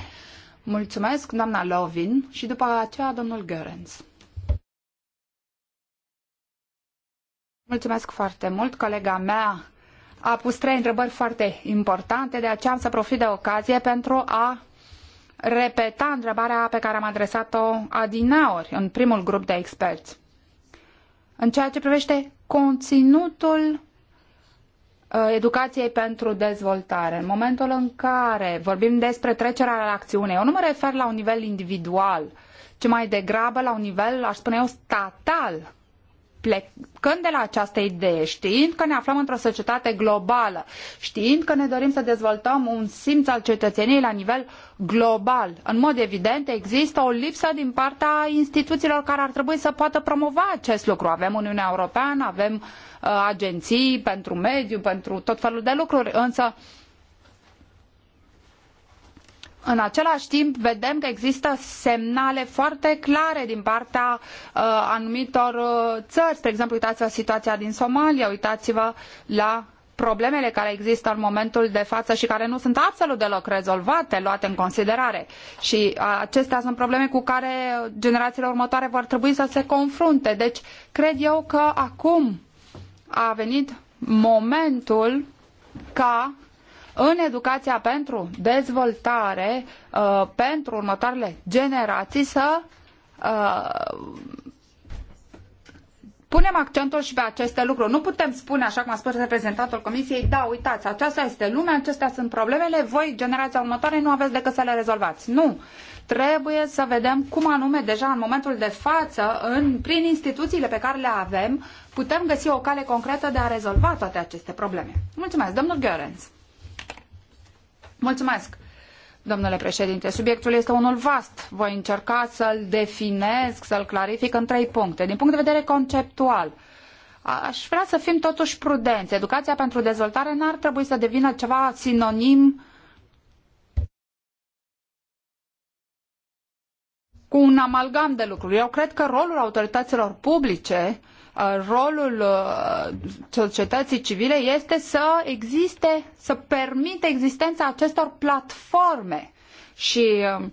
Mulțumesc, doamna Lovin, și după aceea domnul Görens. Mulțumesc foarte mult, colega mea a pus trei întrebări foarte importante, de aceea am să profit de ocazie pentru a repeta întrebarea pe care am adresat-o adinaori în primul grup de experți. În ceea ce privește conținutul uh, educației pentru dezvoltare. În momentul în care vorbim despre trecerea la acțiune, eu nu mă refer la un nivel individual, ci mai degrabă la un nivel, aș spune eu, statal plecând de la această idee, știind că ne aflăm într-o societate globală, știind că ne dorim să dezvoltăm un simț al cetățeniei la nivel global, în mod evident există o lipsă din partea instituțiilor care ar trebui să poată promova acest lucru. Avem Uniunea Europeană, avem uh, agenții pentru mediu, pentru tot felul de lucruri, însă uh, în același timp vedem că există semnale foarte clare din partea uh, anumitor uh, țări. Spre exemplu, uitați-vă situația din Somalia, uitați-vă la problemele care există în momentul de față și care nu sunt absolut deloc rezolvate, luate în considerare. Și uh, acestea sunt probleme cu care generațiile următoare vor trebui să se confrunte. Deci, cred eu că acum a venit momentul ca în educația pentru dezvoltare, uh, pentru următoarele generații, să uh, punem accentul și pe aceste lucruri. Nu putem spune, așa cum a spus reprezentantul Comisiei, da, uitați, aceasta este lumea, acestea sunt problemele, voi, generația următoare, nu aveți decât să le rezolvați. Nu! Trebuie să vedem cum anume, deja în momentul de față, în, prin instituțiile pe care le avem, putem găsi o cale concretă de a rezolva toate aceste probleme. Mulțumesc, domnul Gheorenț. Mulțumesc, domnule președinte. Subiectul este unul vast. Voi încerca să-l definez, să-l clarific în trei puncte. Din punct de vedere conceptual, aș vrea să fim totuși prudenți. Educația pentru dezvoltare n-ar trebui să devină ceva sinonim cu un amalgam de lucruri. Eu cred că rolul autorităților publice rolul uh, societății civile este să existe, să permită existența acestor platforme și uh,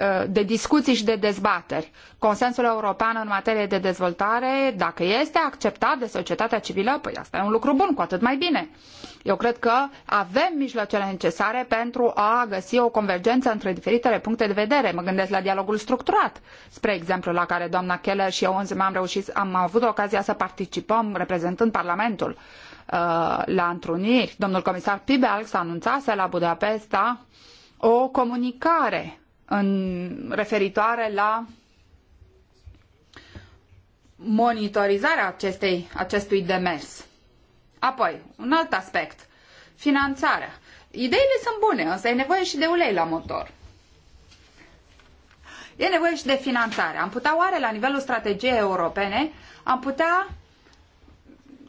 Uh, de discuții și de dezbateri. Consensul european în materie de dezvoltare, dacă este acceptat de societatea civilă, păi asta e un lucru bun, cu atât mai bine. Eu cred că avem mijloacele necesare pentru a găsi o convergență între diferitele puncte de vedere. Mă gândesc la dialogul structurat, spre exemplu, la care doamna Keller și eu însă am reușit, am avut ocazia să participăm reprezentând Parlamentul uh, la întruniri. Domnul comisar Pibalgs anunțase la Budapesta o comunicare în referitoare la monitorizarea acestei, acestui demers. Apoi, un alt aspect, finanțarea. Ideile sunt bune, însă e nevoie și de ulei la motor. E nevoie și de finanțare. Am putea oare, la nivelul strategiei europene, am putea...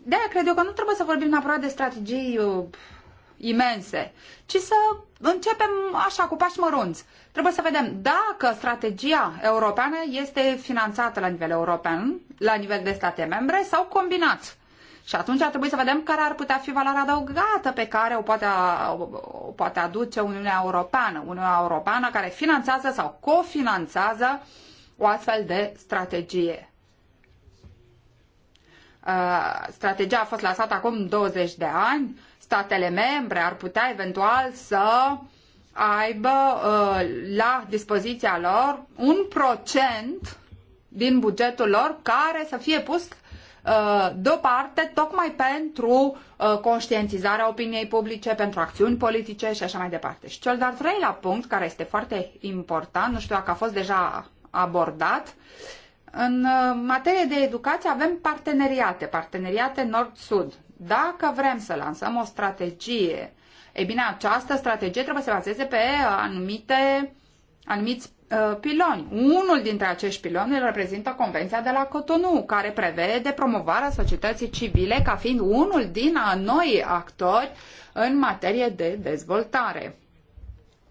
De aia cred eu că nu trebuie să vorbim neapărat de strategii uh, imense, ci să începem așa, cu pași mărunți. Trebuie să vedem dacă strategia europeană este finanțată la nivel european, la nivel de state membre sau combinat. Și atunci ar trebui să vedem care ar putea fi valoarea adăugată pe care o poate, o poate aduce Uniunea Europeană. Uniunea Europeană care finanțează sau cofinanțează o astfel de strategie. Uh, strategia a fost lansată acum 20 de ani statele membre ar putea eventual să aibă uh, la dispoziția lor un procent din bugetul lor care să fie pus uh, deoparte tocmai pentru uh, conștientizarea opiniei publice, pentru acțiuni politice și așa mai departe. Și cel de-al treilea punct, care este foarte important, nu știu dacă a fost deja abordat, în materie de educație avem parteneriate, parteneriate nord-sud. Dacă vrem să lansăm o strategie, e bine, această strategie trebuie să se bazeze pe anumite, anumiți uh, piloni. Unul dintre acești piloni îl reprezintă Convenția de la Cotonou, care prevede promovarea societății civile ca fiind unul din uh, noi actori în materie de dezvoltare.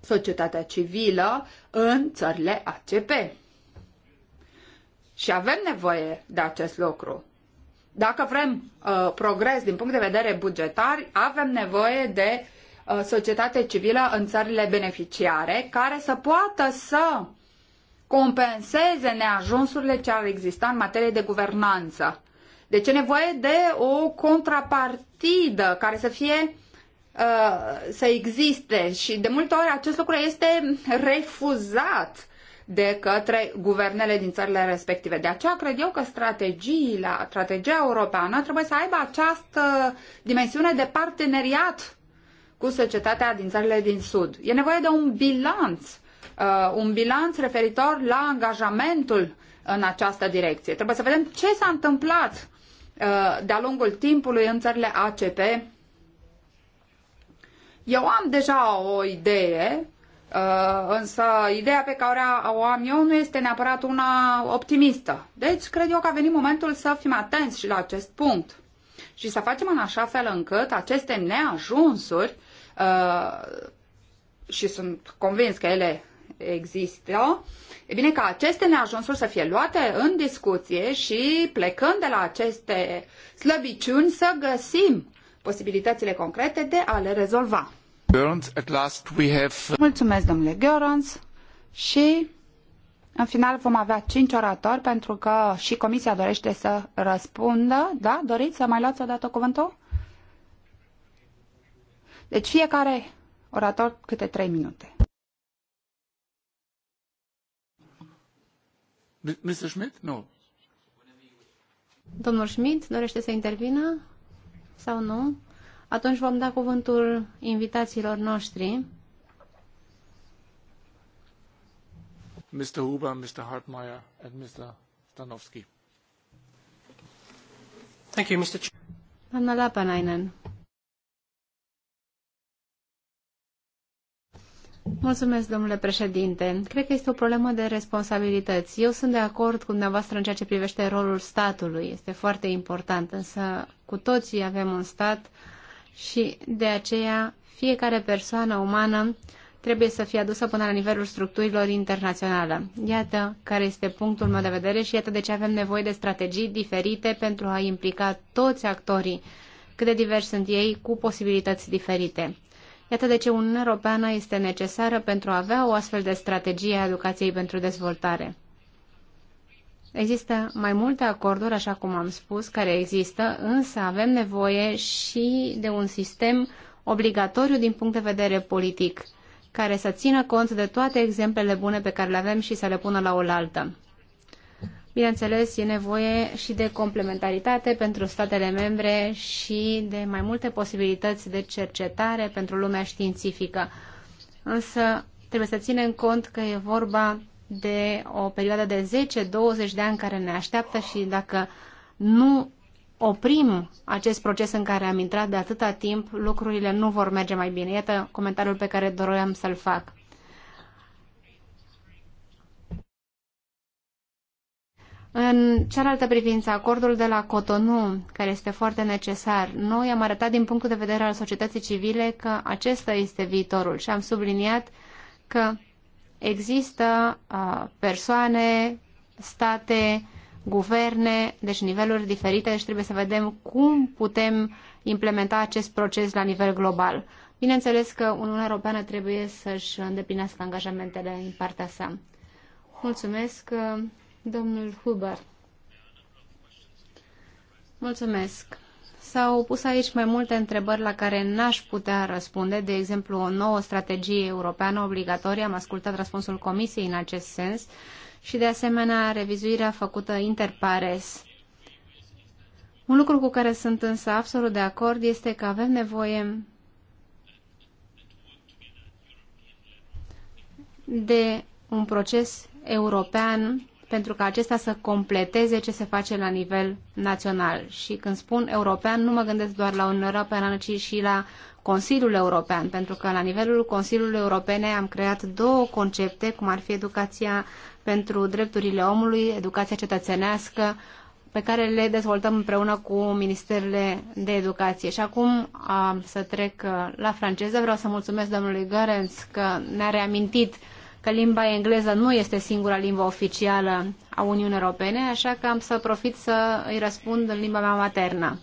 Societatea civilă în țările ACP. Și avem nevoie de acest lucru. Dacă vrem uh, progres din punct de vedere bugetar, avem nevoie de uh, societate civilă în țările beneficiare care să poată să compenseze neajunsurile ce ar exista în materie de guvernanță. Deci e nevoie de o contrapartidă care să fie uh, să existe și de multe ori acest lucru este refuzat de către guvernele din țările respective. De aceea cred eu că strategia, strategia europeană trebuie să aibă această dimensiune de parteneriat cu societatea din țările din Sud. E nevoie de un bilanț, uh, un bilanț referitor la angajamentul în această direcție. Trebuie să vedem ce s-a întâmplat uh, de-a lungul timpului în țările ACP. Eu am deja o idee Uh, însă ideea pe care o am eu nu este neapărat una optimistă. Deci cred eu că a venit momentul să fim atenți și la acest punct și să facem în așa fel încât aceste neajunsuri uh, și sunt convins că ele există, e bine ca aceste neajunsuri să fie luate în discuție și plecând de la aceste slăbiciuni să găsim posibilitățile concrete de a le rezolva. Uh, Mulțumesc, domnule Görans. Și în final vom avea cinci oratori pentru că și comisia dorește să răspundă. Da? Doriți să mai luați o dată cuvântul? Deci fiecare orator câte trei minute. Mr. Schmidt? Nu. No. Domnul Schmidt dorește să intervină sau nu? atunci vom da cuvântul invitațiilor noștri. Mr. Huber, Mr. Hartmeier and Mr. Stanovski. Thank you, Mr. Doamna Lapanainen. Mulțumesc, domnule președinte. Cred că este o problemă de responsabilități. Eu sunt de acord cu dumneavoastră în ceea ce privește rolul statului. Este foarte important, însă cu toții avem un stat uh, și de aceea fiecare persoană umană trebuie să fie adusă până la nivelul structurilor internaționale. Iată care este punctul meu de vedere și iată de ce avem nevoie de strategii diferite pentru a implica toți actorii, cât de diversi sunt ei, cu posibilități diferite. Iată de ce Uniunea Europeană este necesară pentru a avea o astfel de strategie a educației pentru dezvoltare. Există mai multe acorduri, așa cum am spus, care există, însă avem nevoie și de un sistem obligatoriu din punct de vedere politic, care să țină cont de toate exemplele bune pe care le avem și să le pună la oaltă. Bineînțeles, e nevoie și de complementaritate pentru statele membre și de mai multe posibilități de cercetare pentru lumea științifică. Însă, trebuie să ținem cont că e vorba de o perioadă de 10-20 de ani care ne așteaptă și dacă nu oprim acest proces în care am intrat de atâta timp, lucrurile nu vor merge mai bine. Iată comentariul pe care doream să-l fac. În cealaltă privință, acordul de la Cotonou, care este foarte necesar, noi am arătat din punctul de vedere al societății civile că acesta este viitorul și am subliniat că există persoane, state, guverne, deci niveluri diferite, deci trebuie să vedem cum putem implementa acest proces la nivel global. Bineînțeles că Uniunea Europeană trebuie să-și îndeplinească angajamentele în partea sa. Mulțumesc, domnul Huber. Mulțumesc s-au pus aici mai multe întrebări la care n-aș putea răspunde, de exemplu o nouă strategie europeană obligatorie, am ascultat răspunsul Comisiei în acest sens, și de asemenea revizuirea făcută interpares. Un lucru cu care sunt însă absolut de acord este că avem nevoie de un proces european pentru ca acesta să completeze ce se face la nivel național. Și când spun european, nu mă gândesc doar la Uniunea Europeană, ci și la Consiliul European, pentru că la nivelul Consiliului Europene am creat două concepte, cum ar fi educația pentru drepturile omului, educația cetățenească, pe care le dezvoltăm împreună cu Ministerele de Educație. Și acum să trec la franceză. Vreau să mulțumesc domnului Gărenț că ne-a reamintit uh, că limba engleză nu este singura limba oficială a Uniunii Europene, așa că am să profit să îi răspund în limba mea maternă.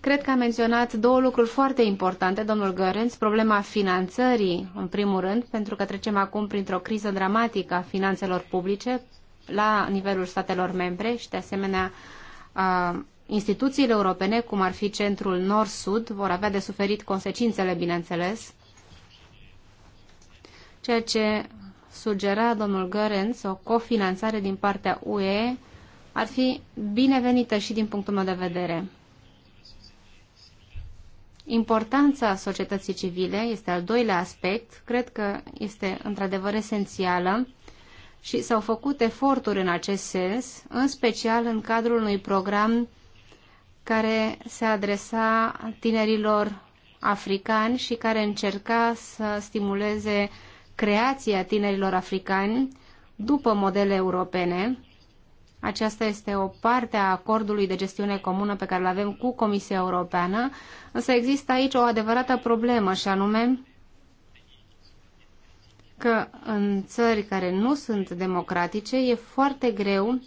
Cred că a menționat două lucruri foarte importante, domnul Gărenț, problema finanțării, în primul rând, pentru că trecem acum printr-o criză dramatică a finanțelor publice la nivelul statelor membre și, de asemenea, instituțiile europene, cum ar fi centrul Nord-Sud, vor avea de suferit consecințele, bineînțeles, ceea ce sugera domnul Gărenț, o cofinanțare din partea UE ar fi binevenită și din punctul meu de vedere. Importanța societății civile este al doilea aspect, cred că este într-adevăr esențială și s-au făcut eforturi în acest sens, în special în cadrul unui program care se adresa tinerilor africani și care încerca să stimuleze creația tinerilor africani după modele europene. Aceasta este o parte a acordului de gestiune comună pe care îl avem cu Comisia Europeană, însă există aici o adevărată problemă și anume că în țări care nu sunt democratice e foarte greu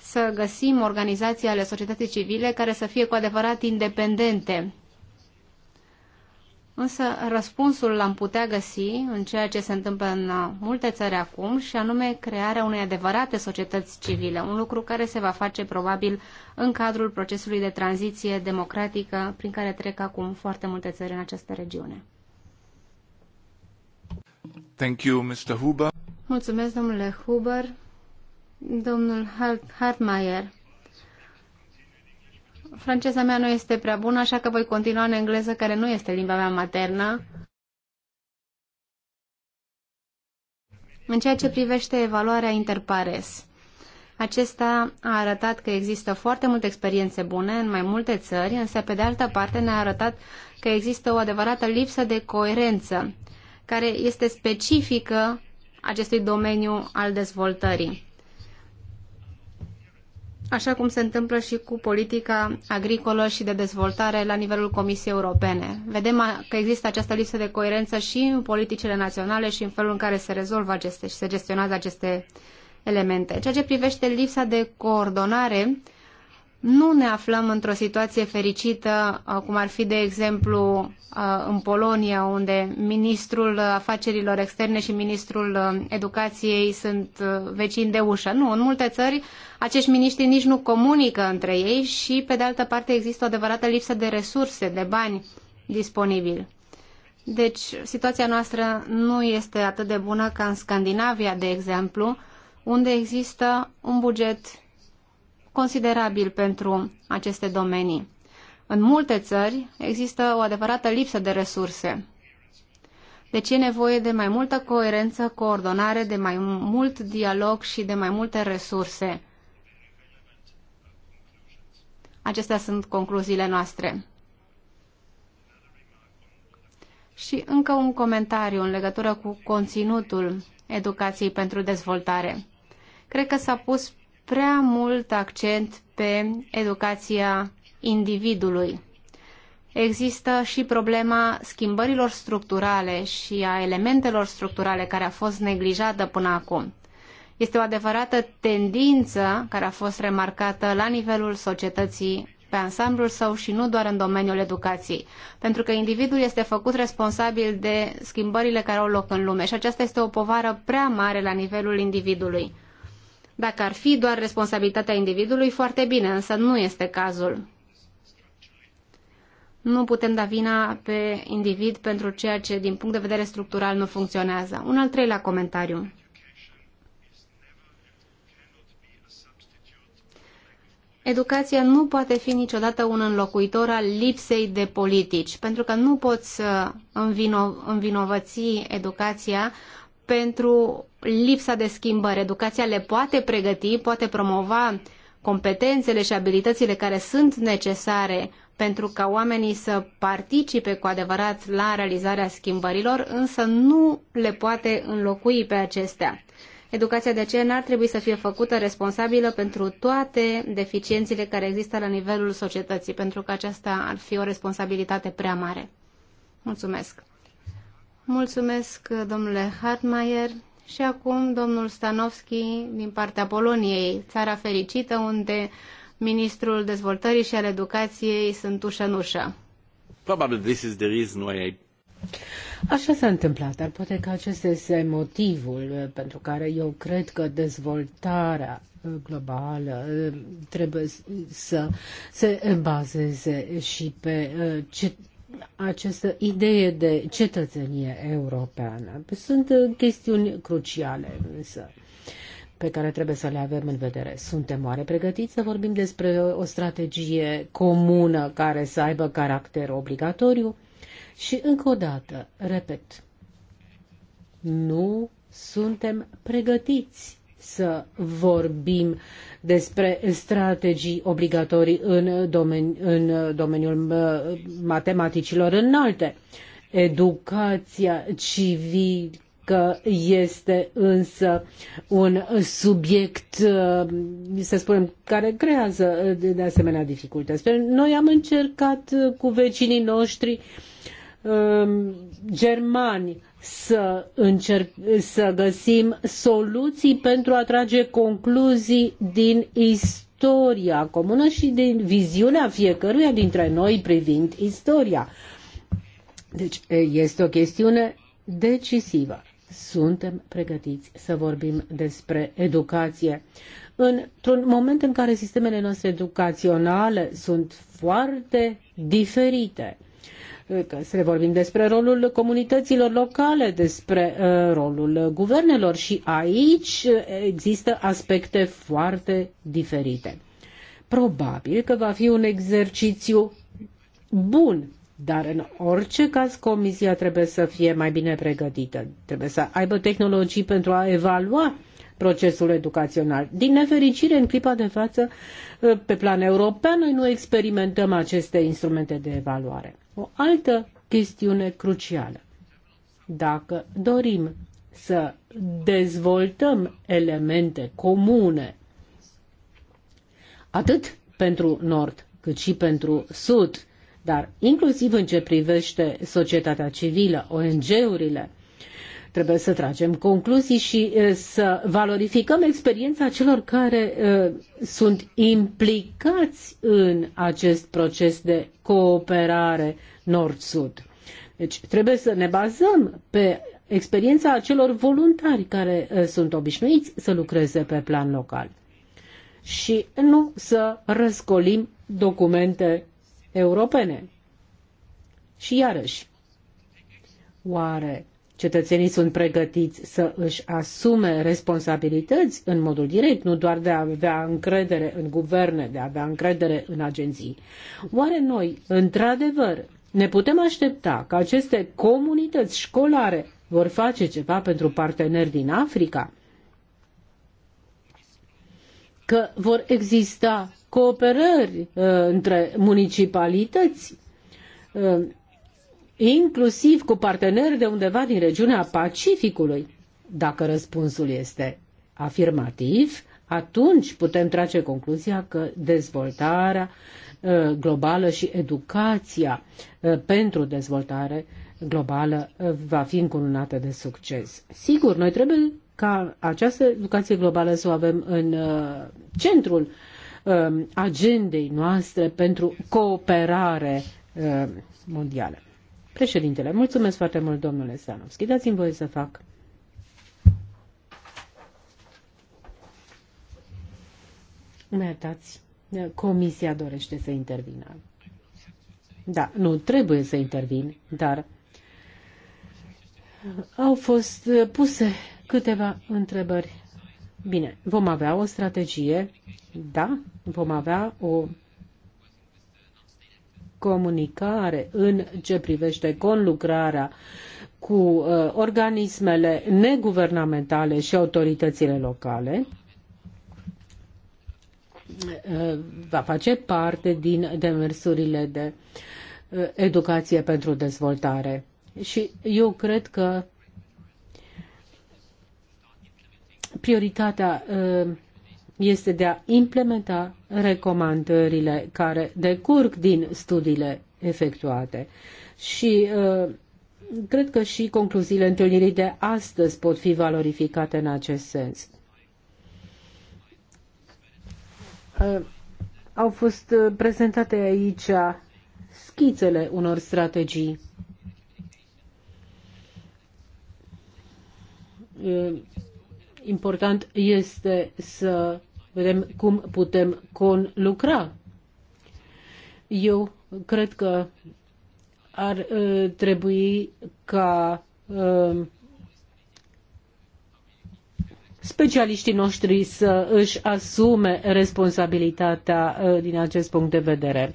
să găsim organizații ale societății civile care să fie cu adevărat independente Însă răspunsul l-am putea găsi în ceea ce se întâmplă în uh, multe țări acum și anume crearea unei adevărate societăți civile, un lucru care se va face probabil în cadrul procesului de tranziție democratică prin care trec acum foarte multe țări în această regiune. Thank you, Mr. Huber. Mulțumesc, domnule Huber. Domnul Hart Hartmeier franceza mea nu este prea bună, așa că voi continua în engleză, care nu este limba mea maternă. În ceea ce privește evaluarea interpares, acesta a arătat că există foarte multe experiențe bune în mai multe țări, însă pe de altă parte ne-a arătat că există o adevărată lipsă de coerență, care este specifică acestui domeniu al dezvoltării așa cum se întâmplă și cu politica agricolă și de dezvoltare la nivelul Comisiei Europene. Vedem că există această lipsă de coerență și în politicile naționale și în felul în care se rezolvă aceste și se gestionează aceste elemente. Ceea ce privește lipsa de coordonare nu ne aflăm într-o situație fericită, uh, cum ar fi, de exemplu, uh, în Polonia, unde ministrul afacerilor externe și ministrul uh, educației sunt vecini de ușă. Nu, în multe țări acești miniștri nici nu comunică între ei și, pe de altă parte, există o adevărată lipsă de resurse, de bani disponibili. Deci, situația noastră nu este atât de bună ca în Scandinavia, de exemplu, unde există un buget considerabil pentru aceste domenii. În multe țări există o adevărată lipsă de resurse. Deci e nevoie de mai multă coerență, coordonare, de mai mult dialog și de mai multe resurse. Acestea sunt concluziile noastre. Și încă un comentariu în legătură cu conținutul educației pentru dezvoltare. Cred că s-a pus prea mult accent pe educația individului. Există și problema schimbărilor structurale și a elementelor structurale care a fost neglijată până acum. Este o adevărată tendință care a fost remarcată la nivelul societății pe ansamblul său și nu doar în domeniul educației, pentru că individul este făcut responsabil de schimbările care au loc în lume și aceasta este o povară prea mare la nivelul individului. Dacă ar fi doar responsabilitatea individului, foarte bine, însă nu este cazul. Nu putem da vina pe individ pentru ceea ce, din punct de vedere structural, nu funcționează. Un al treilea comentariu. Educația nu poate fi niciodată un înlocuitor al lipsei de politici, pentru că nu poți învino, învinovăți educația pentru lipsa de schimbări. Educația le poate pregăti, poate promova competențele și abilitățile care sunt necesare pentru ca oamenii să participe cu adevărat la realizarea schimbărilor, însă nu le poate înlocui pe acestea. Educația de aceea n-ar trebui să fie făcută responsabilă pentru toate deficiențele care există la nivelul societății, pentru că aceasta ar fi o responsabilitate prea mare. Mulțumesc! Mulțumesc, domnule Hartmaier. Și acum domnul Stanovski din partea Poloniei, țara fericită, unde ministrul dezvoltării și al educației sunt ușă în ușă. Probabil this is the reason why I... Așa s-a întâmplat, dar poate că acesta este motivul pentru care eu cred că dezvoltarea globală eh, trebuie să se bazeze și pe eh, această idee de cetățenie europeană. Sunt chestiuni cruciale însă pe care trebuie să le avem în vedere. Suntem oare pregătiți să vorbim despre o strategie comună care să aibă caracter obligatoriu? Și încă o dată, repet, nu suntem pregătiți să vorbim despre strategii obligatorii în, domeni, în domeniul uh, matematicilor înalte. Educația civică este însă un subiect, uh, să spunem, care creează uh, de asemenea dificultăți. Noi am încercat cu vecinii noștri germani să, încerc, să găsim soluții pentru a trage concluzii din istoria comună și din viziunea fiecăruia dintre noi privind istoria. Deci este o chestiune decisivă. Suntem pregătiți să vorbim despre educație. Într-un moment în care sistemele noastre educaționale sunt foarte diferite, să vorbim despre rolul comunităților locale, despre uh, rolul guvernelor și aici uh, există aspecte foarte diferite. Probabil că va fi un exercițiu bun, dar în orice caz comisia trebuie să fie mai bine pregătită, trebuie să aibă tehnologii pentru a evalua uh, procesul educațional. Din nefericire, în clipa de față, ă, pe plan european, noi nu experimentăm aceste instrumente de evaluare. O altă chestiune crucială. Dacă dorim să dezvoltăm elemente comune, atât pentru Nord cât și pentru Sud, dar inclusiv în ce privește societatea civilă, ONG-urile, Trebuie să tragem concluzii și să valorificăm experiența celor care sunt implicați în acest proces de cooperare nord-sud. Deci trebuie să ne bazăm pe experiența acelor voluntari care sunt obișnuiți să lucreze pe plan local și nu să răscolim documente europene. Și iarăși, oare cetățenii sunt pregătiți să își asume responsabilități în modul direct, nu doar de a avea încredere în guverne, de a avea încredere în agenții. Oare noi, într-adevăr, ne putem aștepta că aceste comunități școlare vor face ceva pentru parteneri din Africa? Că vor exista cooperări uh, între municipalități? Uh, inclusiv cu parteneri de undeva din regiunea Pacificului? Dacă răspunsul este afirmativ, atunci putem trage concluzia că dezvoltarea uh, globală și educația uh, pentru dezvoltare globală uh, va fi încununată de succes. Sigur, noi trebuie ca această educație globală să o avem în centrul agendei noastre pentru cooperare mondială. Președintele, mulțumesc foarte mult, domnule Stanovski. Dați-mi voie să fac. Mă iertați, comisia dorește să intervină. Da, nu trebuie să intervin, dar au fost puse câteva întrebări. Bine, vom avea o strategie, da, vom avea o comunicare în ce privește conlucrarea cu uh, organismele neguvernamentale și autoritățile locale uh, va face parte din demersurile de uh, educație pentru dezvoltare. Și eu cred că prioritatea uh, este de a implementa recomandările care decurg din studiile efectuate. Și uh, cred că și concluziile întâlnirii de astăzi pot fi valorificate în acest sens. Uh, au fost uh, prezentate aici schițele unor strategii. Uh, important este să vedem cum putem conlucra. Eu cred că ar uh, trebui ca uh, specialiștii noștri să își asume responsabilitatea uh, din acest punct de vedere.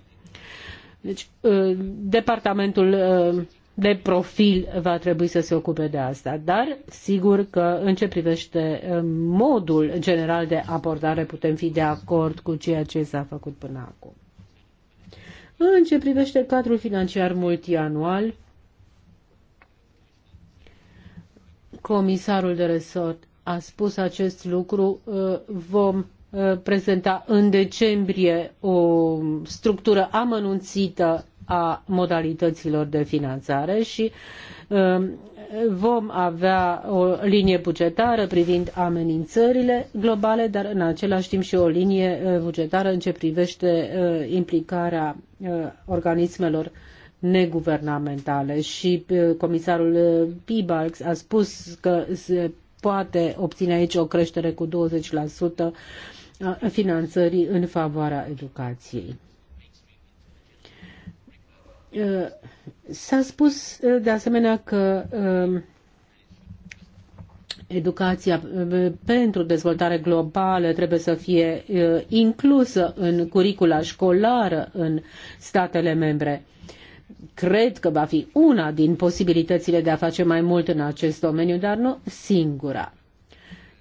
Deci, departamentul de profil va trebui să se ocupe de asta. Dar, sigur că în ce privește eh, modul general de abordare, putem fi de acord cu ceea ce s-a făcut până acum. În ce privește cadrul financiar multianual, comisarul de resort a spus acest lucru, eh, vom eh, prezenta în decembrie o structură amănunțită a modalităților de finanțare și um, vom avea o linie bugetară privind amenințările globale, dar în același timp și o linie uh, bugetară în ce privește uh, implicarea uh, organismelor neguvernamentale și comisarul Pibalx a spus că se poate obține aici o creștere cu 20% finanțării în favoarea educației. Uh, s-a spus uh, de asemenea că um, educația uh, pentru dezvoltare globală trebuie să fie inclusă în curicula școlară în statele membre. Cred că va fi una din posibilitățile de a face mai mult în acest domeniu, dar nu singura.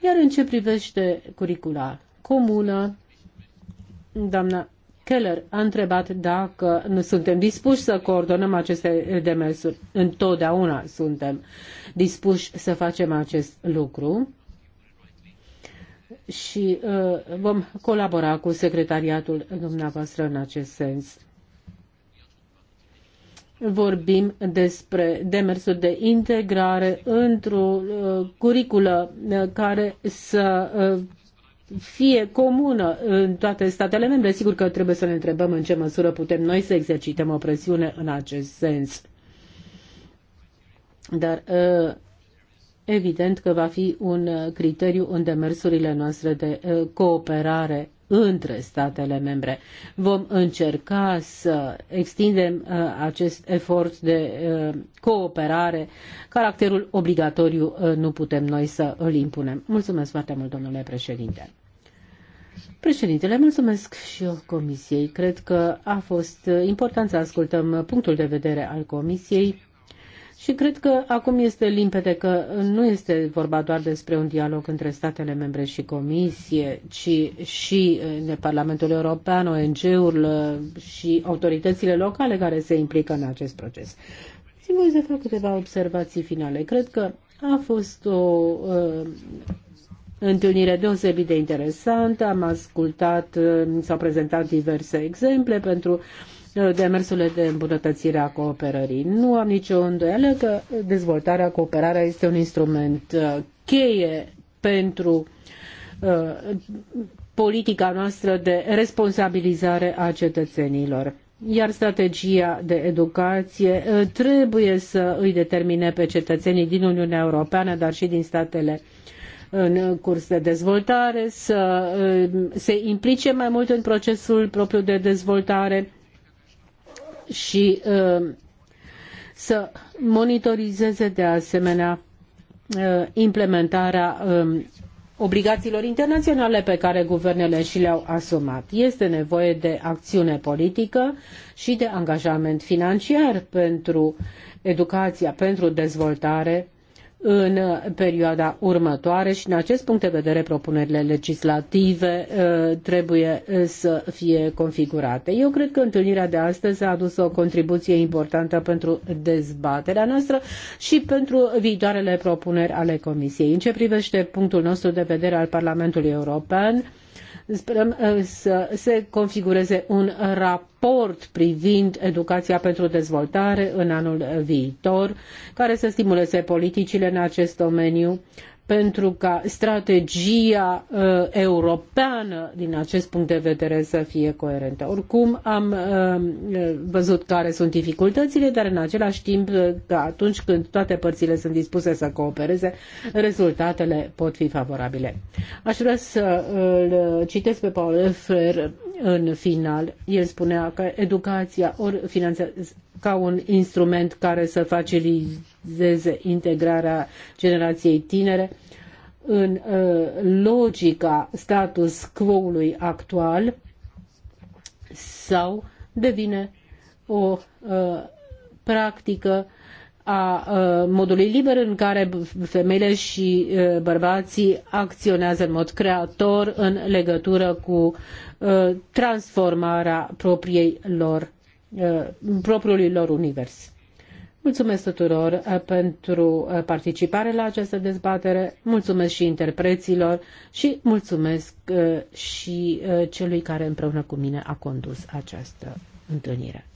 Iar în ce privește curicula comună, doamna Keller a întrebat dacă nu suntem dispuși să coordonăm aceste demersuri. Întotdeauna suntem dispuși să facem acest lucru și uh, vom colabora cu secretariatul dumneavoastră în acest sens. Vorbim despre demersuri de integrare într-o uh, curiculă uh, care să uh, fie comună în toate statele membre. Sigur că trebuie să ne întrebăm în ce măsură putem noi să exercităm o presiune în acest sens. Dar ă, evident că va fi un criteriu în demersurile noastre de ă, cooperare între statele membre. Vom încerca să extindem ă, acest efort de cooperare. Caracterul obligatoriu nu putem noi să îl impunem. Mulțumesc foarte mult, domnule președinte. Președintele, mulțumesc și eu Comisiei. Cred că a fost important să ascultăm punctul de vedere al Comisiei și cred că acum este limpede că nu este vorba doar despre un dialog între statele membre și Comisie, ci și eh, de Parlamentul European, ONG-urile eh, și autoritățile locale care se implică în acest proces. Și voi să fac câteva observații finale. Cred că a fost o uh, întâlnire deosebit de interesantă. Am ascultat, uh, s-au prezentat diverse exemple pentru uh, demersurile de îmbunătățire a cooperării. Nu am nicio îndoială că dezvoltarea, cooperarea este un instrument uh, cheie pentru politica noastră de responsabilizare a cetățenilor iar strategia de educație trebuie să îi determine pe cetățenii din Uniunea Europeană, dar și din statele în curs de dezvoltare, să se implice mai mult în procesul propriu de dezvoltare și uh, să monitorizeze de asemenea uh, implementarea um, obligațiilor internaționale pe care guvernele și le-au asumat. Este nevoie de acțiune politică și de angajament financiar pentru educația, pentru dezvoltare în perioada următoare și în acest punct de vedere propunerile legislative uh, trebuie uh, să fie configurate. Eu cred că întâlnirea de astăzi a adus o contribuție importantă pentru dezbaterea noastră și pentru viitoarele propuneri ale Comisiei. În ce privește punctul nostru de vedere al Parlamentului European, Sperăm uh, să se configureze un raport privind educația pentru dezvoltare în anul viitor, care să stimuleze politicile în acest domeniu, pentru ca strategia uh, europeană din acest punct de vedere să fie coerentă. Oricum am uh, uh văzut care sunt dificultățile, dar în același timp uh, că atunci când toate părțile sunt dispuse să coopereze, rezultatele pot fi favorabile. Aș vrea să uh, îl citesc pe Paul Fer în final. El spunea că educația ori finanțează ca un instrument care să facilite favorizeze integrarea generației tinere în uh, logica status quo-ului actual sau devine o uh, practică a uh, modului liber în care femeile și bărbații acționează în mod creator în legătură cu transformarea propriei lor, propriului lor univers. Mulțumesc tuturor uh, pentru uh, participare la această dezbatere, mulțumesc și interpreților și mulțumesc uh, și celui care împreună cu mine a condus această întâlnire.